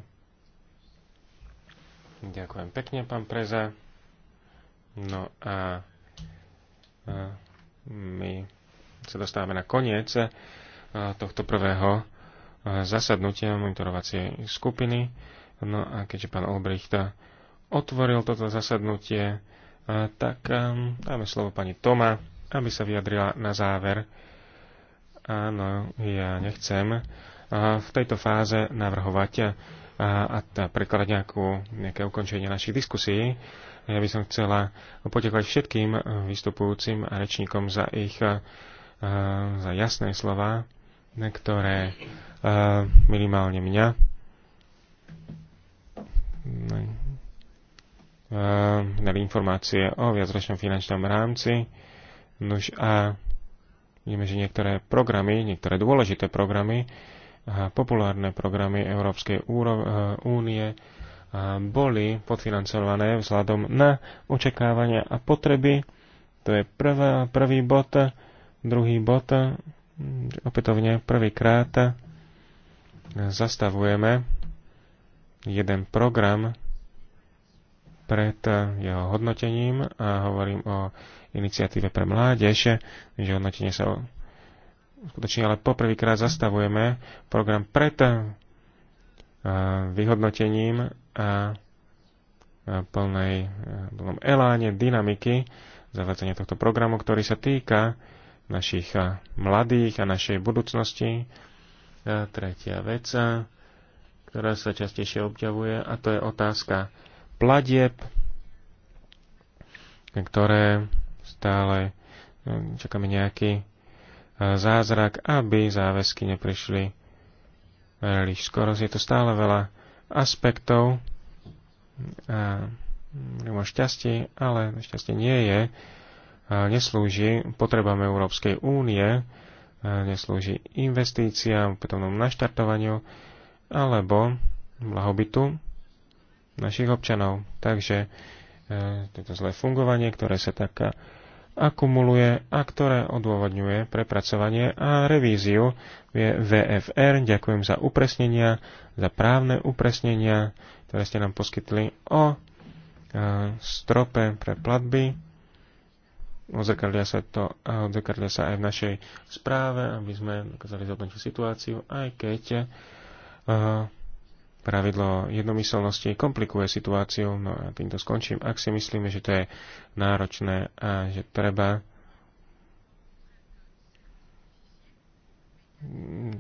Speaker 1: Ďakujem pekne, pán Preza. No a my sa dostávame na koniec tohto prvého zasadnutia monitorovacej skupiny. No a keďže pán Olbricht otvoril toto zasadnutie, tak dáme slovo pani Toma, aby sa vyjadrila na záver Áno, ja nechcem v tejto fáze navrhovať a, a prekladať nejakú, nejaké ukončenie našich diskusí. Ja by som chcela poďakovať všetkým vystupujúcim a rečníkom za ich za jasné slova, ktoré minimálne mňa no, dali informácie o viacročnom finančnom rámci. Nož a Vidíme, že niektoré programy, niektoré dôležité programy, a populárne programy Európskej e, únie e, boli podfinancované vzhľadom na očakávania a potreby. To je prvá, prvý bod, druhý bod, opätovne prvýkrát zastavujeme jeden program pred eh, jeho hodnotením a hovorím o iniciatíve pre mládež, že hodnotenie sa skutočne ale poprvýkrát zastavujeme program pred eh, vyhodnotením a eh, plnej, plnom eláne, dynamiky zavádzania tohto programu, ktorý sa týka našich mladých a našej budúcnosti. A tretia vec, ktorá sa častejšie obťavuje, a to je otázka pladieb, ktoré stále no, čakáme nejaký e, zázrak, aby záväzky neprišli príliš skoro. Je to stále veľa aspektov a o šťastie, ale šťastie nie je, e, neslúži potrebám Európskej únie, e, neslúži investíciám, potomnom naštartovaniu alebo blahobytu našich občanov. Takže e, toto zlé fungovanie, ktoré sa tak akumuluje a ktoré odôvodňuje prepracovanie a revíziu je VFR. Ďakujem za upresnenia, za právne upresnenia, ktoré ste nám poskytli o e, strope pre platby. Odzrkadlia sa to a odzrkadlia sa aj v našej správe, aby sme dokázali zhodnotiť situáciu, aj keď uh, pravidlo jednomyselnosti komplikuje situáciu. No a týmto skončím. Ak si myslíme, že to je náročné a že treba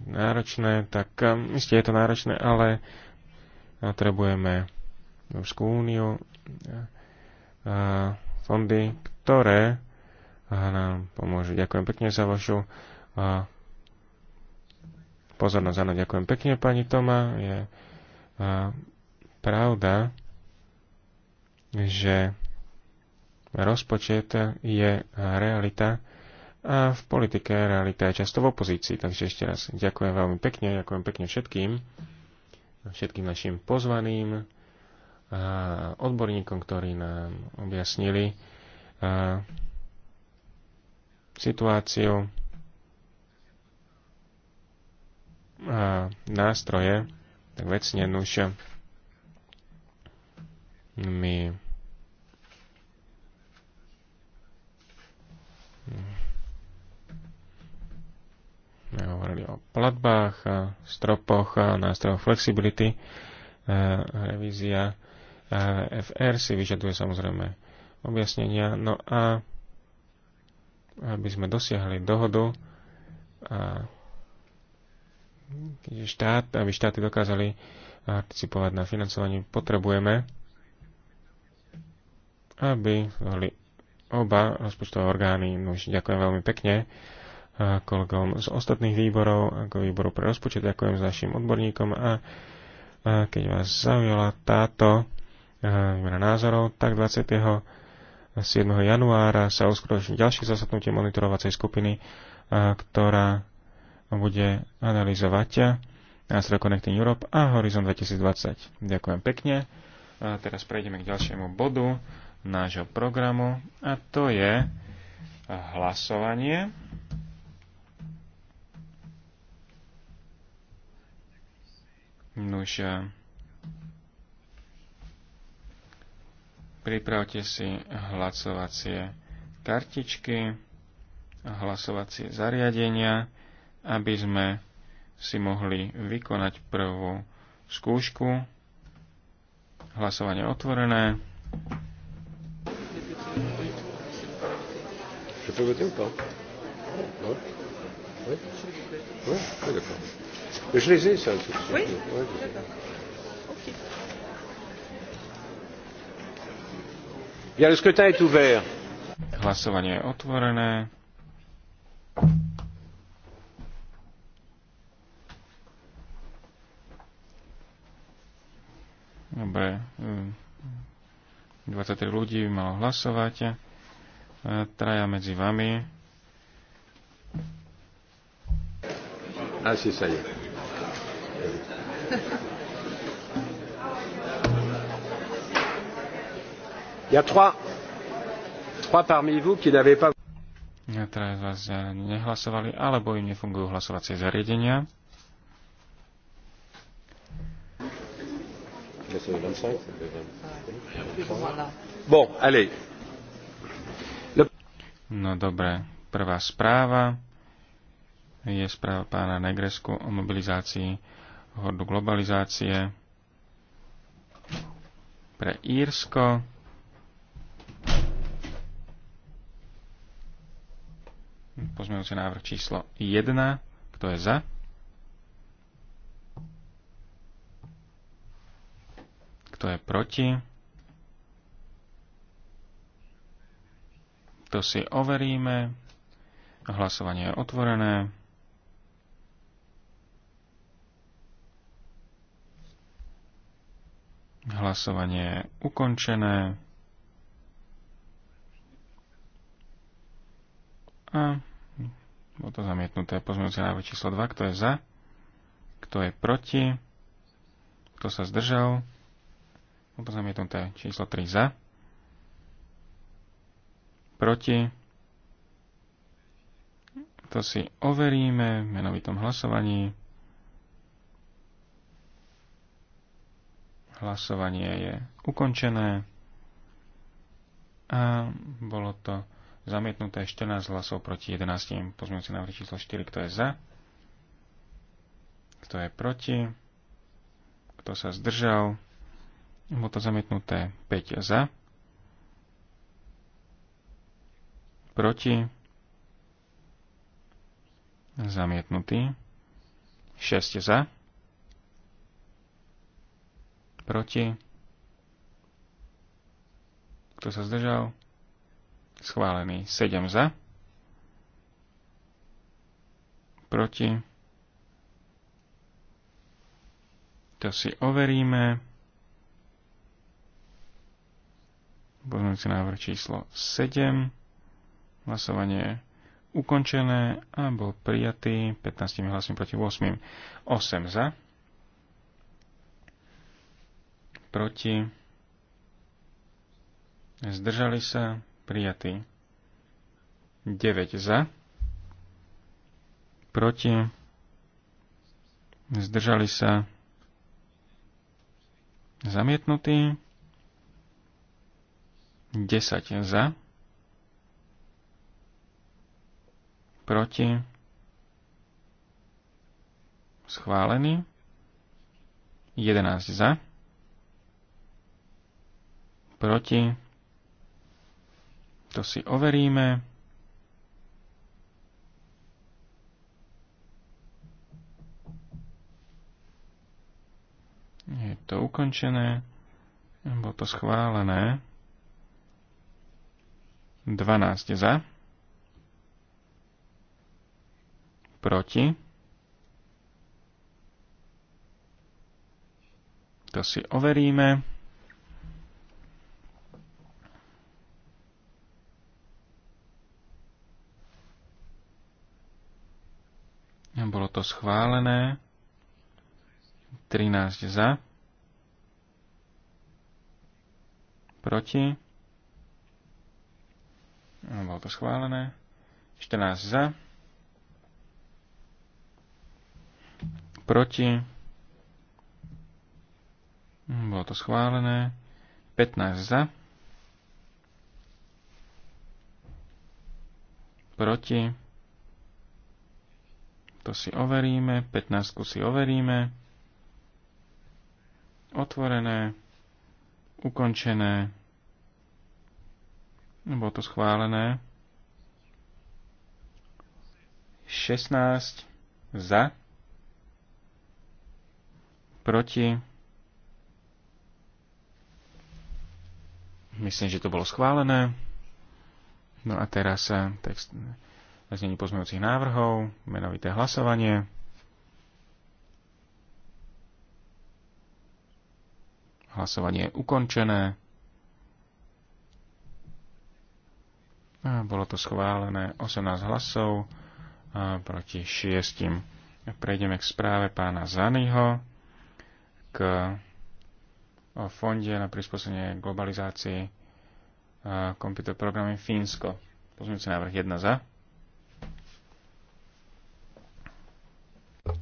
Speaker 1: náročné, tak um, isté je to náročné, ale potrebujeme Európsku úniu, fondy, ktoré nám pomôžu. Ďakujem pekne za vašu pozornosť. Áno, ďakujem pekne, pani Toma. Je pravda, že rozpočet je realita a v politike realita je často v opozícii. Takže ešte raz ďakujem veľmi pekne, ďakujem pekne všetkým, všetkým našim pozvaným a odborníkom, ktorí nám objasnili situáciu a nástroje, tak vecne, nuž my sme hovorili o platbách, stropoch, a nástrojoch flexibility. E, revízia e, FR si vyžaduje samozrejme objasnenia. No a aby sme dosiahli dohodu a keďže štát, aby štáty dokázali participovať na financovaní, potrebujeme, aby boli oba rozpočtové orgány. Už ďakujem veľmi pekne kolegom z ostatných výborov, ako výboru pre rozpočet, ďakujem s našim odborníkom a keď vás zaujala táto výmena názorov, tak 20. 7. januára sa uskutoční ďalšie zasadnutie monitorovacej skupiny, ktorá bude analyzovať nástroj Connecting Europe a Horizon 2020. Ďakujem pekne. A teraz prejdeme k ďalšiemu bodu nášho programu a to je hlasovanie. Nuž, pripravte si hlasovacie kartičky, hlasovacie zariadenia aby sme si mohli vykonať prvú skúšku. Hlasovanie otvorené.
Speaker 4: Je Je
Speaker 1: Hlasovanie je otvorené. Dobre, 23 eh, ľudí by malo hlasovať, eh, traja medzi vami.
Speaker 4: Asi sa je.
Speaker 2: Ja y a trois, parmi vous qui n'avaient pas...
Speaker 1: Traja z vás eh, nehlasovali, alebo im nefungujú hlasovacie zariadenia.
Speaker 4: Bon, allez.
Speaker 1: Le... No dobre, prvá správa je správa pána Negresku o mobilizácii hordu globalizácie pre Írsko. Pozmeňujúci návrh číslo 1. Kto je za? Kto je proti? To si overíme. Hlasovanie je otvorené. Hlasovanie je ukončené. A bolo to zamietnuté pozmeňujúce návrh číslo 2. Kto je za? Kto je proti? Kto sa zdržal? zamietnuté teda číslo 3 za, proti, to si overíme v menovitom hlasovaní. Hlasovanie je ukončené a bolo to zamietnuté 14 hlasov proti 11. Pozmeňujúci návrh číslo 4, kto je za, kto je proti, kto sa zdržal, bolo to zamietnuté 5 za. Proti. Zamietnutý. 6 za. Proti. Kto sa zdržal? Schválený 7 za. Proti. To si overíme. Pozmeňujúci návrh číslo 7. Hlasovanie ukončené a bol prijatý 15 hlasmi proti 8. 8 za. Proti. Zdržali sa. Prijatý. 9 za. Proti. Zdržali sa. Zamietnutý. 10 za, proti, schválený, 11 za, proti, to si overíme, je to ukončené, bolo to schválené. 12 za, proti, to si overíme, bolo to schválené, 13 za, proti, No, bolo to schválené. 14 za. Proti. No, bolo to schválené. 15 za. Proti. To si overíme. 15 si overíme. Otvorené. Ukončené bolo to schválené. 16 za, proti. Myslím, že to bolo schválené. No a teraz text znení pozmeňujúcich návrhov, menovité hlasovanie. Hlasovanie je ukončené. A bolo to schválené 18 hlasov proti 6. Prejdeme k správe pána Zanyho k o fonde na prispôsobenie globalizácii Computer programy Fínsko. si návrh 1 za.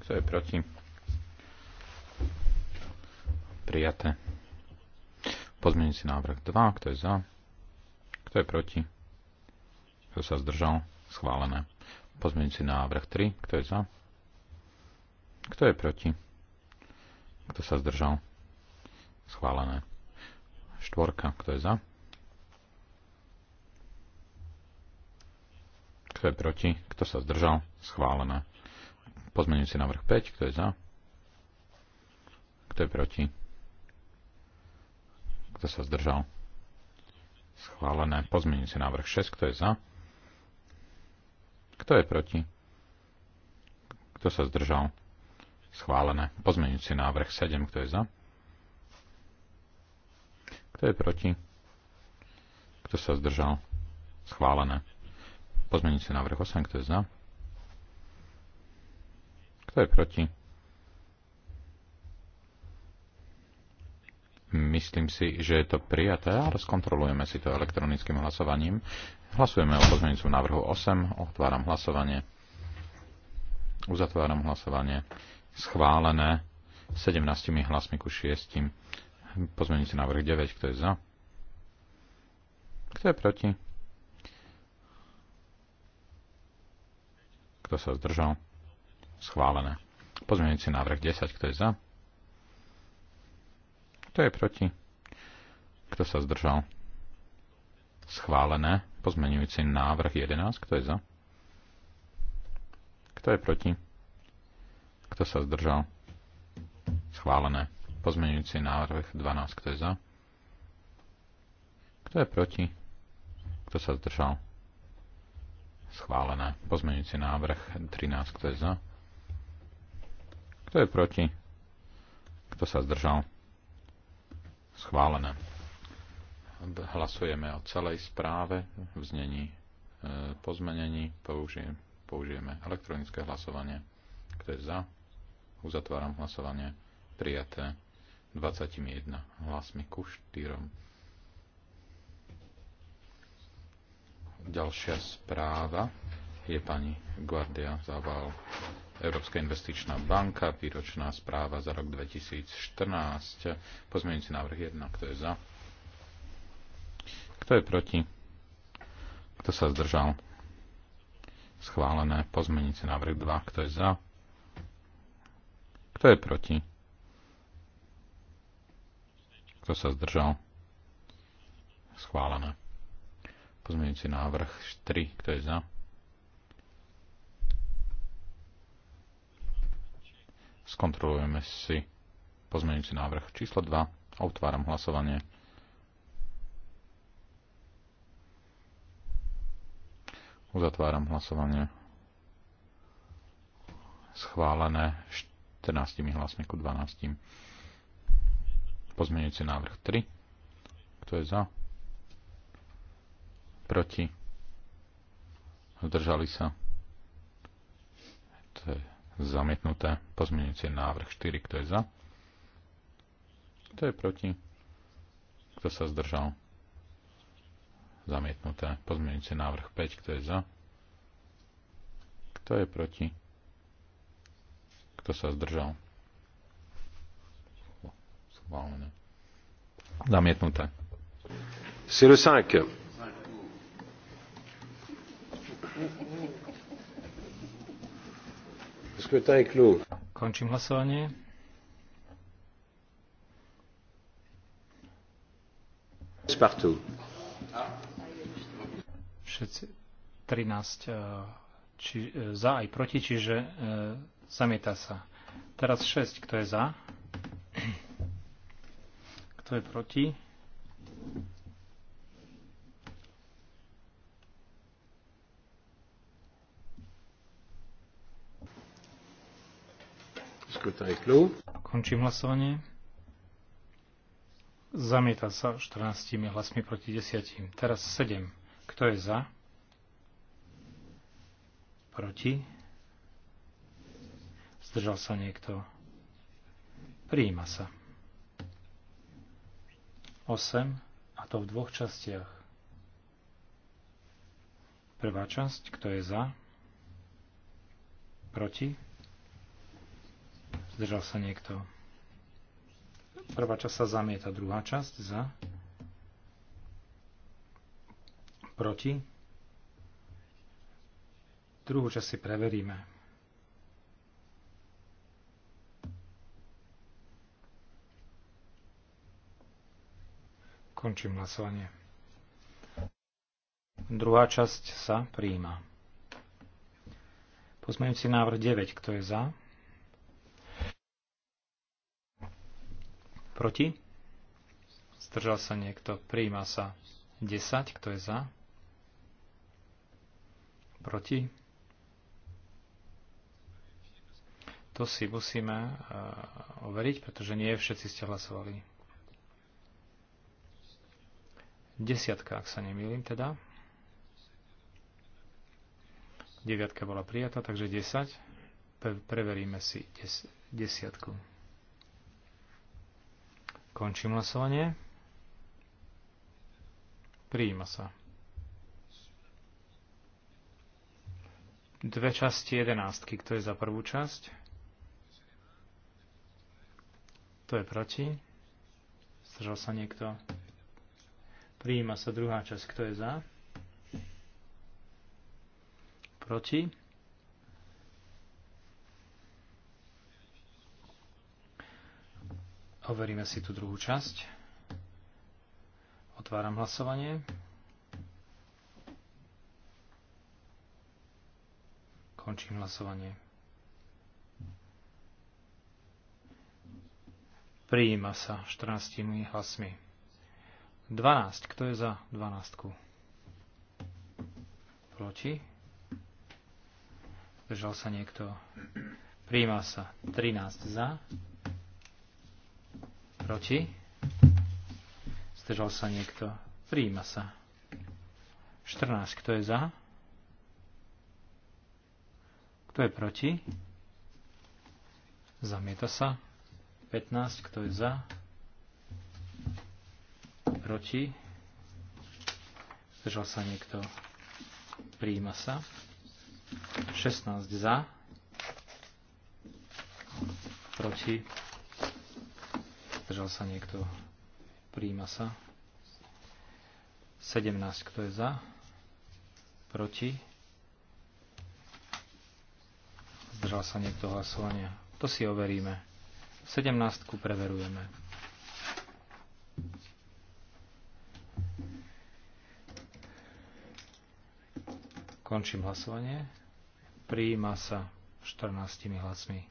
Speaker 2: Kto je proti? Prijaté. Pozmeňujúci návrh 2. Kto je za? Kto je proti? Kto sa zdržal? Schválené. Pozmeňujúci návrh 3. Kto je za? Kto je proti? Kto sa zdržal? Schválené. Štvorka. Kto je za? Kto je proti? Kto sa zdržal? Schválené. Pozmeňujúci návrh 5. Kto je za? Kto je proti? Kto sa zdržal? Schválené. Pozmeňujúci návrh 6. Kto je za? Kto je proti? Kto sa zdržal? Schválené. Pozmeňujúci návrh 7. Kto je za? Kto je proti? Kto sa zdržal? Schválené. Pozmeňujúci návrh 8. Kto je za? Kto je proti? Myslím si, že je to prijaté, ale skontrolujeme si to elektronickým hlasovaním. Hlasujeme o pozmeňujúcom návrhu 8. Otváram hlasovanie. Uzatváram hlasovanie. Schválené 17 hlasmi ku 6. Pozmeňujúci návrh 9. Kto je za? Kto je proti? Kto sa zdržal? Schválené. Pozmeňujúci návrh 10. Kto je za? Kto je proti? Kto sa zdržal? Schválené. Pozmenujúci návrh 11. Kto je za? Kto je proti? Kto sa zdržal? Schválené. Pozmenujúci návrh 12. Kto je za? Kto je proti? Kto sa zdržal? Schválené. Pozmenujúci návrh 13. Kto je za? Kto je proti? Kto sa zdržal? Schválené. Hlasujeme o celej správe v znení e, po zmenení. Použijem, použijeme elektronické hlasovanie. Kto je za? Uzatváram hlasovanie. Prijaté 21 hlasmi ku 4. ďalšia správa je pani Guardia Zabal. Európska investičná banka, výročná správa za rok 2014, pozmeňujúci návrh 1, kto je za? Kto je proti? Kto sa zdržal? Schválené pozmeňujúci návrh 2, kto je za? Kto je proti? Kto sa zdržal? Schválené. Pozmeňujúci návrh 3, kto je za? Skontrolujeme si pozmeňujúci návrh číslo 2 a otváram hlasovanie. Uzatváram hlasovanie. Schválené 14 hlasmi ku 12. Pozmeňujúci návrh 3. Kto je za? Proti? Zdržali sa? To je Zamietnuté. Pozmeňujúci návrh 4. Kto je za? Kto je proti? Kto sa zdržal? Zamietnuté. Pozmeňujúci návrh 5. Kto je za? Kto je proti? Kto sa zdržal? Schválené. Zamietnuté.
Speaker 4: C'est le 5.
Speaker 3: Končím hlasovanie. Všetci 13 eh, či, eh, za aj proti, čiže e, zamieta sa. Teraz 6, kto je za? Kto je proti? Končím hlasovanie. Zamieta sa 14 hlasmi proti 10. Teraz 7. Kto je za? Proti? Zdržal sa niekto? Prijíma sa. 8. A to v dvoch častiach. Prvá časť. Kto je za? Proti? Zdržal sa niekto. Prvá časť sa zamieta, druhá časť za. Proti. Druhú časť si preveríme. Končím hlasovanie. Druhá časť sa príjma. Pozmeňujúci návrh 9. Kto je za? Proti? Zdržal sa niekto. Prijíma sa 10. Kto je za? Proti? To si musíme eh, overiť, pretože nie všetci ste hlasovali. Desiatka, ak sa nemýlim teda. Deviatka bola prijatá, takže 10. Preveríme si des, desiatku. Končím hlasovanie. Prijíma sa. Dve časti jedenáctky. Kto je za prvú časť? Kto je proti? Zdržal sa niekto? Prijíma sa druhá časť. Kto je za? Proti? Overíme si tú druhú časť. Otváram hlasovanie. Končím hlasovanie. Prijíma sa 14 hlasmi. 12. Kto je za 12? Proti? Zdržal sa niekto? Prijíma sa 13 za, Proti? Zdržal sa niekto? Príjima sa. 14. Kto je za? Kto je proti? Zamieta sa. 15. Kto je za? Proti? Zdržal sa niekto? Príjima sa. 16 za. Proti? zdržal sa niekto, príjma sa. 17, kto je za, proti, zdržal sa niekto hlasovania. To si overíme. 17 preverujeme. Končím hlasovanie. Prijíma sa 14 hlasmi.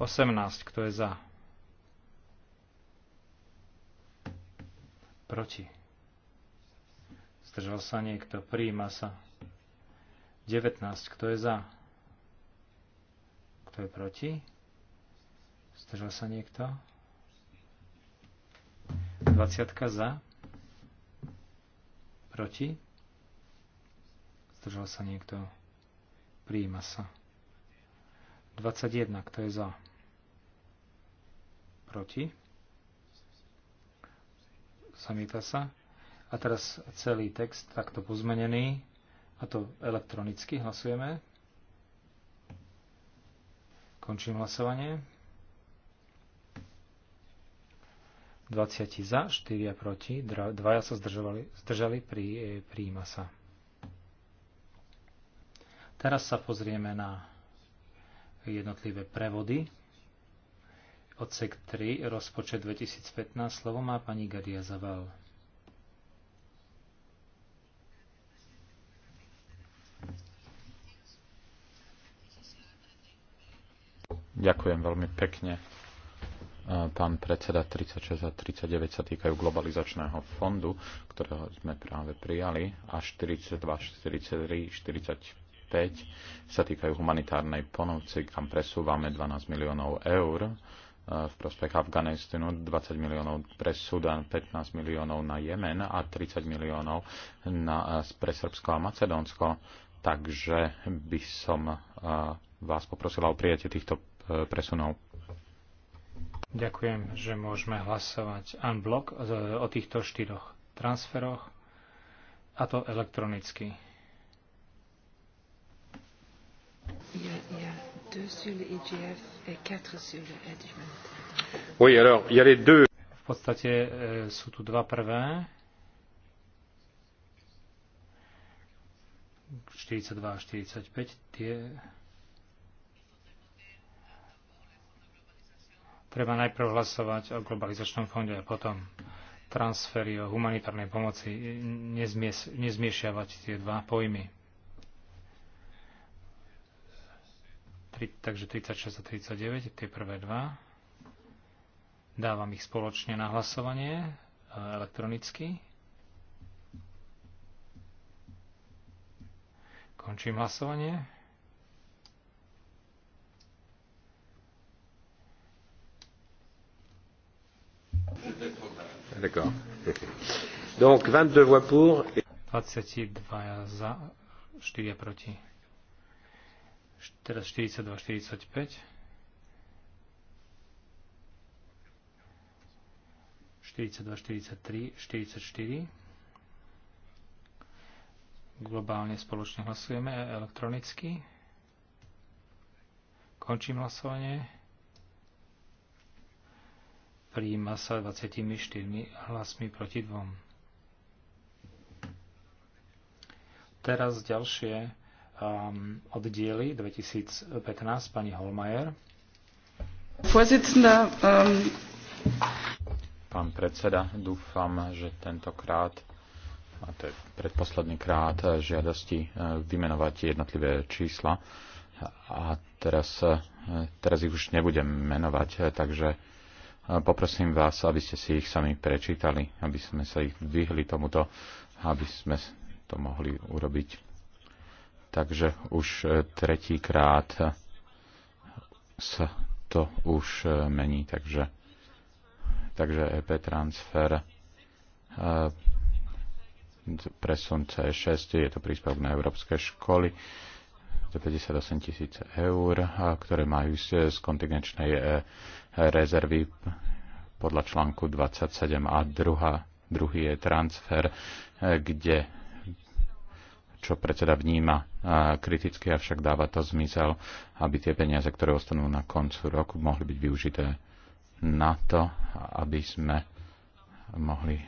Speaker 3: 18. Kto je za? proti. Zdržal sa niekto, prijíma sa. 19, kto je za? Kto je proti? Zdržal sa niekto? 20 za? Proti? Zdržal sa niekto? Prijíma sa. 21, kto je za? Proti? Zamieta sa. A teraz celý text takto pozmenený, a to elektronicky hlasujeme. Končím hlasovanie. 20 za, 4 proti, 2 sa zdržali, zdržali pri, príjima sa. Teraz sa pozrieme na jednotlivé prevody. Odsek 3, rozpočet 2015, slovo má pani Gadia Zaval.
Speaker 2: Ďakujem veľmi pekne. E, pán predseda 36 a 39 sa týkajú globalizačného fondu, ktorého sme práve prijali, a 42, 43, 45 sa týkajú humanitárnej pomoci, kam presúvame 12 miliónov eur v prospech Afganistanu, 20 miliónov pre Sudan, 15 miliónov na Jemen a 30 miliónov na, pre Srbsko a Macedónsko. Takže by som vás poprosila o prijatie týchto e, presunov.
Speaker 3: Ďakujem, že môžeme hlasovať unblock e, o týchto štyroch transferoch, a to elektronicky.
Speaker 4: Yeah, yeah. V
Speaker 3: podstate eh, sú tu dva prvé. 42 a 45 tie treba najprv hlasovať o globalizačnom fonde a potom transfery o humanitárnej pomoci nezmiešiavať tie dva pojmy. takže 36 a 39, tie prvé dva. Dávam ich spoločne na hlasovanie e, elektronicky. Končím hlasovanie. D'accord. Donc 22 voix pour. 22 za, 4 proti teraz 42, 45. 42, 43, 44. Globálne spoločne hlasujeme elektronicky. Končím hlasovanie. Príjima sa 24 hlasmi proti dvom. Teraz ďalšie um, oddiely 2015, pani Holmajer.
Speaker 4: Ehm,
Speaker 3: Pán predseda, dúfam,
Speaker 2: že tentokrát, a to je predposledný krát eh, žiadosti eh, vymenovať jednotlivé čísla, a teraz, eh, teraz ich už nebudem menovať, takže poprosím vás, aby ste si ich sami prečítali, aby sme sa ich vyhli tomuto, aby sme to mohli urobiť Takže už e, tretíkrát sa to už e, mení, takže, takže EP transfer e, presun C6, je to príspevok na európske školy za 58 tisíc eur, ktoré majú z kontingenčnej rezervy podľa článku 27 a druhá, druhý je transfer, kde čo predseda vníma kriticky, avšak dáva to zmysel, aby tie peniaze, ktoré ostanú na koncu roku, mohli byť využité na to, aby sme mohli e,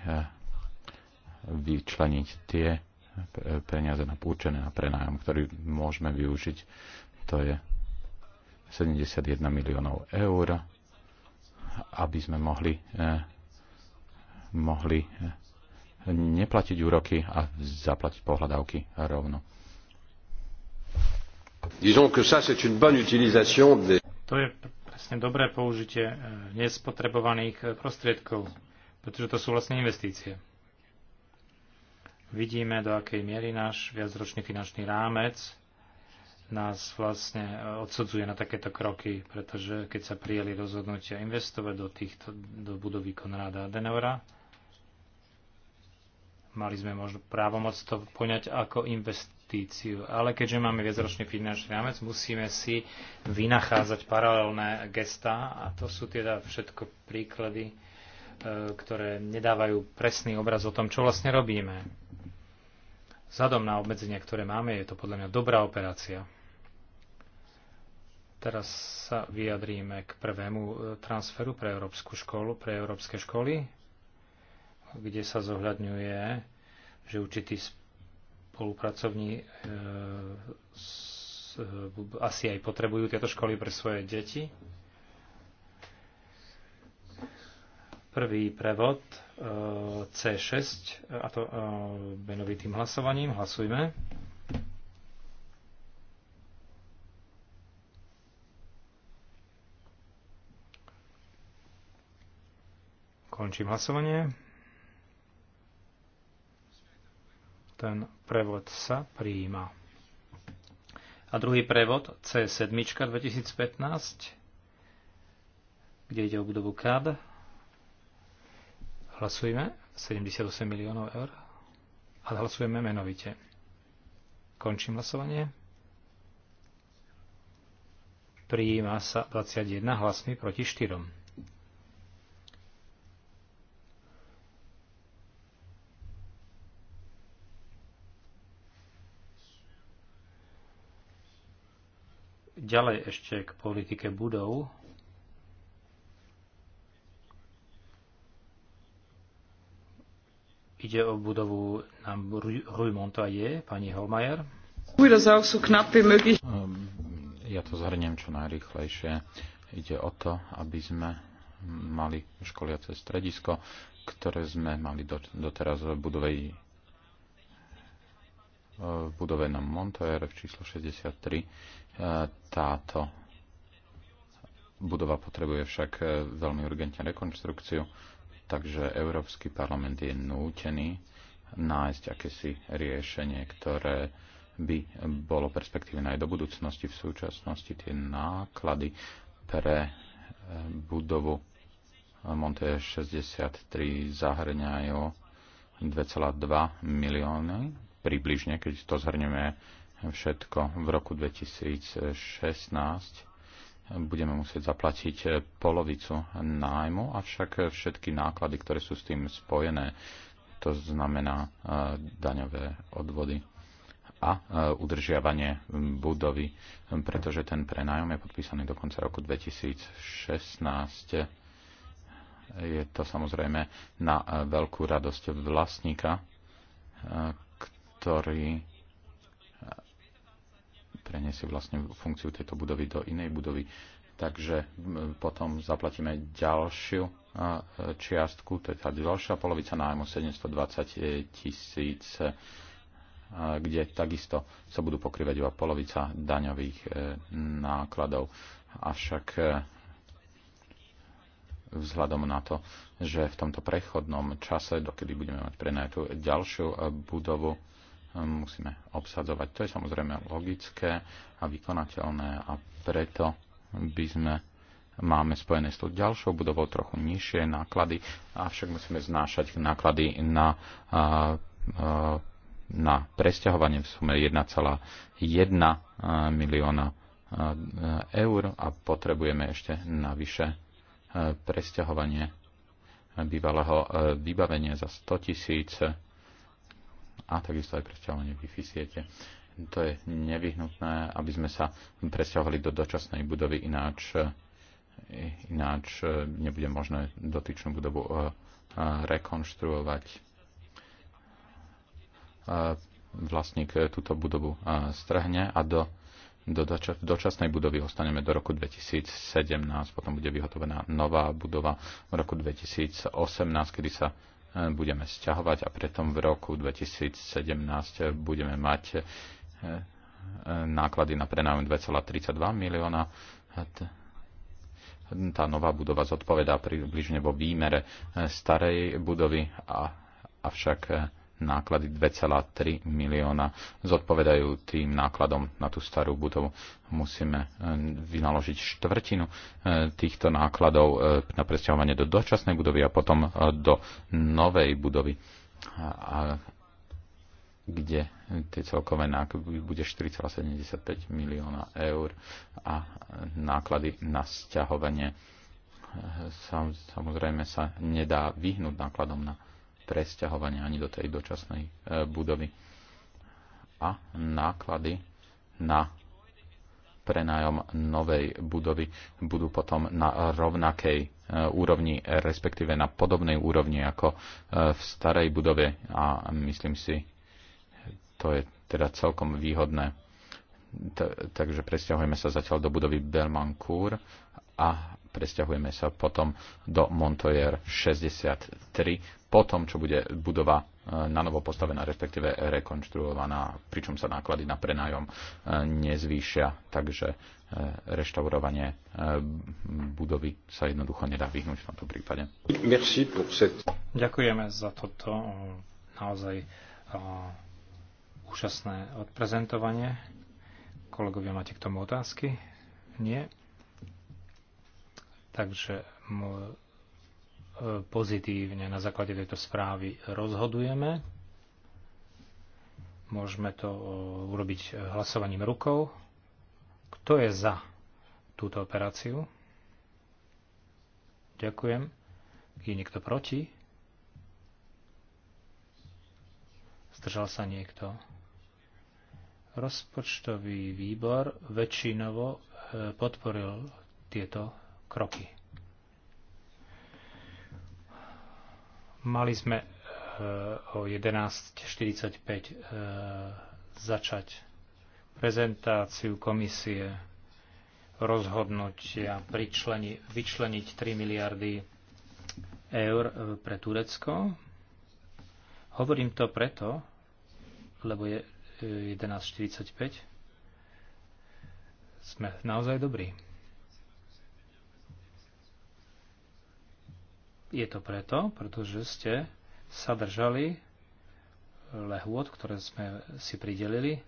Speaker 2: vyčleniť tie peniaze na púčené na prenájom, ktorý môžeme využiť. To je 71 miliónov eur, aby sme mohli, e, mohli e, neplatiť úroky a zaplatiť pohľadávky rovno.
Speaker 3: To je presne dobré použitie eh, nespotrebovaných eh, prostriedkov, pretože to sú vlastne investície. Vidíme, do akej miery náš viacročný finančný rámec nás vlastne eh, odsudzuje na takéto kroky, pretože keď sa prijeli rozhodnutia investovať do, týchto, do budovy Konráda Adenaura, Mali sme možno právomoc to poňať ako investíciu. Ale keďže máme viacročný finančný rámec, musíme si vynachádzať paralelné gestá a to sú teda všetko príklady, e, ktoré nedávajú presný obraz o tom, čo vlastne robíme. Vzhľadom na obmedzenia, ktoré máme, je to podľa mňa dobrá operácia. Teraz sa vyjadríme k prvému e, transferu pre Európsku školu, pre Európske školy kde sa zohľadňuje, že určitý spolupracovní e, e, asi aj potrebujú tieto školy pre svoje deti. Prvý prevod e, C6, a to benovitým hlasovaním. Hlasujme. Končím hlasovanie. Ten prevod sa prijíma. A druhý prevod C7 2015, kde ide o budovu CAD. Hlasujeme 78 miliónov eur a hlasujeme menovite. Končím hlasovanie. Prijíma sa 21 hlasmi proti 4. Ďalej ešte k politike budov. Ide o budovu na Rue Montoyer, pani Holmajer. Ehm,
Speaker 2: ja to zhrniem čo najrychlejšie. Ide o to, aby sme mali školiace stredisko, ktoré sme mali doteraz v budovej v budove na Montoere v číslo 63. E, táto budova potrebuje však e, veľmi urgentne rekonstrukciu, takže Európsky parlament je nútený nájsť akési riešenie, ktoré by bolo perspektívne aj do budúcnosti. V súčasnosti tie náklady pre e, budovu Monte 63 zahrňajú 2,2 milióny približne, keď to zhrneme všetko v roku 2016, budeme musieť zaplatiť polovicu nájmu, avšak všetky náklady, ktoré sú s tým spojené, to znamená e, daňové odvody a e, udržiavanie budovy, pretože ten prenájom je podpísaný do konca roku 2016. Je to samozrejme na e, veľkú radosť vlastníka, ktorý eh, preniesie vlastne funkciu tejto budovy do inej budovy. Takže potom zaplatíme ďalšiu eh, čiastku, to je tá ďalšia polovica nájmu 720 tisíc, eh, kde takisto sa budú pokrývať iba polovica daňových nákladov. Avšak vzhľadom na to, že v tomto prechodnom čase, dokedy budeme mať prenajatú ďalšiu budovu, musíme obsadzovať. To je samozrejme logické a vykonateľné a preto by sme máme spojené s tou ďalšou budovou trochu nižšie náklady, avšak musíme znášať náklady na, na presťahovanie v sume 1,1 milióna eur a potrebujeme ešte navyše presťahovanie bývalého vybavenia za 100 tisíc a takisto aj presťahovanie Wi-Fi siete. To je nevyhnutné, aby sme sa presťahovali do dočasnej budovy, ináč, ináč nebude možné dotyčnú budovu eh, eh, rekonštruovať. Eh, vlastník túto budovu strhne a do do dočasnej budovy ostaneme do roku 2017, potom bude vyhotovená nová budova v roku 2018, kedy sa budeme sťahovať a preto v roku 2017 budeme mať e, e, náklady na prenájom 2,32 milióna. Tá nová budova zodpovedá približne vo výmere e, starej budovy, a, avšak náklady 2,3 milióna zodpovedajú tým nákladom na tú starú budovu. Musíme e, vynaložiť štvrtinu e, týchto nákladov e, na presťahovanie do dočasnej budovy a potom do novej budovy, kde tie celkové náklady bude 4,75 milióna eur a náklady na sťahovanie samozrejme sa nedá vyhnúť nákladom na presťahovania ani do tej dočasnej e, budovy. A náklady na prenájom novej budovy budú potom na rovnakej e, úrovni, respektíve na podobnej úrovni ako e, v starej budove a myslím si, to je teda celkom výhodné. takže presťahujeme sa zatiaľ do budovy Belmancourt a presťahujeme sa potom do Montoyer 63 po tom, čo bude budova e, na novo postavená, respektíve rekonštruovaná, pričom sa náklady na prenájom e, nezvýšia, takže e, reštaurovanie budovy sa jednoducho nedá vyhnúť v tomto prípade. Merci pour cette...
Speaker 3: Ďakujeme za toto naozaj úžasné odprezentovanie. Kolegovia, máte k tomu otázky? Nie? Takže pozitívne na základe tejto správy rozhodujeme. Môžeme to e, urobiť e, hlasovaním rukou. Kto je za túto operáciu? Ďakujem. Je niekto proti? Zdržal sa niekto? Rozpočtový výbor väčšinovo e, podporil tieto kroky. Mali sme e, o 11.45 e, začať prezentáciu komisie rozhodnutia pričleni, vyčleniť 3 miliardy eur e, pre Turecko. Hovorím to preto, lebo je 11.45. Sme naozaj dobrí. Je to preto, pretože ste sa držali lehôd, ktoré sme si pridelili.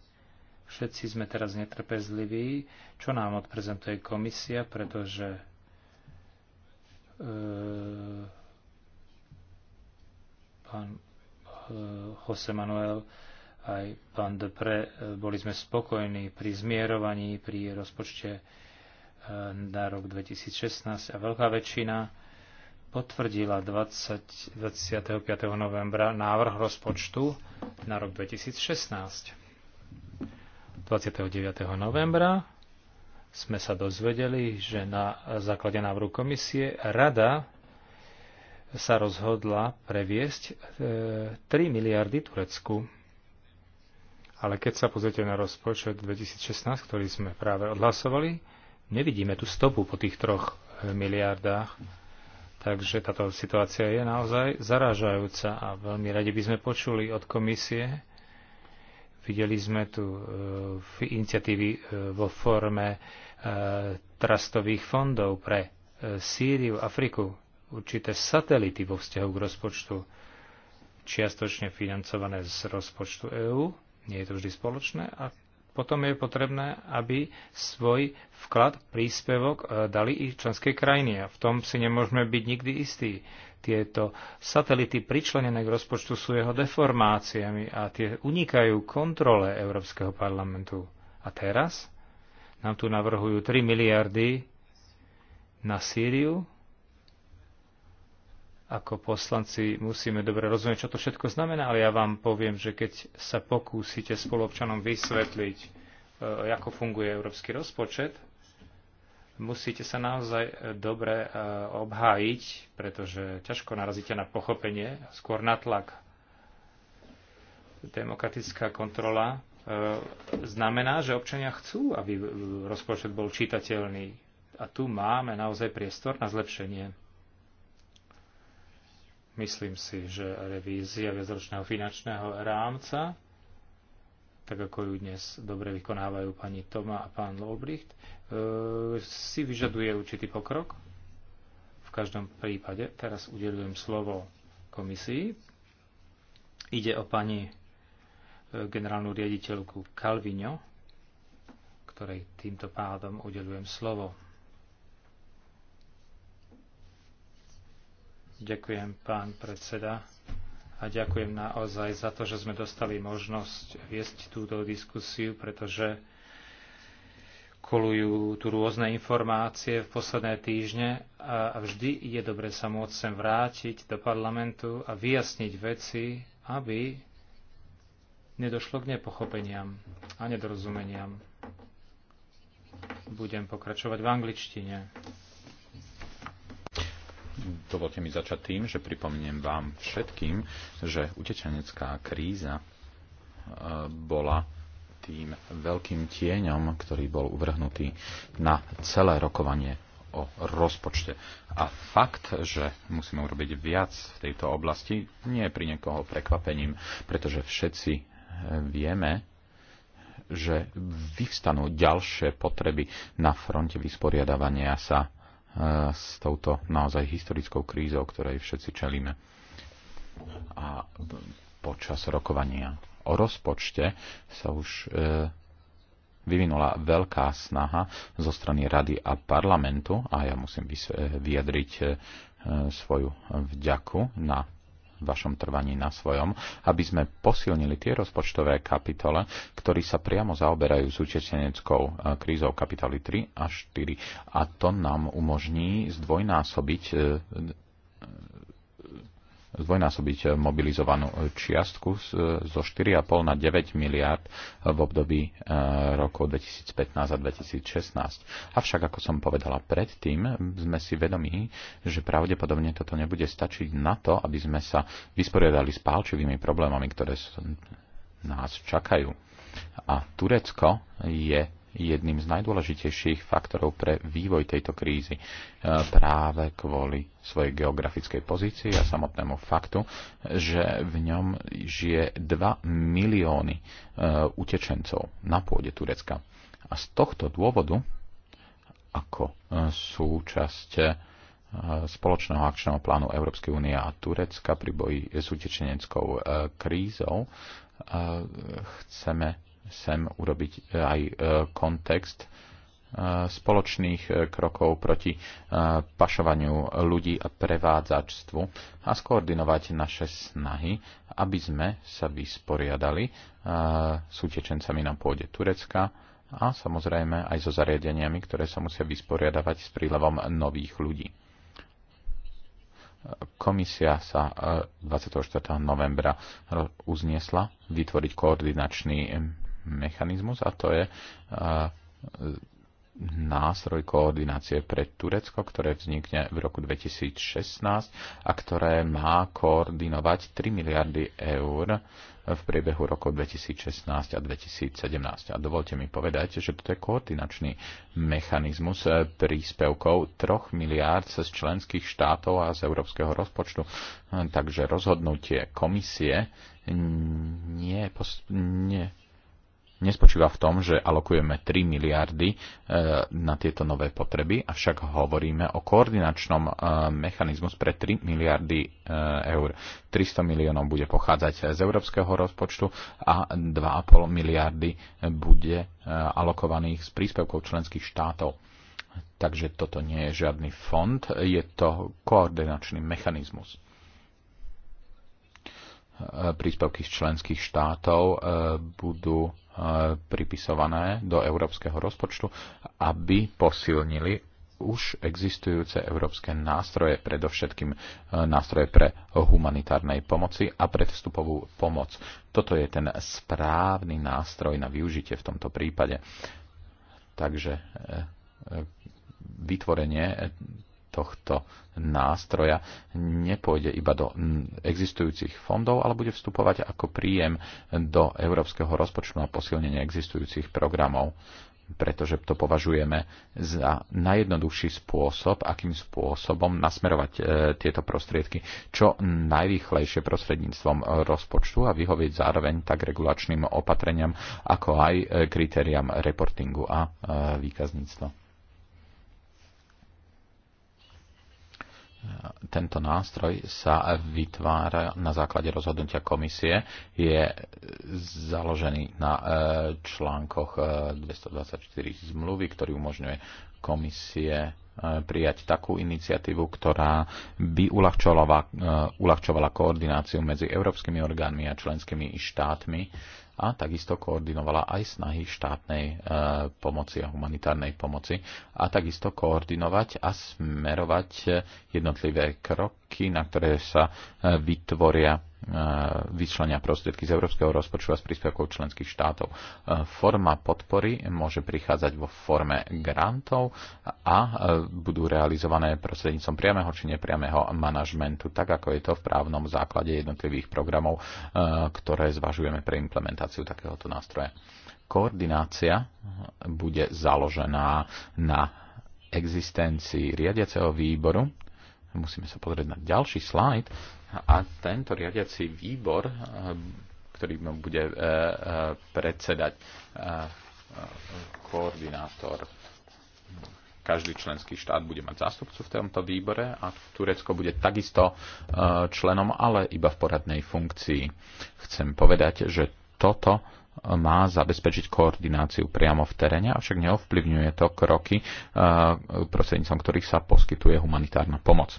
Speaker 3: Všetci sme teraz netrpezliví, čo nám odprezentuje komisia, pretože e, pán e, Jose Manuel aj pán Depre, e, boli sme spokojní pri zmierovaní, pri rozpočte e, na rok 2016 a veľká väčšina potvrdila 20, 25. novembra návrh rozpočtu na rok 2016. 29. novembra sme sa dozvedeli, že na základe návrhu komisie Rada sa rozhodla previesť 3 e, miliardy Turecku. Ale keď sa pozriete na rozpočet 2016, ktorý sme práve odhlasovali, nevidíme tú stopu po tých troch miliardách Takže táto situácia je naozaj zarážajúca a veľmi radi by sme počuli od komisie. Videli sme tu e, v iniciatívy e, vo forme e, trastových fondov pre Sýriu, Afriku, určité satelity vo vzťahu k rozpočtu, čiastočne financované z rozpočtu EÚ, nie je to vždy spoločné, a potom je potrebné, aby svoj vklad, príspevok e, dali i členské krajiny. A v tom si nemôžeme byť nikdy istí. Tieto satelity pričlenené k rozpočtu sú jeho deformáciami a tie unikajú kontrole Európskeho parlamentu. A teraz nám tu navrhujú 3 miliardy na Sýriu, ako poslanci musíme dobre rozumieť, čo to všetko znamená, ale ja vám poviem, že keď sa pokúsite spoluobčanom vysvetliť, e, ako funguje európsky rozpočet, musíte sa naozaj e, dobre e, obhájiť, pretože ťažko narazíte na pochopenie, skôr na tlak. Demokratická kontrola znamená, že občania chcú, aby rozpočet bol čitateľný. A tu máme naozaj priestor na zlepšenie Myslím si, že revízia viacročného finančného rámca, tak ako ju dnes dobre vykonávajú pani Toma a pán Lolbricht, e, si vyžaduje určitý pokrok. V každom prípade teraz udelujem slovo komisii. Ide o pani e, generálnu riaditeľku Calvino, ktorej týmto pádom udelujem slovo. Ďakujem, pán predseda. A ďakujem naozaj za to, že sme dostali možnosť viesť túto diskusiu, pretože kolujú tu rôzne informácie v posledné týždne a vždy je dobre sa môcť sem vrátiť do parlamentu a vyjasniť veci, aby nedošlo k nepochopeniam a nedorozumeniam. Budem pokračovať v angličtine.
Speaker 2: Dovolte mi začať tým, že pripomeniem vám všetkým, že utečenecká kríza e, bola tým veľkým tieňom, ktorý bol uvrhnutý na celé rokovanie o rozpočte. A fakt, že musíme urobiť viac v tejto oblasti, nie je pri niekoho prekvapením, pretože všetci e, vieme, že vyvstanú ďalšie potreby na fronte vysporiadavania sa s touto naozaj historickou krízou, ktorej všetci čelíme. A počas rokovania o rozpočte sa už e, vyvinula veľká snaha zo strany Rady a parlamentu a ja musím e, vyjadriť e, svoju vďaku na vašom trvaní na svojom, aby sme posilnili tie rozpočtové kapitole, ktorí sa priamo zaoberajú s utečeneckou e, krízou kapitoly 3 a 4. A to nám umožní zdvojnásobiť e, zdvojnásobiť e, mobilizovanú e, čiastku e, zo 4,5 na 9 miliard v období rokov 2015 a 2016. Avšak, ako som povedala predtým, sme si vedomí, že pravdepodobne toto nebude stačiť na to, aby sme sa vysporiadali s pálčivými problémami, ktoré nás čakajú. A Turecko je jedným z najdôležitejších faktorov pre vývoj tejto krízy e, práve kvôli svojej geografickej pozícii a samotnému faktu, že v ňom žije 2 milióny e, utečencov na pôde Turecka. A z tohto dôvodu, ako e, súčasť spoločného akčného plánu Európskej únie a Turecka pri boji s utečeneckou krízou, chceme sem urobiť e, aj e, kontext e, spoločných krokov proti pašovaniu ľudí a prevádzačstvu a skoordinovať naše snahy, aby sme sa vysporiadali s utečencami na pôde Turecka a samozrejme aj so zariadeniami, ktoré sa musia vysporiadavať s prílevom nových ľudí. Komisia sa 24. novembra uzniesla vytvoriť koordinačný mechanizmus a to je eh, nástroj koordinácie pre Turecko, ktoré vznikne v roku 2016 a ktoré má koordinovať 3 miliardy eur eh, v priebehu roku 2016 a 2017. A dovolte mi povedať, že toto je koordinačný mechanizmus eh, príspevkov 3 miliárd z členských štátov a z európskeho rozpočtu. Takže rozhodnutie komisie nie, nie nespočíva v tom, že alokujeme 3 miliardy e, na tieto nové potreby, avšak hovoríme o koordinačnom e, mechanizmus pre 3 miliardy e, eur. 300 miliónov bude pochádzať z európskeho rozpočtu a 2,5 miliardy bude alokovaných z príspevkov členských štátov. Takže toto nie je žiadny fond, je to koordinačný mechanizmus príspevky z členských štátov e, budú e, pripisované do európskeho rozpočtu, aby posilnili už existujúce európske nástroje, predovšetkým e, nástroje pre humanitárnej pomoci a predvstupovú pomoc. Toto je ten správny nástroj na využitie v tomto prípade. Takže vytvorenie tohto nástroja nepôjde iba do existujúcich fondov, ale bude vstupovať ako príjem do európskeho rozpočtu na posilnenie existujúcich programov pretože to považujeme za najjednoduchší spôsob, akým spôsobom nasmerovať e, tieto prostriedky čo najrýchlejšie prostredníctvom rozpočtu a vyhovieť zároveň tak regulačným opatreniam, ako aj e, kritériám reportingu a e, výkazníctva. tento nástroj sa vytvára na základe rozhodnutia komisie, je založený na e, článkoch 224 e, zmluvy, ktorý umožňuje komisie e, prijať takú iniciatívu, ktorá by uľahčovala, uľahčovala koordináciu medzi európskymi orgánmi a členskými štátmi a takisto koordinovala aj snahy štátnej e, pomoci a humanitárnej pomoci a takisto koordinovať a smerovať jednotlivé kroky výdavky, na ktoré sa e, vytvoria e, vyčlenia prostriedky z európskeho rozpočtu a z príspevkov členských štátov. E, forma podpory môže prichádzať vo forme grantov a budú realizované prostredníctvom priameho či nepriameho manažmentu, tak ako je to v právnom základe jednotlivých programov, ktoré zvažujeme pre implementáciu takéhoto nástroja. Koordinácia bude založená na existencii riadiaceho výboru, Musíme sa pozrieť na ďalší slajd a tento riadiaci výbor, eh, ktorý bude eh, eh, predsedať koordinátor každý členský štát bude mať zástupcu v tomto výbore a Turecko bude takisto členom, ale iba v poradnej funkcii. Chcem povedať, že toto má zabezpečiť koordináciu priamo v teréne, avšak neovplyvňuje to kroky, eh, prostredníctvom ktorých sa poskytuje humanitárna pomoc.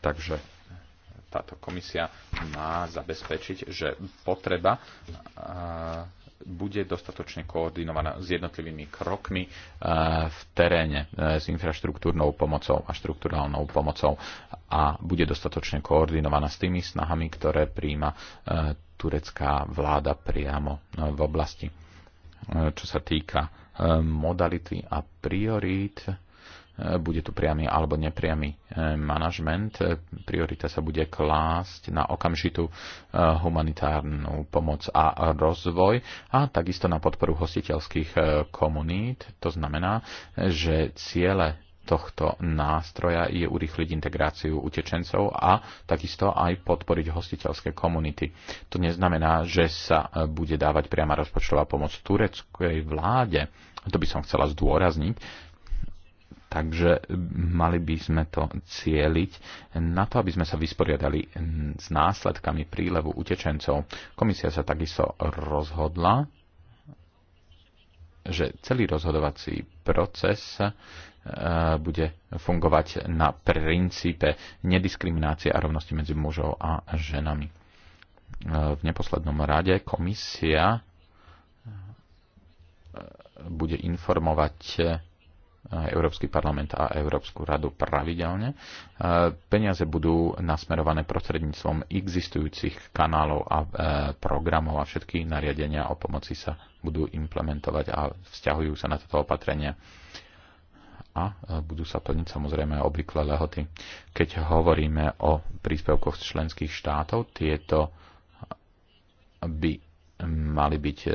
Speaker 2: Takže táto komisia má zabezpečiť, že potreba eh, bude dostatočne koordinovaná s jednotlivými krokmi eh, v teréne, s infraštruktúrnou pomocou a štruktúrálnou pomocou a bude dostatočne koordinovaná s tými snahami, ktoré príjma turecká vláda priamo no, v oblasti. E, čo sa týka e, modality a priorít, e, bude tu priamy alebo nepriamy manažment. Priorita sa bude klásť na okamžitú humanitárnu pomoc a rozvoj a takisto na podporu hostiteľských komunít. To znamená, že ciele tohto nástroja je urýchliť integráciu utečencov a takisto aj podporiť hostiteľské komunity. To neznamená, že sa e, bude dávať priama rozpočtová pomoc tureckej vláde. To by som chcela zdôrazniť. Takže mali by sme to cieliť na to, aby sme sa vysporiadali s následkami prílevu utečencov. Komisia sa takisto rozhodla, že celý rozhodovací proces Eh, bude fungovať na princípe nediskriminácie a rovnosti medzi mužov a ženami. Eh, v neposlednom rade komisia eh, bude informovať Európsky parlament a Európsku radu pravidelne. Peniaze budú nasmerované prostredníctvom existujúcich kanálov a programov a všetky nariadenia o pomoci sa budú implementovať a vzťahujú sa na toto opatrenie a e, budú sa plniť samozrejme obvykle lehoty. Keď hovoríme o príspevkoch z členských štátov, tieto by mali byť e,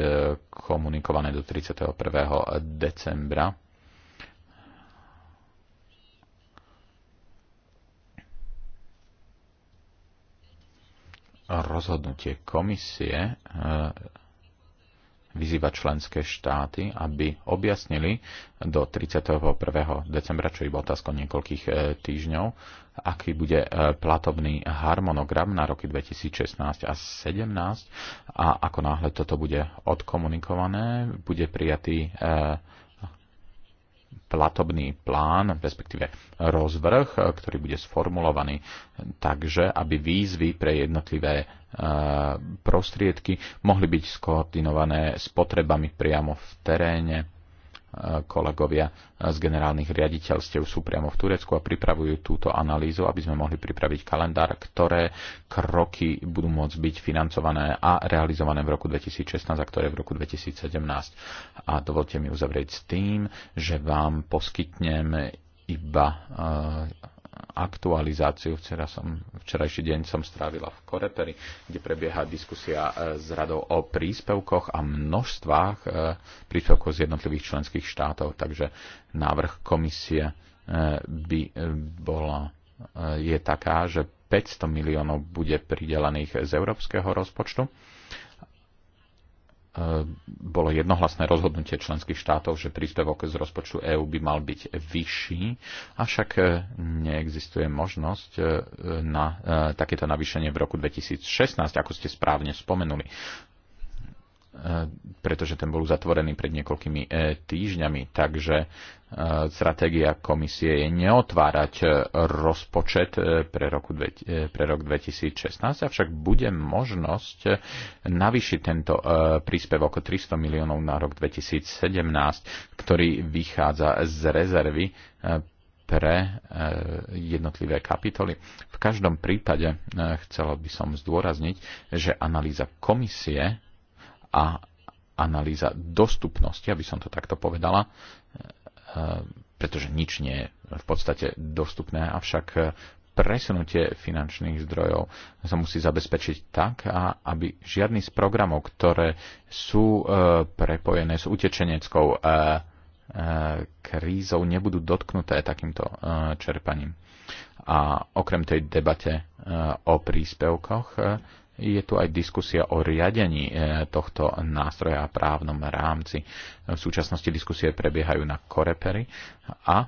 Speaker 2: komunikované do 31. decembra. Rozhodnutie komisie e, vyzýva členské štáty, aby objasnili do 31. decembra, čo je otázka niekoľkých e, týždňov, aký bude e, platobný harmonogram na roky 2016 a 2017 a ako náhle toto bude odkomunikované, bude prijatý e, platobný plán, respektíve rozvrh, ktorý bude sformulovaný takže, aby výzvy pre jednotlivé prostriedky mohli byť skoordinované s potrebami priamo v teréne. Kolegovia z generálnych riaditeľstiev sú priamo v Turecku a pripravujú túto analýzu, aby sme mohli pripraviť kalendár, ktoré kroky budú môcť byť financované a realizované v roku 2016 a ktoré v roku 2017. A dovolte mi uzavrieť s tým, že vám poskytnem iba aktualizáciu. Včera som, včerajší deň som strávila v Koreperi, kde prebieha diskusia e, s radou o príspevkoch a množstvách e, príspevkov z jednotlivých členských štátov, takže návrh komisie e, by bola, je taká, že 500 miliónov bude pridelených z európskeho rozpočtu E, bolo jednohlasné rozhodnutie členských štátov, že príspevok z rozpočtu EÚ by mal byť vyšší, avšak e, neexistuje možnosť e, na takéto navýšenie v roku 2016, ako ste správne spomenuli. E, pretože ten bol zatvorený pred niekoľkými e, týždňami. Takže e, stratégia komisie je neotvárať rozpočet pre, roku, pre rok 2016, avšak bude možnosť navýšiť tento príspevok o 300 miliónov na rok 2017, ktorý vychádza z rezervy pre jednotlivé kapitoly. V každom prípade chcelo by som zdôrazniť, že analýza komisie a analýza dostupnosti, aby som to takto povedala, eh, pretože nič nie je v podstate dostupné, avšak eh, presunutie finančných zdrojov sa musí zabezpečiť tak, aby žiadny z programov, ktoré sú eh, prepojené s utečeneckou krízou, nebudú dotknuté takýmto čerpaním. A okrem tej debate o príspevkoch je tu aj diskusia o riadení e, tohto nástroja a právnom rámci. V súčasnosti diskusie prebiehajú na korepery a e,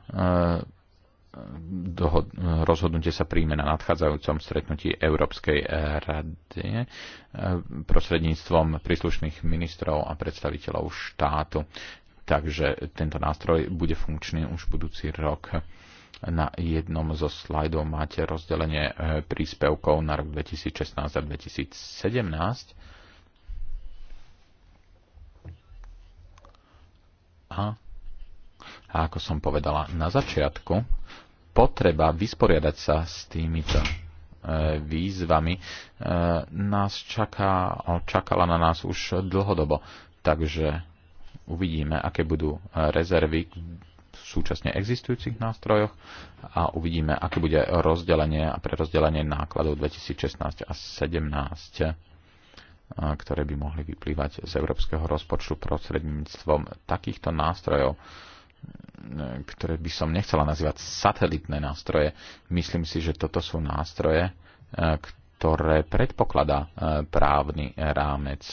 Speaker 2: dohod- rozhodnutie sa príjme na nadchádzajúcom stretnutí Európskej e, rady prostredníctvom príslušných ministrov a predstaviteľov štátu. Takže tento nástroj bude funkčný už budúci rok. Na jednom zo slajdov máte rozdelenie eh, príspevkov na rok 2016 a 2017. A, a ako som povedala na začiatku, potreba vysporiadať sa s týmito eh, výzvami eh, nás čaká, čakala na nás už dlhodobo. Takže uvidíme, aké budú rezervy v súčasne existujúcich nástrojoch a uvidíme, aké bude rozdelenie a prerozdelenie nákladov 2016 a 2017 eh, ktoré by mohli vyplývať z európskeho rozpočtu prostredníctvom takýchto nástrojov, eh, ktoré by som nechcela nazývať satelitné nástroje. Myslím si, že toto sú nástroje, eh, ktoré predpokladá právny rámec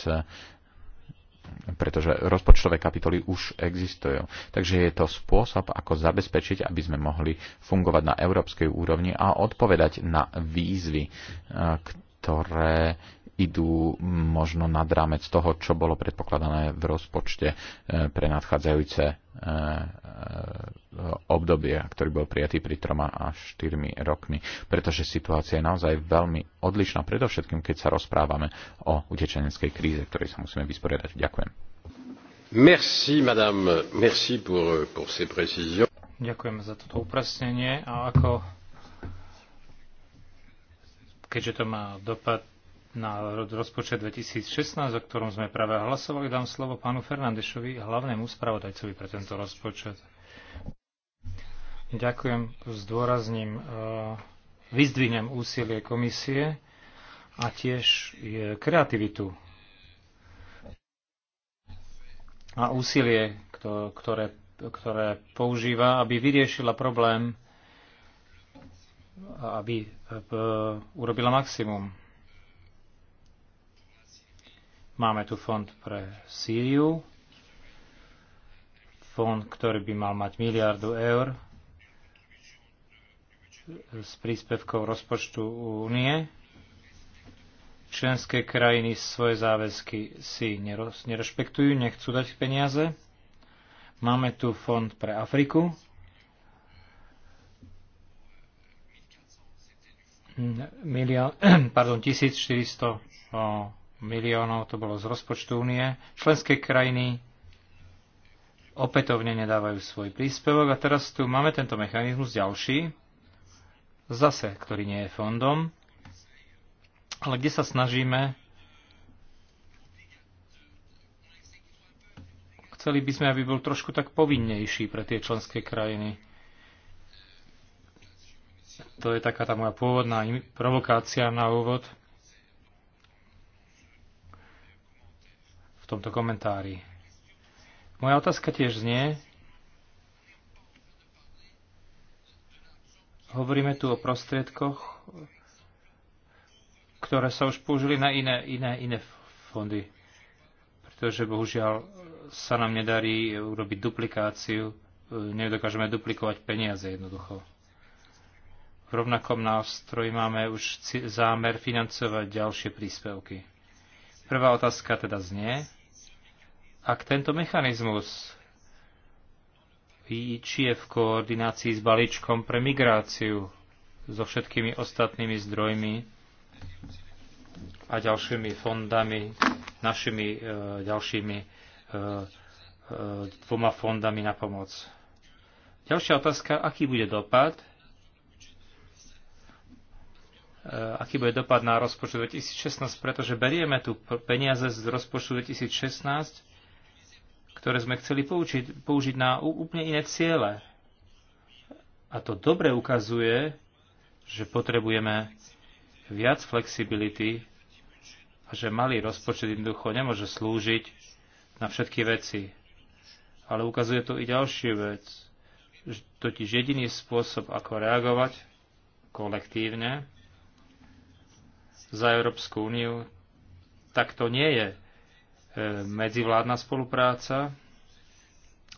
Speaker 2: pretože rozpočtové kapitoly už existujú. Takže je to spôsob, ako zabezpečiť, aby sme mohli fungovať na európskej úrovni a odpovedať na výzvy, eh, ktoré idú možno nad rámec toho, čo bolo predpokladané v rozpočte eh, pre nadchádzajúce eh, eh, obdobie, ktorý bol prijatý pri troma a štyrmi rokmi, pretože situácia je naozaj veľmi odlišná, predovšetkým keď sa rozprávame o utečeneckej kríze, ktorej sa musíme vysporiadať. Ďakujem. Merci, madame. Merci pour, euh, pour ces précisions.
Speaker 3: Ďakujem za toto upresnenie a ako keďže to má dopad na rozpočet 2016, o ktorom sme práve hlasovali, dám slovo pánu Fernandešovi, hlavnému spravodajcovi pre tento rozpočet. Ďakujem, zdôrazním, e, vyzdvihnem úsilie komisie a tiež kreativitu a úsilie, ktoré, ktoré používa, aby vyriešila problém, aby e, urobila maximum. Máme tu fond pre Sýriu, fond, ktorý by mal mať miliardu eur s príspevkou rozpočtu únie. Členské krajiny svoje záväzky si nerešpektujú, nechcú dať peniaze. Máme tu fond pre Afriku. Milia- pardon, 1400 miliónov, to bolo z rozpočtu únie. Členské krajiny opätovne nedávajú svoj príspevok a teraz tu máme tento mechanizmus ďalší, zase, ktorý nie je fondom, ale kde sa snažíme chceli by sme, aby bol trošku tak povinnejší pre tie členské krajiny. To je taká tá moja pôvodná provokácia na úvod. tomto komentári. Moja otázka tiež znie, hovoríme tu o prostriedkoch, ktoré sa už použili na iné, iné, iné fondy, pretože bohužiaľ sa nám nedarí urobiť duplikáciu, nedokážeme duplikovať peniaze jednoducho. V rovnakom nástroji máme už zámer financovať ďalšie príspevky. Prvá otázka teda znie, ak tento mechanizmus či je v koordinácii s balíčkom pre migráciu so všetkými ostatnými zdrojmi a ďalšími fondami, našimi e, ďalšími e, e, dvoma fondami na pomoc. Ďalšia otázka, aký bude dopad? E, aký bude dopad na rozpočet 2016, pretože berieme tu peniaze z rozpočtu 2016 ktoré sme chceli použiť, použiť na úplne iné ciele. A to dobre ukazuje, že potrebujeme viac flexibility a že malý rozpočet jednoducho nemôže slúžiť na všetky veci. Ale ukazuje to i ďalšiu vec, totiž jediný spôsob, ako reagovať kolektívne za Európsku úniu, tak to nie je E, medzivládna spolupráca,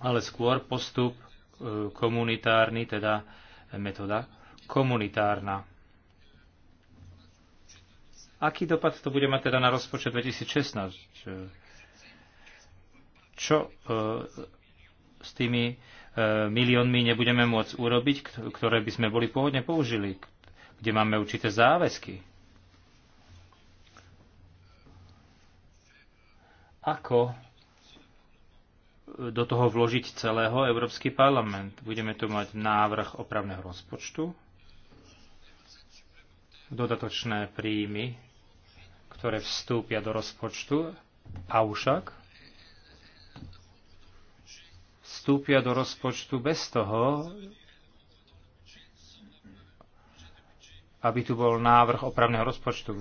Speaker 3: ale skôr postup e, komunitárny, teda metóda komunitárna. Aký dopad to bude mať teda na rozpočet 2016? E, čo s tými miliónmi nebudeme môcť urobiť, ktoré by sme boli pôvodne použili, kde máme určité záväzky? ako do toho vložiť celého Európsky parlament. Budeme tu mať návrh opravného rozpočtu, dodatočné príjmy, ktoré vstúpia do rozpočtu, avšak vstúpia do rozpočtu bez toho, aby tu bol návrh opravného rozpočtu.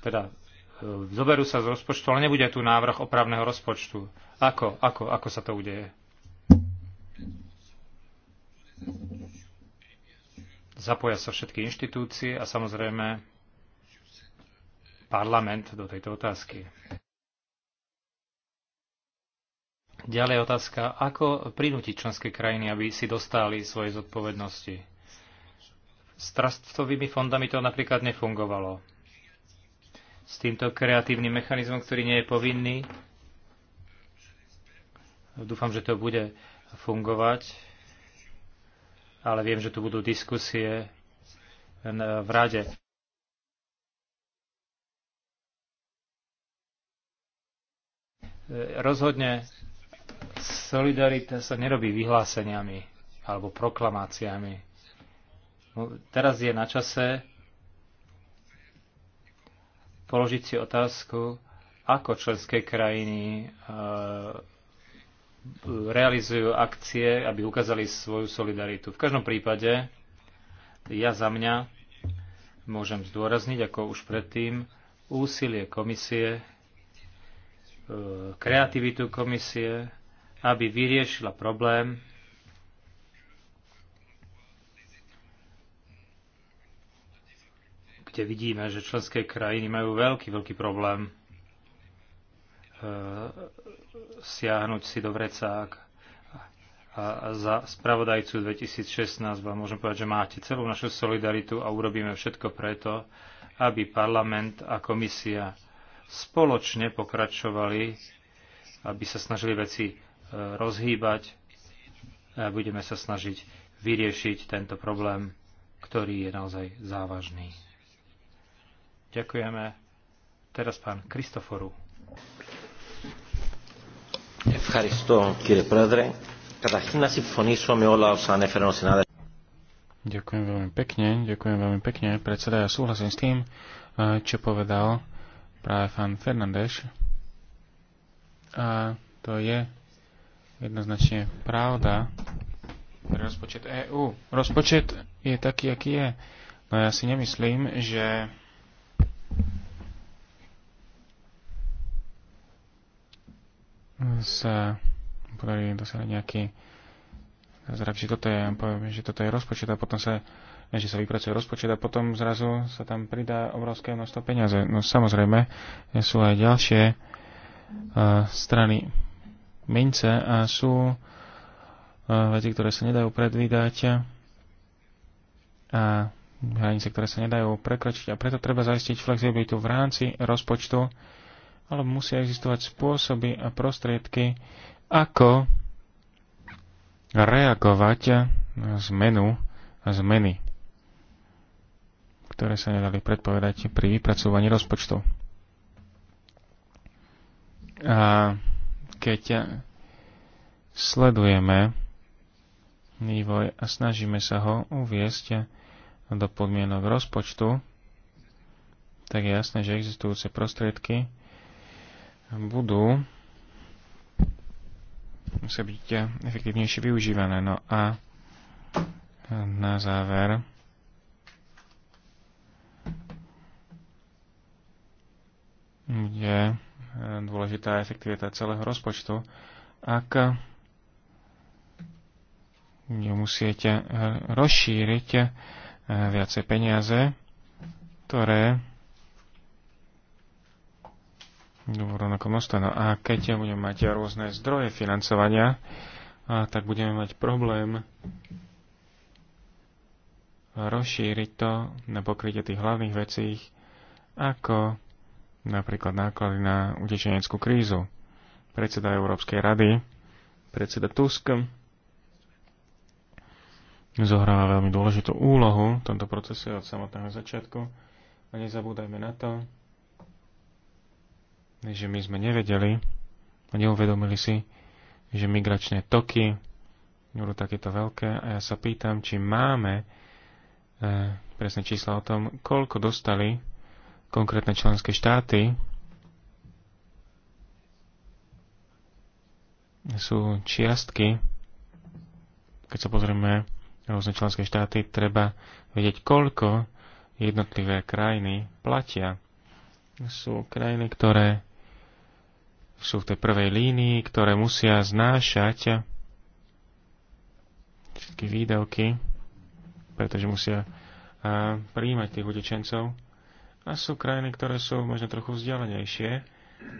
Speaker 3: Teda E, zoberú sa z rozpočtu, ale nebude tu návrh opravného rozpočtu. Ako, ako, ako sa to udeje? Zapoja sa všetky inštitúcie a samozrejme parlament do tejto otázky. Ďalej otázka, ako prinútiť členské krajiny, aby si dostali svoje zodpovednosti? S trustovými fondami to napríklad nefungovalo s týmto kreatívnym mechanizmom, ktorý nie je povinný. Dúfam, že to bude fungovať, ale viem, že tu budú diskusie v rade. Rozhodne solidarita sa nerobí vyhláseniami alebo proklamáciami. Teraz je na čase položiť si otázku, ako členské krajiny eh, realizujú akcie, aby ukázali svoju solidaritu. V každom prípade, ja za mňa môžem zdôrazniť, ako už predtým, úsilie komisie, eh, kreativitu komisie, aby vyriešila problém, kde vidíme, že členské krajiny majú veľký, veľký problém e, siahnuť si do vrecák. A, a za spravodajcu 2016 vám môžem povedať, že máte celú našu solidaritu a urobíme všetko preto, aby parlament a komisia spoločne pokračovali, aby sa snažili veci e, rozhýbať a budeme sa snažiť vyriešiť tento problém, ktorý je naozaj závažný. Ďakujeme. Teraz pán Kristoforu.
Speaker 1: Ďakujem veľmi pekne, ďakujem veľmi pekne. Predseda, ja súhlasím s tým, eh, čo povedal práve pán Fernández. A to je jednoznačne pravda pre rozpočet EÚ. Rozpočet je taký, aký je. No ja si nemyslím, že sa podarí dosiahnuť nejaký zrak, že toto je, poviem, že toto je rozpočet a potom sa, že sa vypracuje rozpočet a potom zrazu sa tam pridá obrovské množstvo peniaze. No samozrejme, sú aj ďalšie uh, strany mince a sú uh, veci, ktoré sa nedajú predvídať a hranice, ktoré sa nedajú prekročiť a preto treba zaistiť flexibilitu v rámci rozpočtu ale musia existovať spôsoby a prostriedky, ako reagovať na zmenu a zmeny, ktoré sa nedali predpovedať pri vypracovaní rozpočtov. A keď sledujeme vývoj a snažíme sa ho uviesť do podmienok rozpočtu, tak je jasné, že existujúce prostriedky budú musia byť eh, efektívnejšie využívané. No a eh, na záver je eh, dôležitá efektivita celého rozpočtu. Ak nemusíte rozšíriť viacej peniaze, ktoré rovnako No a keď budeme mať rôzne zdroje financovania, a tak budeme mať problém rozšíriť to na pokrytie tých hlavných vecí, ako napríklad náklady na utečeneckú krízu. Predseda Európskej rady, predseda Tusk, zohráva veľmi dôležitú úlohu v tomto procese od samotného začiatku a nezabúdajme na to, že my sme nevedeli a neuvedomili si, že migračné toky budú takéto veľké a ja sa pýtam, či máme e, presné čísla o tom, koľko dostali konkrétne členské štáty. Sú čiastky, keď sa pozrieme rôzne členské štáty, treba vedieť, koľko jednotlivé krajiny platia. Sú krajiny, ktoré sú v tej prvej línii, ktoré musia znášať všetky výdavky, pretože musia príjmať tých utečencov. A sú krajiny, ktoré sú možno trochu vzdialenejšie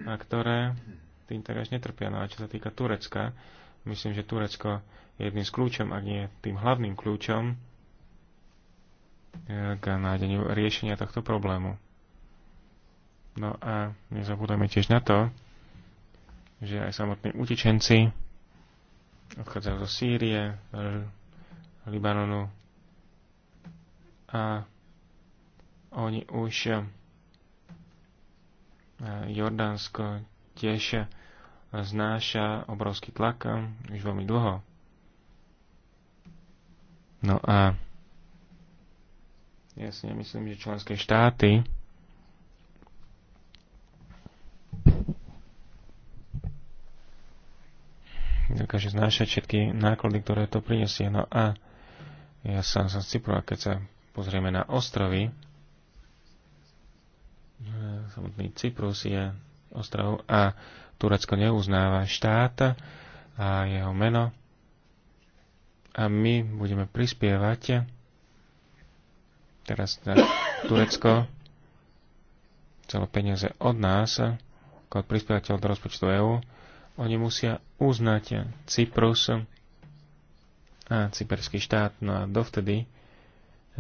Speaker 1: a ktoré tým teraz netrpia. No a čo sa týka Turecka, myslím, že Turecko je jedným z kľúčom, ak nie tým hlavným kľúčom e, k nájdeniu riešenia tohto problému. No a nezabúdajme tiež na to, že aj samotní utečenci odchádzajú zo Sýrie, Libanonu a oni už e, Jordánsko tiež znáša obrovský tlak e, už veľmi dlho. No a ja si nemyslím, že členské štáty dokáže znášať všetky náklady, ktoré to prinesie. No a ja sám som z Cypru a keď sa pozrieme na ostrovy, samotný Cyprus je ostrov a Turecko neuznáva štát a jeho meno a my budeme prispievať teraz na Turecko celo peniaze od nás ako prispievateľ do rozpočtu EÚ oni musia uznať Cyprus a cyperský štát. No a dovtedy,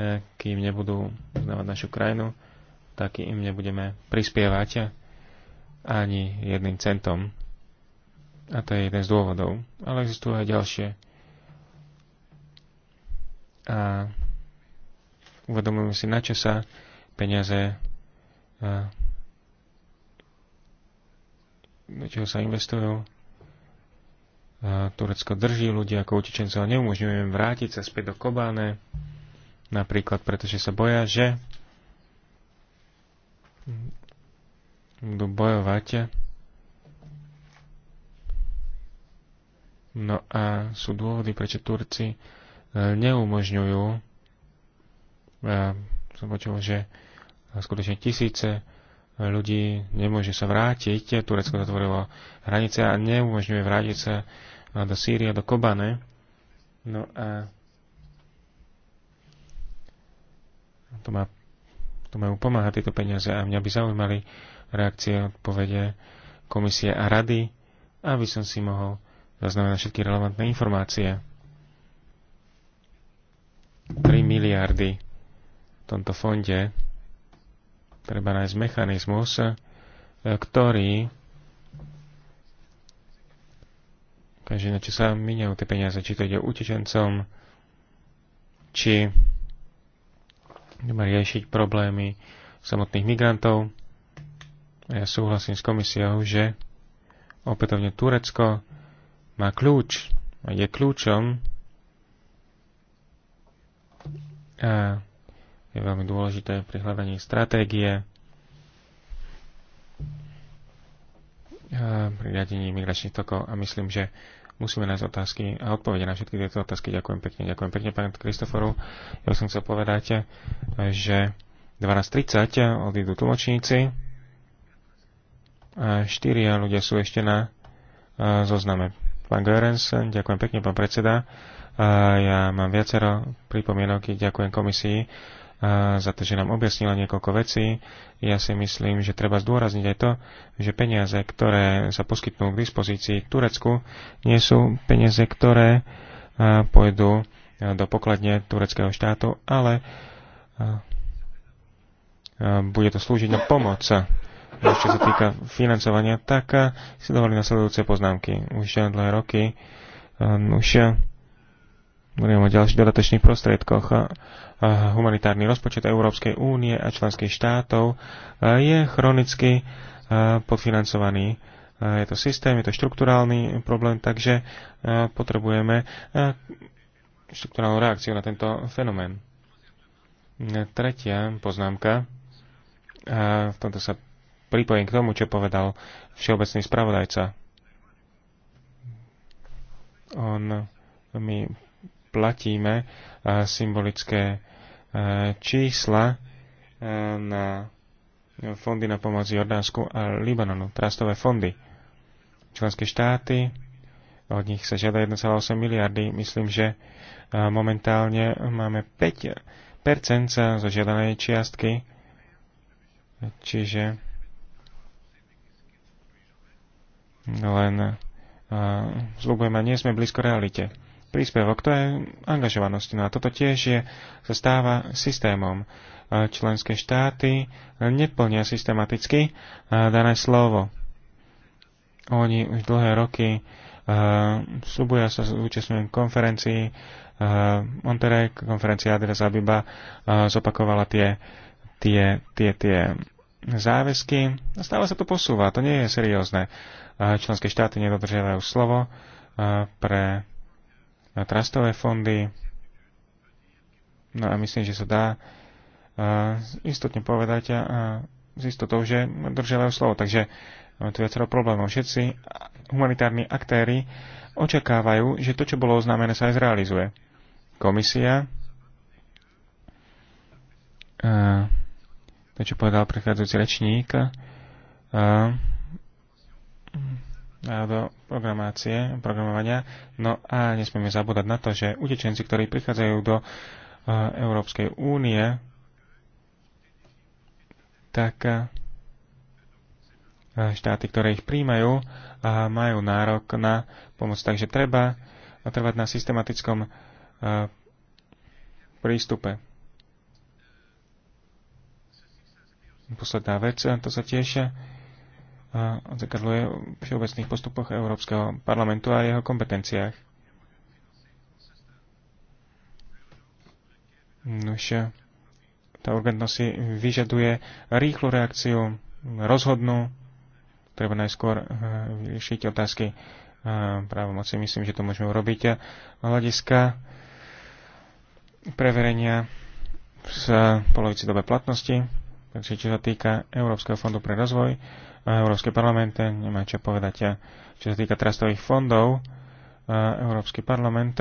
Speaker 1: e, kým nebudú uznávať našu krajinu, tak im nebudeme prispievať ani jedným centom. A to je jeden z dôvodov. Ale existujú aj ďalšie. A uvedomujeme si, na čo sa peniaze e, do čoho sa investujú. A Turecko drží ľudí ako utečencov a neumožňuje im vrátiť sa späť do Kobáne, napríklad pretože sa boja, že budú bojovať. No a sú dôvody, prečo Turci e, neumožňujú, ja som počul, že skutočne tisíce ľudí nemôže sa vrátiť. Turecko zatvorilo hranice a neumožňuje vrátiť sa no, do Sýrie, do Kobane. No a to, má, to majú pomáhať tieto peniaze a mňa by zaujímali reakcie, odpovede komisie a rady, aby som si mohol zaznamenať všetky relevantné informácie. 3 miliardy v tomto fonde Treba nájsť mechanizmus, e, ktorý Takže na čo sa miniajú tie peniaze, či to ide utečencom, či ideme riešiť problémy samotných migrantov. A ja súhlasím s komisiou, že opätovne Turecko má kľúč a je kľúčom a je veľmi dôležité pri hľadaní stratégie a pri riadení migračných tokov a myslím, že musíme nájsť otázky a odpovede na všetky tieto otázky. Ďakujem pekne. Ďakujem pekne, pán Kristoforu. Ja som chcel povedať, že 12.30 odídu tlmočníci a štyria ľudia sú ešte na zozname. Pán Görens, ďakujem pekne, pán predseda. ja mám viacero pripomienok, ďakujem komisii za to, že nám objasnila niekoľko vecí. Ja si myslím, že treba zdôrazniť aj to, že peniaze, ktoré sa poskytnú k dispozícii Turecku, nie sú peniaze, ktoré pôjdu do pokladne tureckého štátu, ale bude to slúžiť na pomoc. Čo sa týka financovania, tak si dovolím nasledujúce poznámky. Už dlhé roky, už Hovorím o ďalších dodatočných prostriedkoch. Humanitárny rozpočet Európskej únie a členských štátov je chronicky podfinancovaný. Je to systém, je to štruktúrálny problém, takže potrebujeme štruktúrálnu reakciu na tento fenomén. Tretia poznámka, v tomto sa pripojím k tomu, čo povedal všeobecný spravodajca. On mi platíme eh, symbolické eh, čísla eh, na fondy na pomoc Jordánsku a Libanonu, trastové fondy. Členské štáty, od nich sa žiada 1,8 miliardy. Myslím, že momentálne máme 5% zo žiadanej čiastky, čiže len zľubujem a nie sme blízko realite príspevok, to je angažovanosť. No a toto tiež je, sa stáva systémom. Členské štáty neplnia systematicky dané slovo. Oni už dlhé roky uh, sú, sa zúčastňujem konferencií, uh, Monterey, konferencia Adres Abiba uh, zopakovala tie, tie, tie, tie záväzky. A stále sa to posúva, to nie je seriózne. Uh, členské štáty nedodržiavajú slovo uh, pre na trastové fondy. No a myslím, že sa dá uh, istotne povedať a uh, s istotou, že drželajú slovo. Takže máme tu viacero problémov. Všetci humanitárni aktéry očakávajú, že to, čo bolo oznámené, sa aj zrealizuje. Komisia uh, to, čo povedal prechádzajúci rečník, uh, do programácie, programovania. No a nesmieme zabúdať na to, že utečenci, ktorí prichádzajú do e, Európskej únie, tak e, štáty, ktoré ich príjmajú, majú nárok na pomoc. Takže treba trvať na systematickom e, prístupe. Posledná vec, to sa tiež odzrkadluje v všeobecných postupoch Európskeho parlamentu a jeho kompetenciách. Nož, tá urgentnosť si vyžaduje rýchlu reakciu, rozhodnú, treba najskôr eh, riešiť otázky eh, právomoci. Myslím, že to môžeme urobiť. Hľadiska preverenia z polovici dobe platnosti, takže čo sa týka Európskeho fondu pre rozvoj, Európsky parlament nemá čo povedať. Čo sa týka trastových fondov, Európsky parlament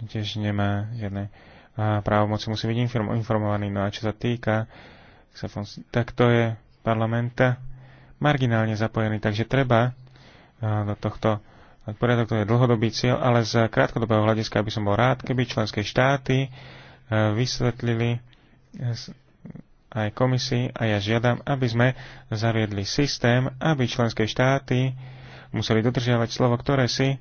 Speaker 1: tiež nemá žiadne právomoci, musí byť informovaný. No a čo sa týka, tak to je parlament marginálne zapojený, takže treba do tohto poriadok, to je dlhodobý cieľ, ale z krátkodobého hľadiska by som bol rád, keby členské štáty vysvetlili aj komisii a ja žiadam, aby sme zaviedli systém, aby členské štáty museli dodržiavať slovo, ktoré si,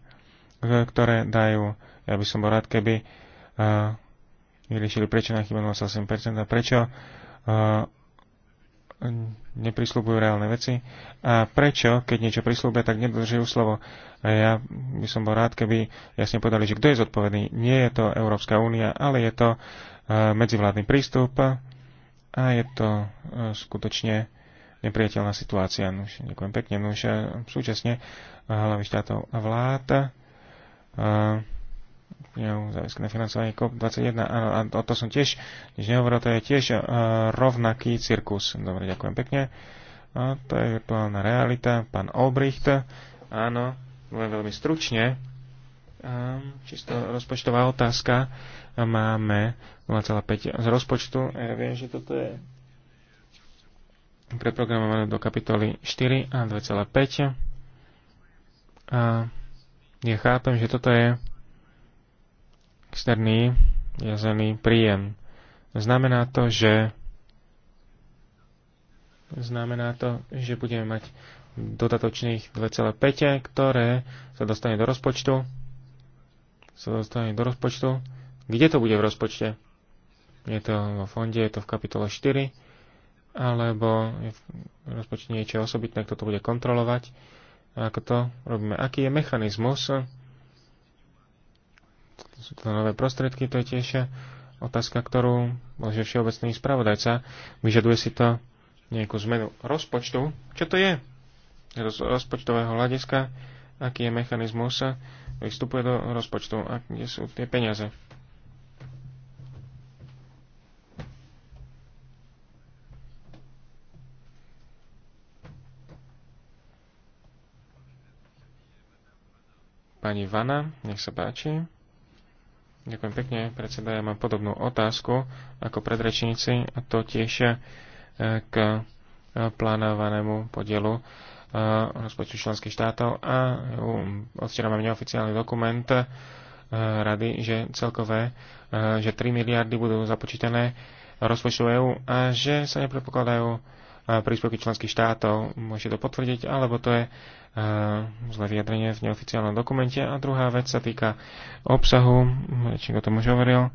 Speaker 1: ktoré dajú. Ja by som bol rád, keby uh, eh, vyriešili, prečo na chyba 08%. a prečo uh, neprislúbujú reálne veci a prečo, keď niečo prislúbia, tak nedodržujú slovo. A ja by som bol rád, keby jasne povedali, že kto je zodpovedný. Nie je to Európska únia, ale je to uh, medzivládny prístup, a je to e, skutočne nepriateľná situácia. Nuž, ďakujem pekne. Nuž, e, súčasne e, hlavy štátov a vlád závisky na financovanie COP21. Áno, a o to som tiež, než nehovoril, to je tiež rovnaký cirkus. Dobre, ďakujem pekne. A to je virtuálna realita. Pán Olbricht, áno, len veľmi stručne. Čisto rozpočtová otázka. Máme 0,5 z rozpočtu. ja viem, že toto je preprogramované do kapitoly 4 a 2,5. A ja chápem, že toto je externý jazený príjem. Znamená to, že znamená to, že budeme mať dodatočných 2,5, ktoré sa dostane do rozpočtu. Sa dostane do rozpočtu. Kde to bude v rozpočte? je to vo fonde, je to v kapitole 4, alebo je v rozpočte niečo osobitné, kto to bude kontrolovať, ako to robíme, aký je mechanizmus, sú to nové prostriedky, to je tiež otázka, ktorú môže všeobecný spravodajca, vyžaduje si to nejakú zmenu rozpočtu. Čo to je? Z rozpočtového hľadiska, aký je mechanizmus, vystupuje vstupuje do rozpočtu, a kde sú tie peniaze. Pani Vana, nech sa páči. Ďakujem pekne, predseda. Ja mám podobnú otázku ako predrečníci a to tiež e, k e, plánovanému podielu e, rozpočtu členských štátov a odstieram mám neoficiálny dokument rady, že celkové, že 3 miliardy budú započítané rozpočtu EÚ a že sa nepredpokladajú príspevky členských štátov. Môžete to potvrdiť, alebo to je eh, zlé vyjadrenie v neoficiálnom dokumente. A druhá vec sa týka obsahu, či o tom už hovoril, eh,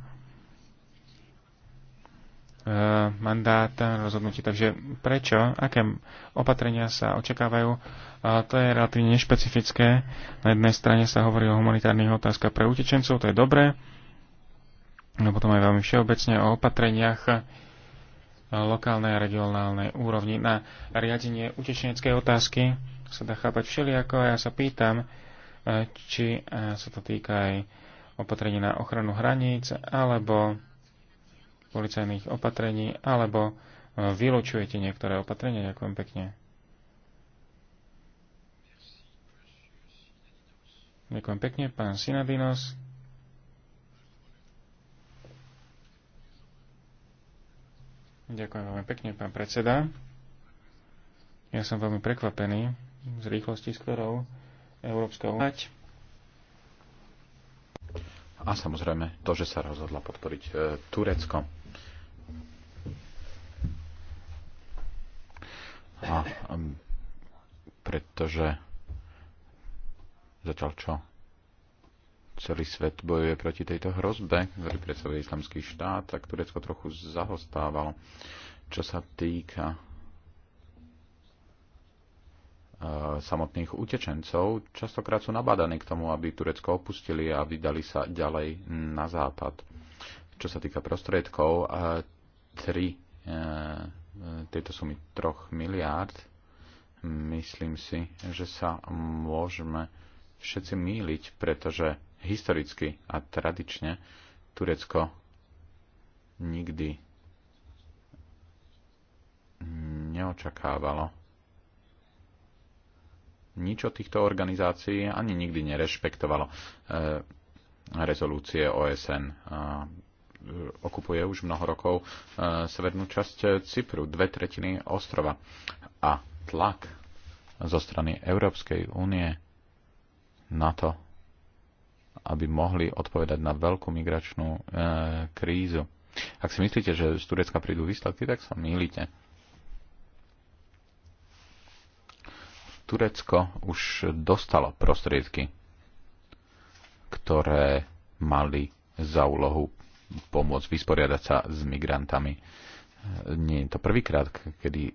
Speaker 1: mandát rozhodnutí. Takže prečo, aké opatrenia sa očakávajú, to je relatívne nešpecifické. Na jednej strane sa hovorí o humanitárnych otázkach pre utečencov, to je dobré, no potom aj veľmi všeobecne o opatreniach lokálnej a regionálnej úrovni. Na riadenie utečeneckej otázky sa dá chápať všelijako a ja sa pýtam, e, či e, sa to týka aj opatrení na ochranu hraníc, alebo policajných opatrení, alebo e, vylučujete niektoré opatrenia. Ďakujem pekne. Ďakujem pekne, pán Sinadinos. Ďakujem veľmi pekne, pán predseda. Ja som veľmi prekvapený z rýchlosti, s ktorou Európska únia.
Speaker 2: A samozrejme to, že sa rozhodla podporiť e, Turecko. A, a pretože zatiaľ čo celý svet bojuje proti tejto hrozbe, ktorý predstavuje islamský štát, tak Turecko trochu zahostávalo. Čo sa týka e, samotných utečencov, častokrát sú nabádaní k tomu, aby Turecko opustili a vydali sa ďalej na západ. Čo sa týka prostriedkov, e, tri, sú mi 3 miliárd, myslím si, že sa môžeme všetci míliť, pretože Historicky a tradične Turecko nikdy neočakávalo nič od týchto organizácií ani nikdy nerešpektovalo eh, rezolúcie OSN. Eh, okupuje už mnoho rokov eh, severnú časť Cypru, dve tretiny ostrova. A tlak zo strany Európskej únie na to, aby mohli odpovedať na veľkú migračnú e, krízu. Ak si myslíte, že z Turecka prídu výsledky, tak sa mýlite. Turecko už dostalo prostriedky, ktoré mali za úlohu pomôcť vysporiadať sa s migrantami nie je to prvýkrát, kedy e,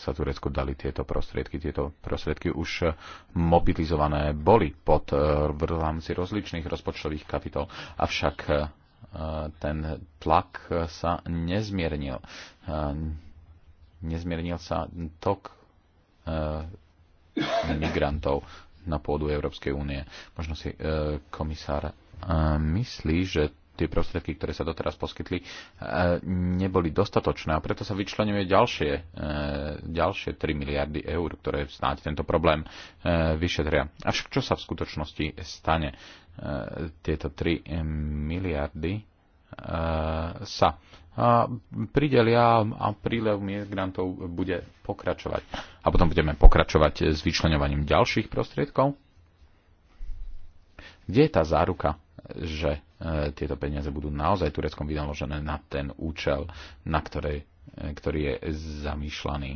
Speaker 2: sa Turecku dali tieto prostriedky. Tieto prostriedky už mobilizované boli pod e, v rámci rozličných rozpočtových kapitol, avšak e, ten tlak sa nezmiernil. Nezmiernil sa tok migrantov na pôdu Európskej únie. Možno si komisár myslí, že tie prostriedky, ktoré sa doteraz poskytli, e, neboli dostatočné a preto sa vyčlenuje ďalšie, e, ďalšie 3 miliardy eur, ktoré snáď tento problém e, vyšetria. Avšak čo sa v skutočnosti stane? Tieto 3 miliardy sa pridelia a prílev migrantov bude pokračovať. A potom budeme pokračovať s vyčlenovaním ďalších prostriedkov. Kde je tá záruka, že E, tieto peniaze budú naozaj Tureckom vynaložené na ten účel, na ktoré, e, ktorý je zamýšľaný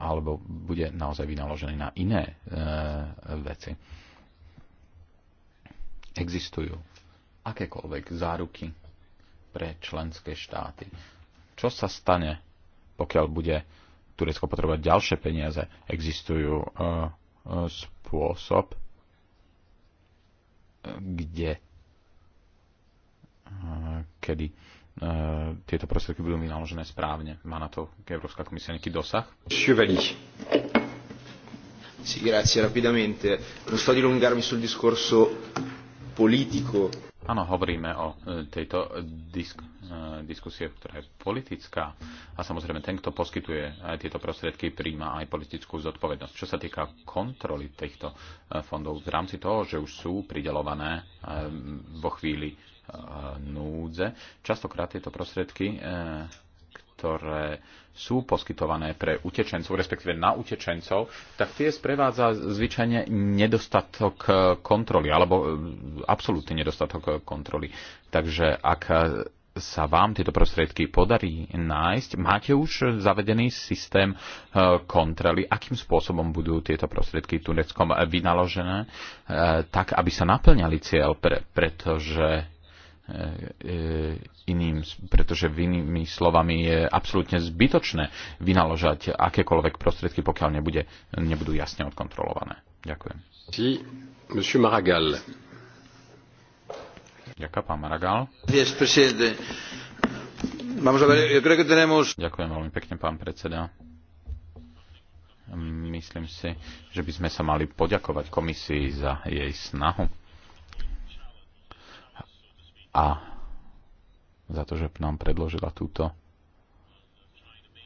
Speaker 2: alebo bude naozaj vynaložený na iné e, veci. Existujú akékoľvek záruky pre členské štáty. Čo sa stane, pokiaľ bude Turecko potrebovať ďalšie peniaze? Existujú e, e, spôsob, kde eh, kedy eh, tieto prostriedky budú vynaložené správne. Má na to Európska komisia nejaký dosah? Chevalier. Sì, grazie rapidamente. Non sto dilungarmi sul discorso politico Áno, hovoríme o e, tejto disk, e, diskusie, ktorá je politická a samozrejme ten, kto poskytuje aj e, tieto prostriedky, príjma aj politickú zodpovednosť. Čo sa týka kontroly týchto fondov v rámci toho, že už sú pridelované vo chvíli núdze, častokrát tieto prostriedky ktoré sú poskytované pre utečencov, respektíve na utečencov, tak tie sprevádza zvyčajne nedostatok e, kontroly, alebo e, absolútny nedostatok e, kontroly. Takže ak sa vám tieto prostriedky podarí nájsť, máte už zavedený systém kontroly, akým spôsobom budú tieto prostriedky Tureckom vynaložené, tak aby sa naplňali cieľ, pre, pretože E, e, iným, pretože inými slovami je absolútne zbytočné vynaložať akékoľvek prostriedky, pokiaľ nebude, nebudú jasne odkontrolované. Ďakujem. Si, monsieur Maragall. Ďakujem, pán Maragall. Ďakujem veľmi pekne, pán predseda. Myslím si, že by sme sa mali poďakovať komisii za jej snahu a za to, že nám predložila túto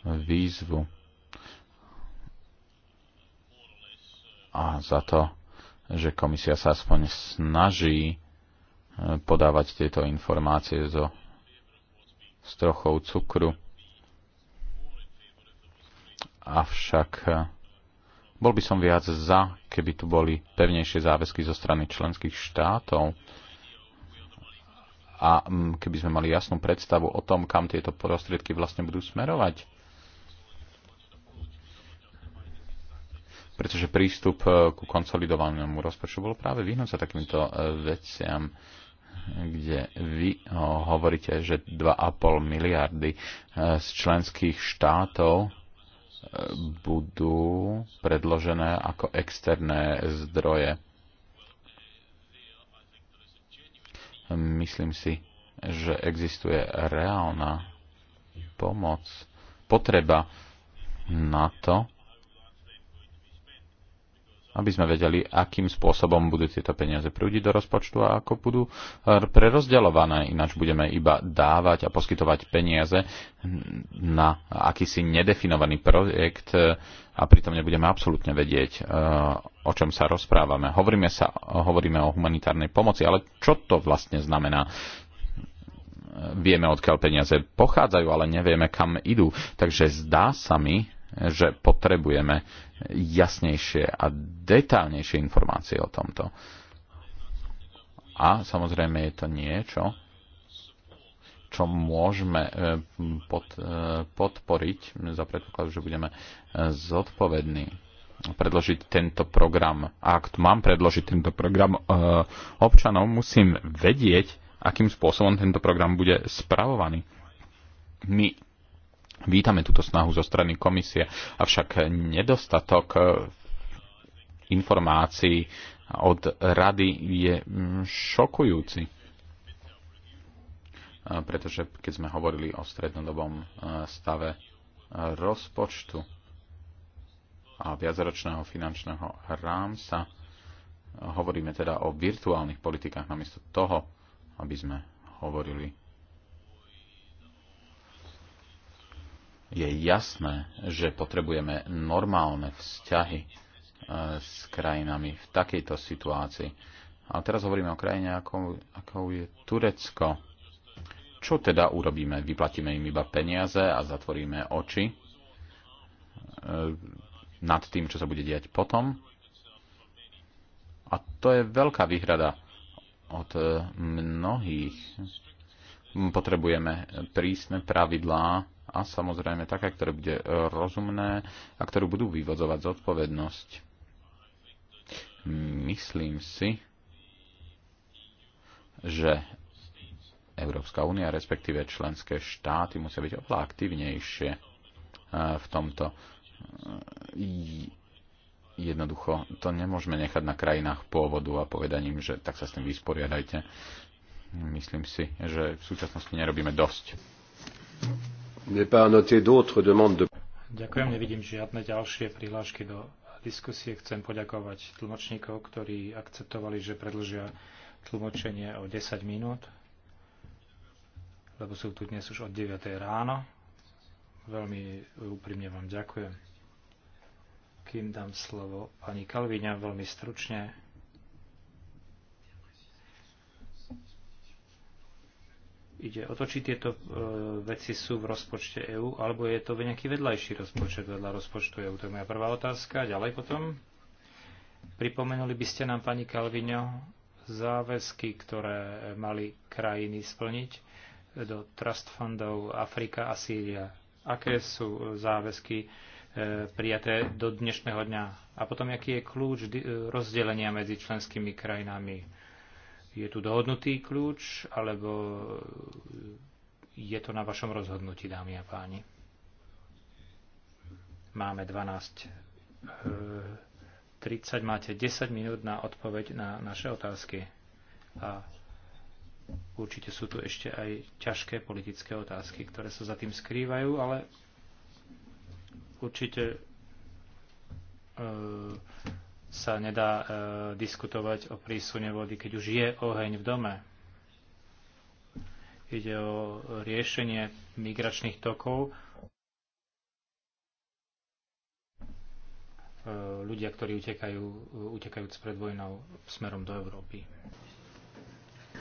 Speaker 2: výzvu a za to, že komisia sa aspoň snaží e, podávať tieto informácie zo s trochou cukru. Avšak e, bol by som viac za, keby tu boli pevnejšie záväzky zo strany členských štátov, a mm, keby sme mali jasnú predstavu o tom, kam tieto prostriedky vlastne budú smerovať. Pretože prístup e, ku konsolidovanému rozpočtu bolo práve vyhnúť sa takýmto e, veciam, kde vy hovoríte, že 2,5 miliardy e, z členských štátov budú predložené ako externé zdroje Myslím si, že existuje reálna pomoc, potreba na to, aby sme vedeli, akým spôsobom budú tieto peniaze prúdiť do rozpočtu a ako budú eh, prerozdeľované. Ináč budeme iba dávať a poskytovať peniaze na akýsi nedefinovaný projekt eh, a pritom nebudeme absolútne vedieť, eh, o čom sa rozprávame. Hovoríme, sa, hovoríme o humanitárnej pomoci, ale čo to vlastne znamená? Vieme, odkiaľ peniaze pochádzajú, ale nevieme, kam idú. Takže zdá sa mi, že potrebujeme jasnejšie a detálnejšie informácie o tomto. A samozrejme je to niečo, čo môžeme e, pod, e, podporiť za predpokladu, že budeme e, zodpovední predložiť tento program. A ak mám predložiť tento program občanom, musím vedieť, akým spôsobom tento program bude spravovaný. My Vítame túto snahu zo strany komisie, avšak nedostatok eh, informácií od rady je mm, šokujúci. Eh, pretože keď sme hovorili o strednodobom eh, stave rozpočtu a viacročného finančného rámca, hovoríme teda o virtuálnych politikách namiesto toho, aby sme hovorili je jasné, že potrebujeme normálne vzťahy eh, s krajinami v takejto situácii. Ale teraz hovoríme o krajine, ako, ako je Turecko. Čo teda urobíme? Vyplatíme im iba peniaze a zatvoríme oči eh, nad tým, čo sa bude diať potom? A to je veľká výhrada od eh, mnohých. Potrebujeme prísne pravidlá a samozrejme také, ktoré bude e, rozumné a ktoré budú vyvodzovať zodpovednosť. Myslím si, že Európska únia, respektíve členské štáty musia byť oveľa aktívnejšie e, v tomto. E, jednoducho to nemôžeme nechať na krajinách pôvodu a povedaním, že tak sa s tým vysporiadajte. Myslím si, že v súčasnosti nerobíme dosť.
Speaker 4: Ďakujem,
Speaker 3: nevidím žiadne ďalšie prihlášky do diskusie. Chcem poďakovať tlmočníkov, ktorí akceptovali, že predlžia tlmočenie o 10 minút, lebo sú tu dnes už od 9 ráno. Veľmi úprimne vám ďakujem. Kým dám slovo pani Kalvíňa, veľmi stručne ide o to, či tieto e, veci sú v rozpočte EÚ, alebo je to nejaký vedľajší rozpočet vedľa rozpočtu EÚ. To je moja prvá otázka. Ďalej potom. Pripomenuli by ste nám, pani Kalvino, záväzky, ktoré mali krajiny splniť do trust fundov Afrika a Sýria. Aké sú záväzky e, prijaté do dnešného dňa? A potom, aký je kľúč rozdelenia medzi členskými krajinami? Je tu dohodnutý kľúč, alebo je to na vašom rozhodnutí, dámy a páni? Máme 12 30, e, máte 10 minút na odpoveď na naše otázky. A určite sú tu ešte aj ťažké politické otázky, ktoré sa za tým skrývajú, ale určite e, sa nedá e, diskutovať o prísune vody, keď už je oheň v dome. Ide o riešenie migračných tokov. E, ľudia, ktorí utekajú, utekajú pred vojnou smerom do Európy.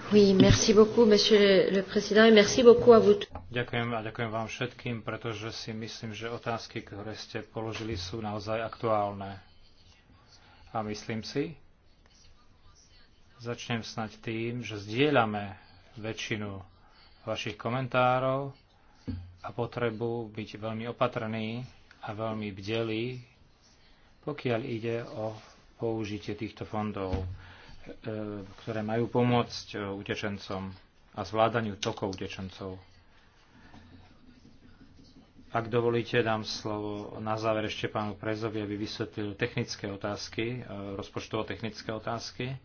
Speaker 5: Oui, merci beaucoup, monsieur le, le président, et merci beaucoup à vous.
Speaker 3: Ďakujem a ďakujem vám všetkým, pretože si myslím, že otázky, ktoré ste položili, sú naozaj aktuálne a myslím si, začnem snať tým, že zdieľame väčšinu vašich komentárov a potrebu byť veľmi opatrný a veľmi bdelý, pokiaľ ide o použitie týchto fondov, e, ktoré majú pomôcť e, utečencom a zvládaniu tokov utečencov. Ak dovolíte, dám slovo na záver ešte pánu Prezovi, aby vysvetlil technické otázky, e, rozpočtovo-technické otázky.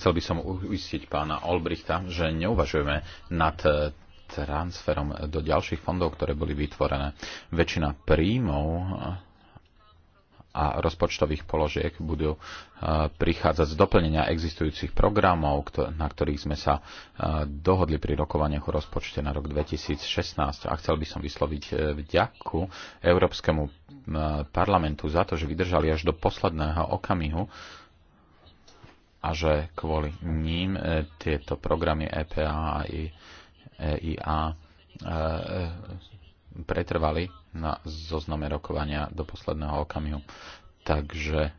Speaker 2: Chcel by som uistiť pána Olbrichta, že neuvažujeme nad e, transferom do ďalších fondov, ktoré boli vytvorené. Väčšina príjmov a rozpočtových položiek budú e, prichádzať z doplnenia existujúcich programov, na ktorých sme sa e, dohodli pri rokovaniach o rozpočte na rok 2016. A chcel by som vysloviť e, vďaku Európskemu parlamentu za to, že vydržali až do posledného okamihu a že kvôli ním tieto programy EPA a EIA pretrvali na zozname rokovania do posledného okamihu. Takže e,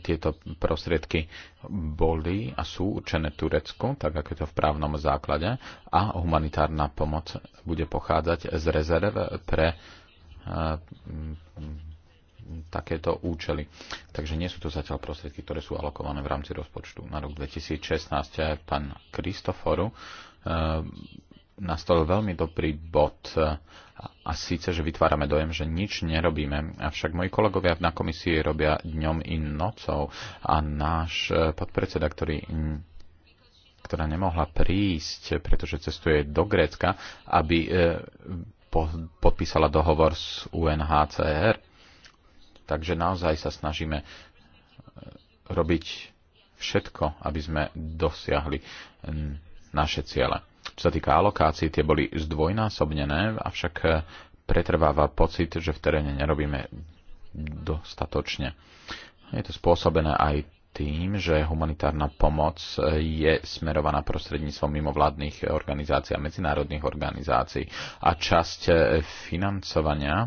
Speaker 2: tieto prostriedky boli a sú určené Turecku, tak ako je to v právnom základe, a humanitárna pomoc bude pochádzať z rezerv pre e, takéto účely. Takže nie sú to zatiaľ prostriedky, ktoré sú alokované v rámci rozpočtu na rok 2016. Pán Kristoforu e, nastolil veľmi dobrý bod e, a síce, že vytvárame dojem, že nič nerobíme. Avšak moji kolegovia na komisii robia dňom i nocou a náš e, podpredseda, ktorý ktorá nemohla prísť, pretože cestuje do Grécka, aby e, podpísala dohovor s UNHCR. Takže naozaj sa snažíme robiť všetko, aby sme dosiahli naše ciele. Čo sa týka alokácií, tie boli zdvojnásobnené, avšak eh, pretrváva pocit, že v teréne nerobíme dostatočne. Je to spôsobené aj tým, že humanitárna pomoc eh, je smerovaná prostredníctvom mimovládnych organizácií a medzinárodných organizácií a časť eh, financovania,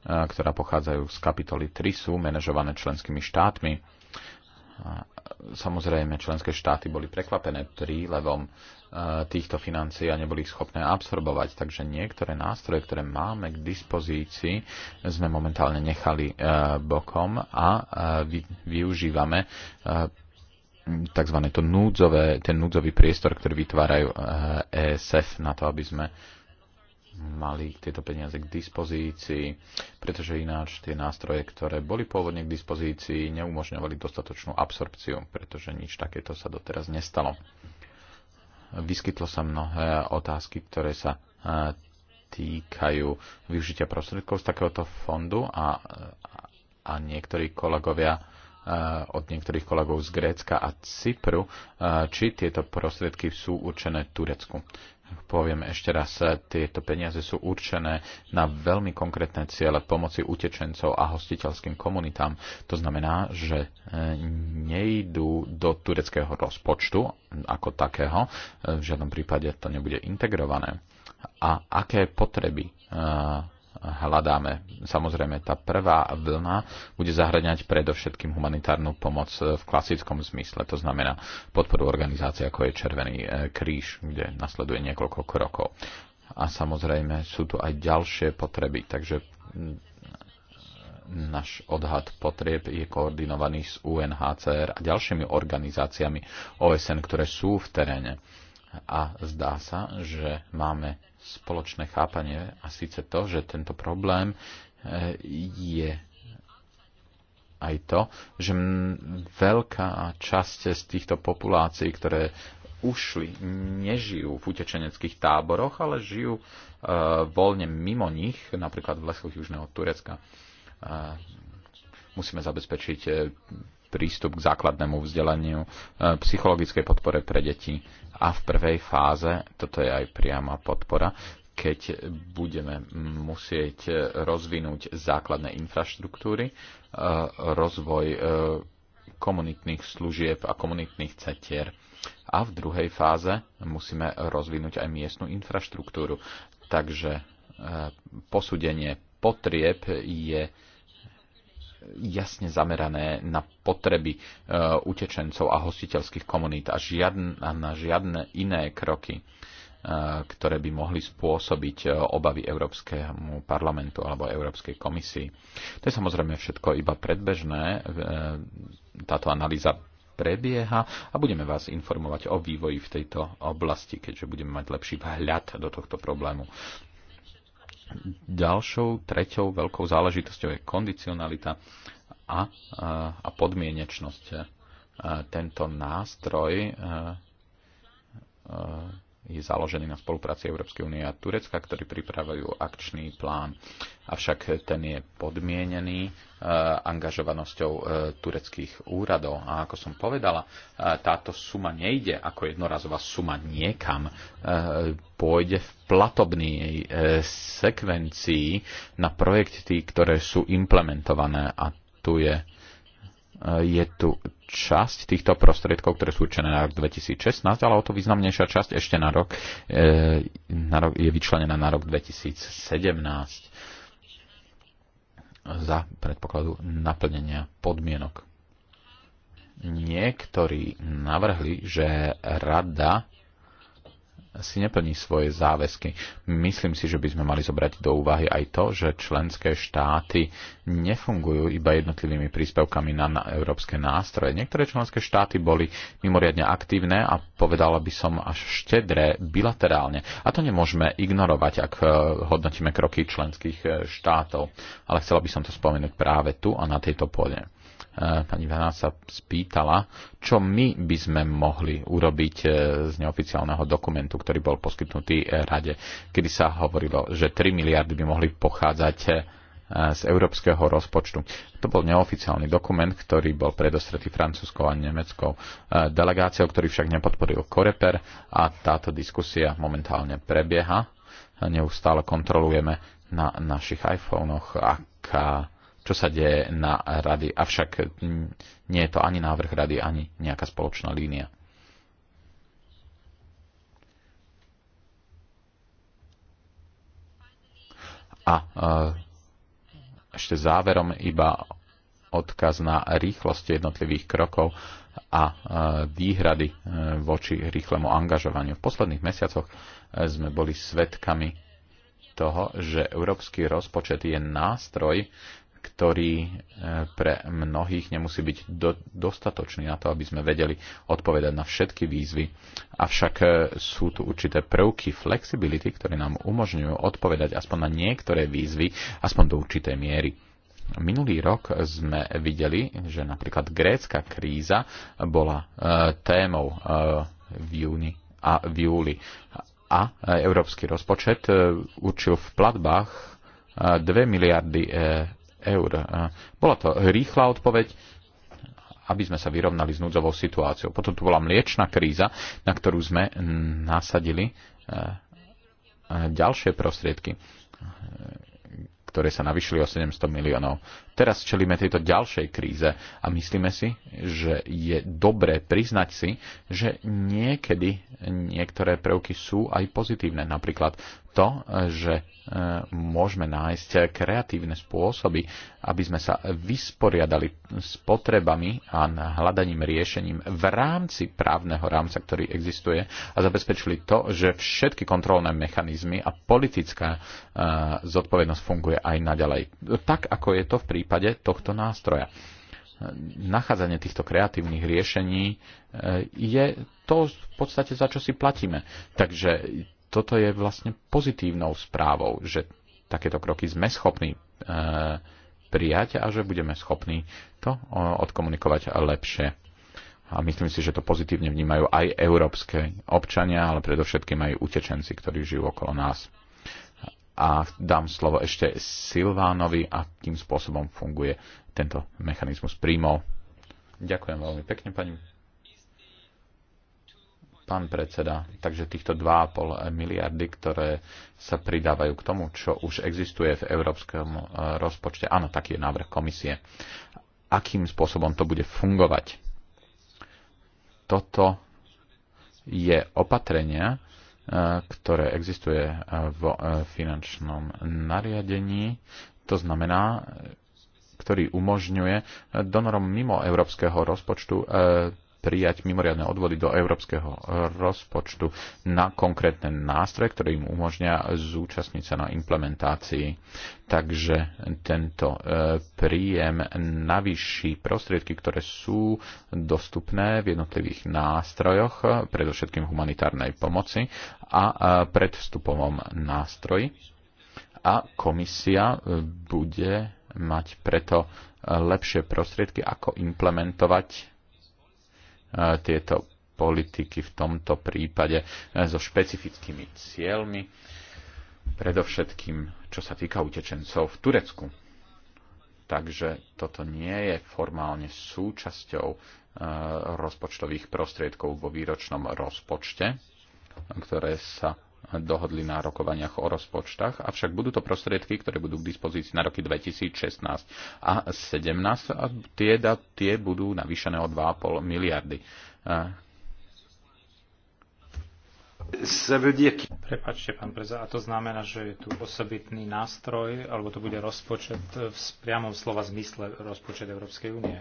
Speaker 2: ktorá pochádzajú z kapitoly 3, sú manažované členskými štátmi Samozrejme, členské štáty boli prekvapené prílevom e, týchto financií a neboli ich schopné absorbovať. Takže niektoré nástroje, ktoré máme k dispozícii, sme momentálne nechali e, bokom a e, využívame tzv. To núdzové, ten núdzový priestor, ktorý vytvárajú ESF na to, aby sme mali tieto peniaze k dispozícii, pretože ináč tie nástroje, ktoré boli pôvodne k dispozícii, neumožňovali dostatočnú absorpciu, pretože nič takéto sa doteraz nestalo. Vyskytlo sa mnohé otázky, ktoré sa e, týkajú využitia prostriedkov z takéhoto fondu a, a niektorí kolegovia e, od niektorých kolegov z Grécka a Cypru, e, či tieto prostriedky sú určené Turecku poviem ešte raz, e, tieto peniaze sú určené na veľmi konkrétne ciele pomoci utečencov a hostiteľským komunitám. To znamená, že e, nejdú do tureckého rozpočtu ako takého, e, v žiadnom prípade to nebude integrované. A aké potreby hľadáme. Samozrejme, tá prvá vlna bude zahraňať predovšetkým humanitárnu pomoc e, v klasickom zmysle, to znamená podporu organizácie, ako je Červený e, kríž, kde nasleduje niekoľko krokov. A samozrejme sú tu aj ďalšie potreby, takže mm, náš odhad potrieb je koordinovaný s UNHCR a ďalšími organizáciami OSN, ktoré sú v teréne. A zdá sa, že máme spoločné chápanie a síce to, že tento problém e, je aj to, že veľká časť z týchto populácií, ktoré ušli, nežijú v utečeneckých táboroch, ale žijú e, voľne mimo nich, napríklad v lesoch Južného Turecka. E, musíme zabezpečiť e, prístup k základnému vzdelaniu, e, psychologickej podpore pre deti a v prvej fáze, toto je aj priama podpora, keď budeme musieť rozvinúť základné infraštruktúry, e, rozvoj e, komunitných služieb a komunitných cetier. A v druhej fáze musíme rozvinúť aj miestnu infraštruktúru. Takže posúdenie potrieb je jasne zamerané na potreby e, utečencov a hostiteľských komunít a žiadne, na žiadne iné kroky e, ktoré by mohli spôsobiť e, obavy Európskemu parlamentu alebo Európskej komisii. To je samozrejme všetko iba predbežné. Táto analýza prebieha a budeme vás informovať o vývoji v tejto oblasti, keďže budeme mať lepší vhľad do tohto problému. Ďalšou, treťou veľkou záležitosťou je kondicionalita a, a podmienečnosť. E, tento nástroj e, e, je založený na spolupráci Európskej únie a Turecka, ktorí pripravujú akčný plán. Avšak ten je podmienený e, angažovanosťou e, tureckých úradov. A ako som povedala, e, táto suma nejde ako jednorazová suma niekam. E, pôjde v platobnej e, sekvencii na projekty, ktoré sú implementované. A tu je je tu časť týchto prostriedkov, ktoré sú určené na rok 2016, ale o to významnejšia časť ešte na rok, e, na rok je vyčlenená na rok 2017 za predpokladu naplnenia podmienok. Niektorí navrhli, že rada si neplní svoje záväzky. Myslím si, že by sme mali zobrať do úvahy aj to, že členské štáty nefungujú iba jednotlivými príspevkami na, na európske nástroje. Niektoré členské štáty boli mimoriadne aktívne a povedala by som až štedré bilaterálne. A to nemôžeme ignorovať, ak e, hodnotíme kroky členských e, štátov. Ale chcela by som to spomenúť práve tu a na tejto pôde. E, pani Vana sa spýtala, čo my by sme mohli urobiť e, z neoficiálneho dokumentu, ktorý bol poskytnutý e, rade, kedy sa hovorilo, že 3 miliardy by mohli pochádzať z európskeho rozpočtu. To bol neoficiálny dokument, ktorý bol predostretý francúzskou a nemeckou delegáciou, ktorý však nepodporil Koreper a táto diskusia momentálne prebieha. Neustále kontrolujeme na našich iPhonech, aká čo sa deje na rady. Avšak mm, nie je to ani návrh rady, ani nejaká spoločná línia. A e, ešte záverom iba odkaz na rýchlosť jednotlivých krokov a e, výhrady e, voči rýchlemu angažovaniu. V posledných mesiacoch sme boli svedkami toho, že európsky rozpočet je nástroj, ktorý e, pre mnohých nemusí byť do, dostatočný na to, aby sme vedeli odpovedať na všetky výzvy. Avšak e, sú tu určité prvky flexibility, ktoré nám umožňujú odpovedať aspoň na niektoré výzvy, aspoň do určitej miery. Minulý rok sme videli, že napríklad grécka kríza bola e, témou e, v júni a v júli a e, európsky rozpočet určil v platbách 2 miliardy eur. Bola to rýchla odpoveď, aby sme sa vyrovnali s núdzovou situáciou. Potom tu bola mliečna kríza, na ktorú sme nasadili eh, ďalšie prostriedky, eh, ktoré sa navyšili o 700 miliónov. Teraz čelíme tejto ďalšej kríze a myslíme si, že je dobré priznať si, že niekedy niektoré prvky sú aj pozitívne. Napríklad to, že e, môžeme nájsť kreatívne spôsoby, aby sme sa vysporiadali s potrebami a hľadaním riešením v rámci právneho rámca, ktorý existuje a zabezpečili to, že všetky kontrolné mechanizmy a politická e, zodpovednosť funguje aj naďalej. Tak, ako je to v prípade prípade tohto nástroja. Nachádzanie týchto kreatívnych riešení e, je to v podstate, za čo si platíme. Takže toto je vlastne pozitívnou správou, že takéto kroky sme schopní e, prijať a že budeme schopní to odkomunikovať lepšie. A myslím si, že to pozitívne vnímajú aj európske občania, ale predovšetkým aj utečenci, ktorí žijú okolo nás a dám slovo ešte Silvánovi a tým spôsobom funguje tento mechanizmus príjmov. Ďakujem veľmi pekne, pani pán predseda, takže týchto 2,5 miliardy, ktoré sa pridávajú k tomu, čo už existuje v európskom e, rozpočte. Áno, taký je návrh komisie. Akým spôsobom to bude fungovať? Toto je opatrenia, ktoré existuje e, v e, finančnom nariadení, to znamená, ktorý umožňuje donorom mimo európskeho rozpočtu e, prijať mimoriadne odvody do európskeho rozpočtu na konkrétne nástroje, ktoré im umožňa zúčastniť sa na implementácii. Takže tento e, príjem navýši prostriedky, ktoré sú dostupné v jednotlivých nástrojoch, predovšetkým humanitárnej pomoci a e, vstupovom nástroji. A komisia e, bude mať preto lepšie prostriedky, ako implementovať tieto politiky v tomto prípade so špecifickými cieľmi, predovšetkým čo sa týka utečencov v Turecku. Takže toto nie je formálne súčasťou rozpočtových prostriedkov vo výročnom rozpočte, ktoré sa dohodli na rokovaniach o rozpočtách, avšak budú to prostriedky, ktoré budú k dispozícii na roky 2016 a 2017 a tie, tie budú navýšené o 2,5 miliardy.
Speaker 3: Prepačte, pán preza, a to znamená, že je tu osobitný nástroj, alebo to bude rozpočet v priamom slova zmysle rozpočet Európskej únie?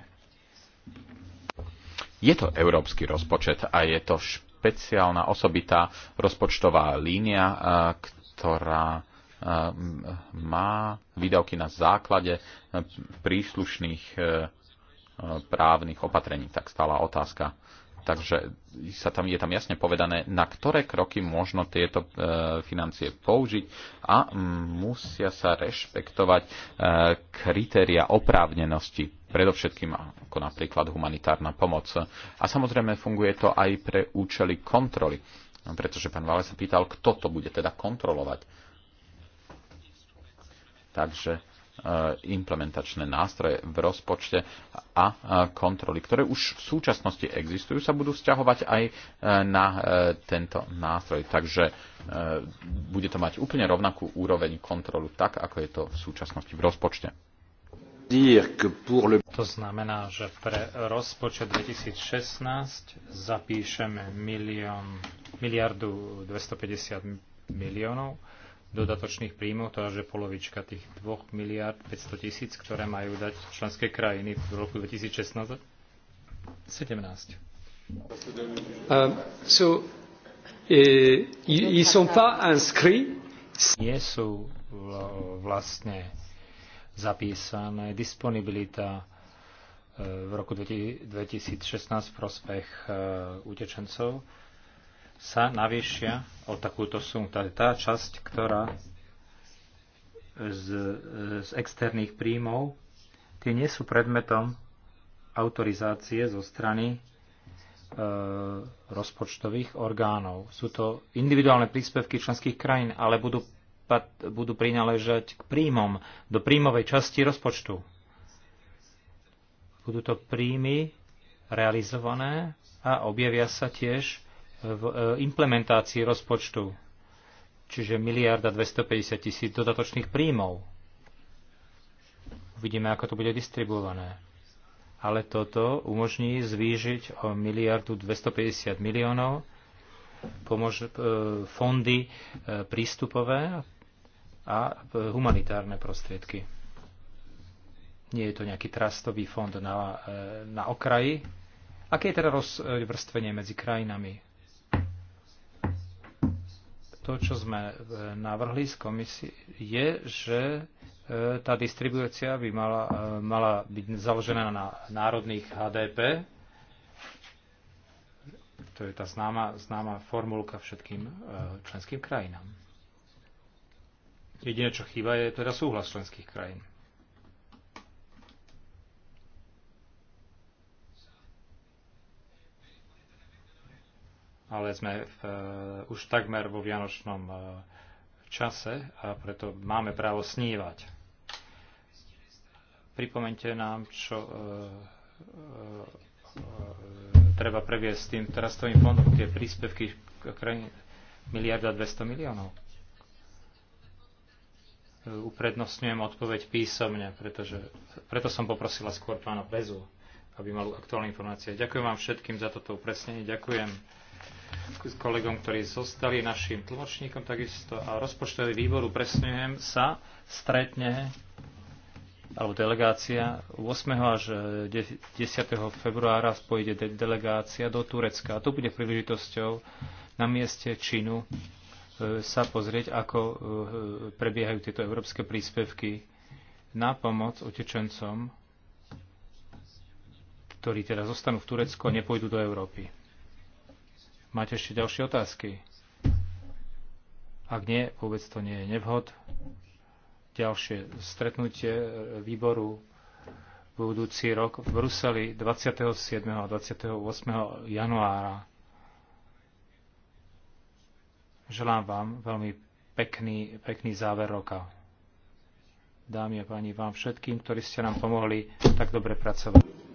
Speaker 2: Je to európsky rozpočet a je to špe- špeciálna osobitá rozpočtová línia, e, ktorá e, má výdavky na základe e, príslušných právnych opatrení. Tak stála otázka Takže sa tam, je tam jasne povedané, na ktoré kroky možno tieto e, financie použiť a musia sa rešpektovať e, kritéria oprávnenosti, predovšetkým ako napríklad humanitárna pomoc. A samozrejme funguje to aj pre účely kontroly, pretože pán Vale sa pýtal, kto to bude teda kontrolovať. Takže E, implementačné nástroje v rozpočte a kontroly, ktoré už v súčasnosti existujú, sa budú vzťahovať aj e, na e, tento nástroj. Takže bude to mať úplne rovnakú úroveň kontrolu tak, ako je to v súčasnosti v rozpočte.
Speaker 3: To znamená, že pre rozpočet 2016 zapíšeme milión, miliardu 250 miliónov dodatočných príjmov, to až je polovička tých 2 miliard 500 tisíc, ktoré majú dať členské krajiny v roku 2016 17. Um, so, e, Nie sú uh, vlastne zapísané disponibilita uh, v roku 2016 v prospech utečencov sa navýšia o takúto sumu. Tá, tá časť, ktorá z, z externých príjmov, tie nie sú predmetom autorizácie zo strany e, rozpočtových orgánov. Sú to individuálne príspevky členských krajín, ale budú, pat, budú prináležať k príjmom, do príjmovej časti rozpočtu. Budú to príjmy realizované a objavia sa tiež v e, implementácii rozpočtu, čiže miliarda 250 tisíc dodatočných príjmov. Uvidíme, ako to bude distribuované. Ale toto umožní zvýžiť o miliardu 250 miliónov pomož, e, fondy e, prístupové a humanitárne prostriedky. Nie je to nejaký trastový fond na, na okraji. Aké je teda rozvrstvenie medzi krajinami? to, čo sme e, navrhli z komisie, je, že e, tá distribúcia by mala, e, mala byť založená na národných HDP. To je tá známa, známa formulka všetkým členským krajinám. Jediné, čo chýba, je teda súhlas členských krajín. ale sme v, e, už takmer vo vianočnom e, čase a preto máme právo snívať. Pripomente nám, čo uh, uh, treba previesť s tým trastovým fondom, tie príspevky krajín miliarda 200 miliónov. Uprednostňujem odpoveď písomne, pretože, preto som poprosila skôr pána Bezu, aby mal aktuálne informácie. Ďakujem vám všetkým za toto upresnenie. Ďakujem s kolegom, ktorí zostali našim tlmočníkom takisto a rozpočtový výbor upresňujem sa stretne alebo delegácia 8. až 10. E, februára spojde de- delegácia do Turecka. A to bude príležitosťou na mieste činu e, sa pozrieť, ako e, prebiehajú tieto európske príspevky na pomoc utečencom, ktorí teda zostanú v Turecku a nepôjdu do Európy. Máte ešte ďalšie otázky? Ak nie, vôbec to nie je nevhod. Ďalšie stretnutie výboru budúci rok v Bruseli 27. a 28. januára. Želám vám veľmi pekný, pekný záver roka. Dámy a páni, vám všetkým, ktorí ste nám pomohli tak dobre pracovať.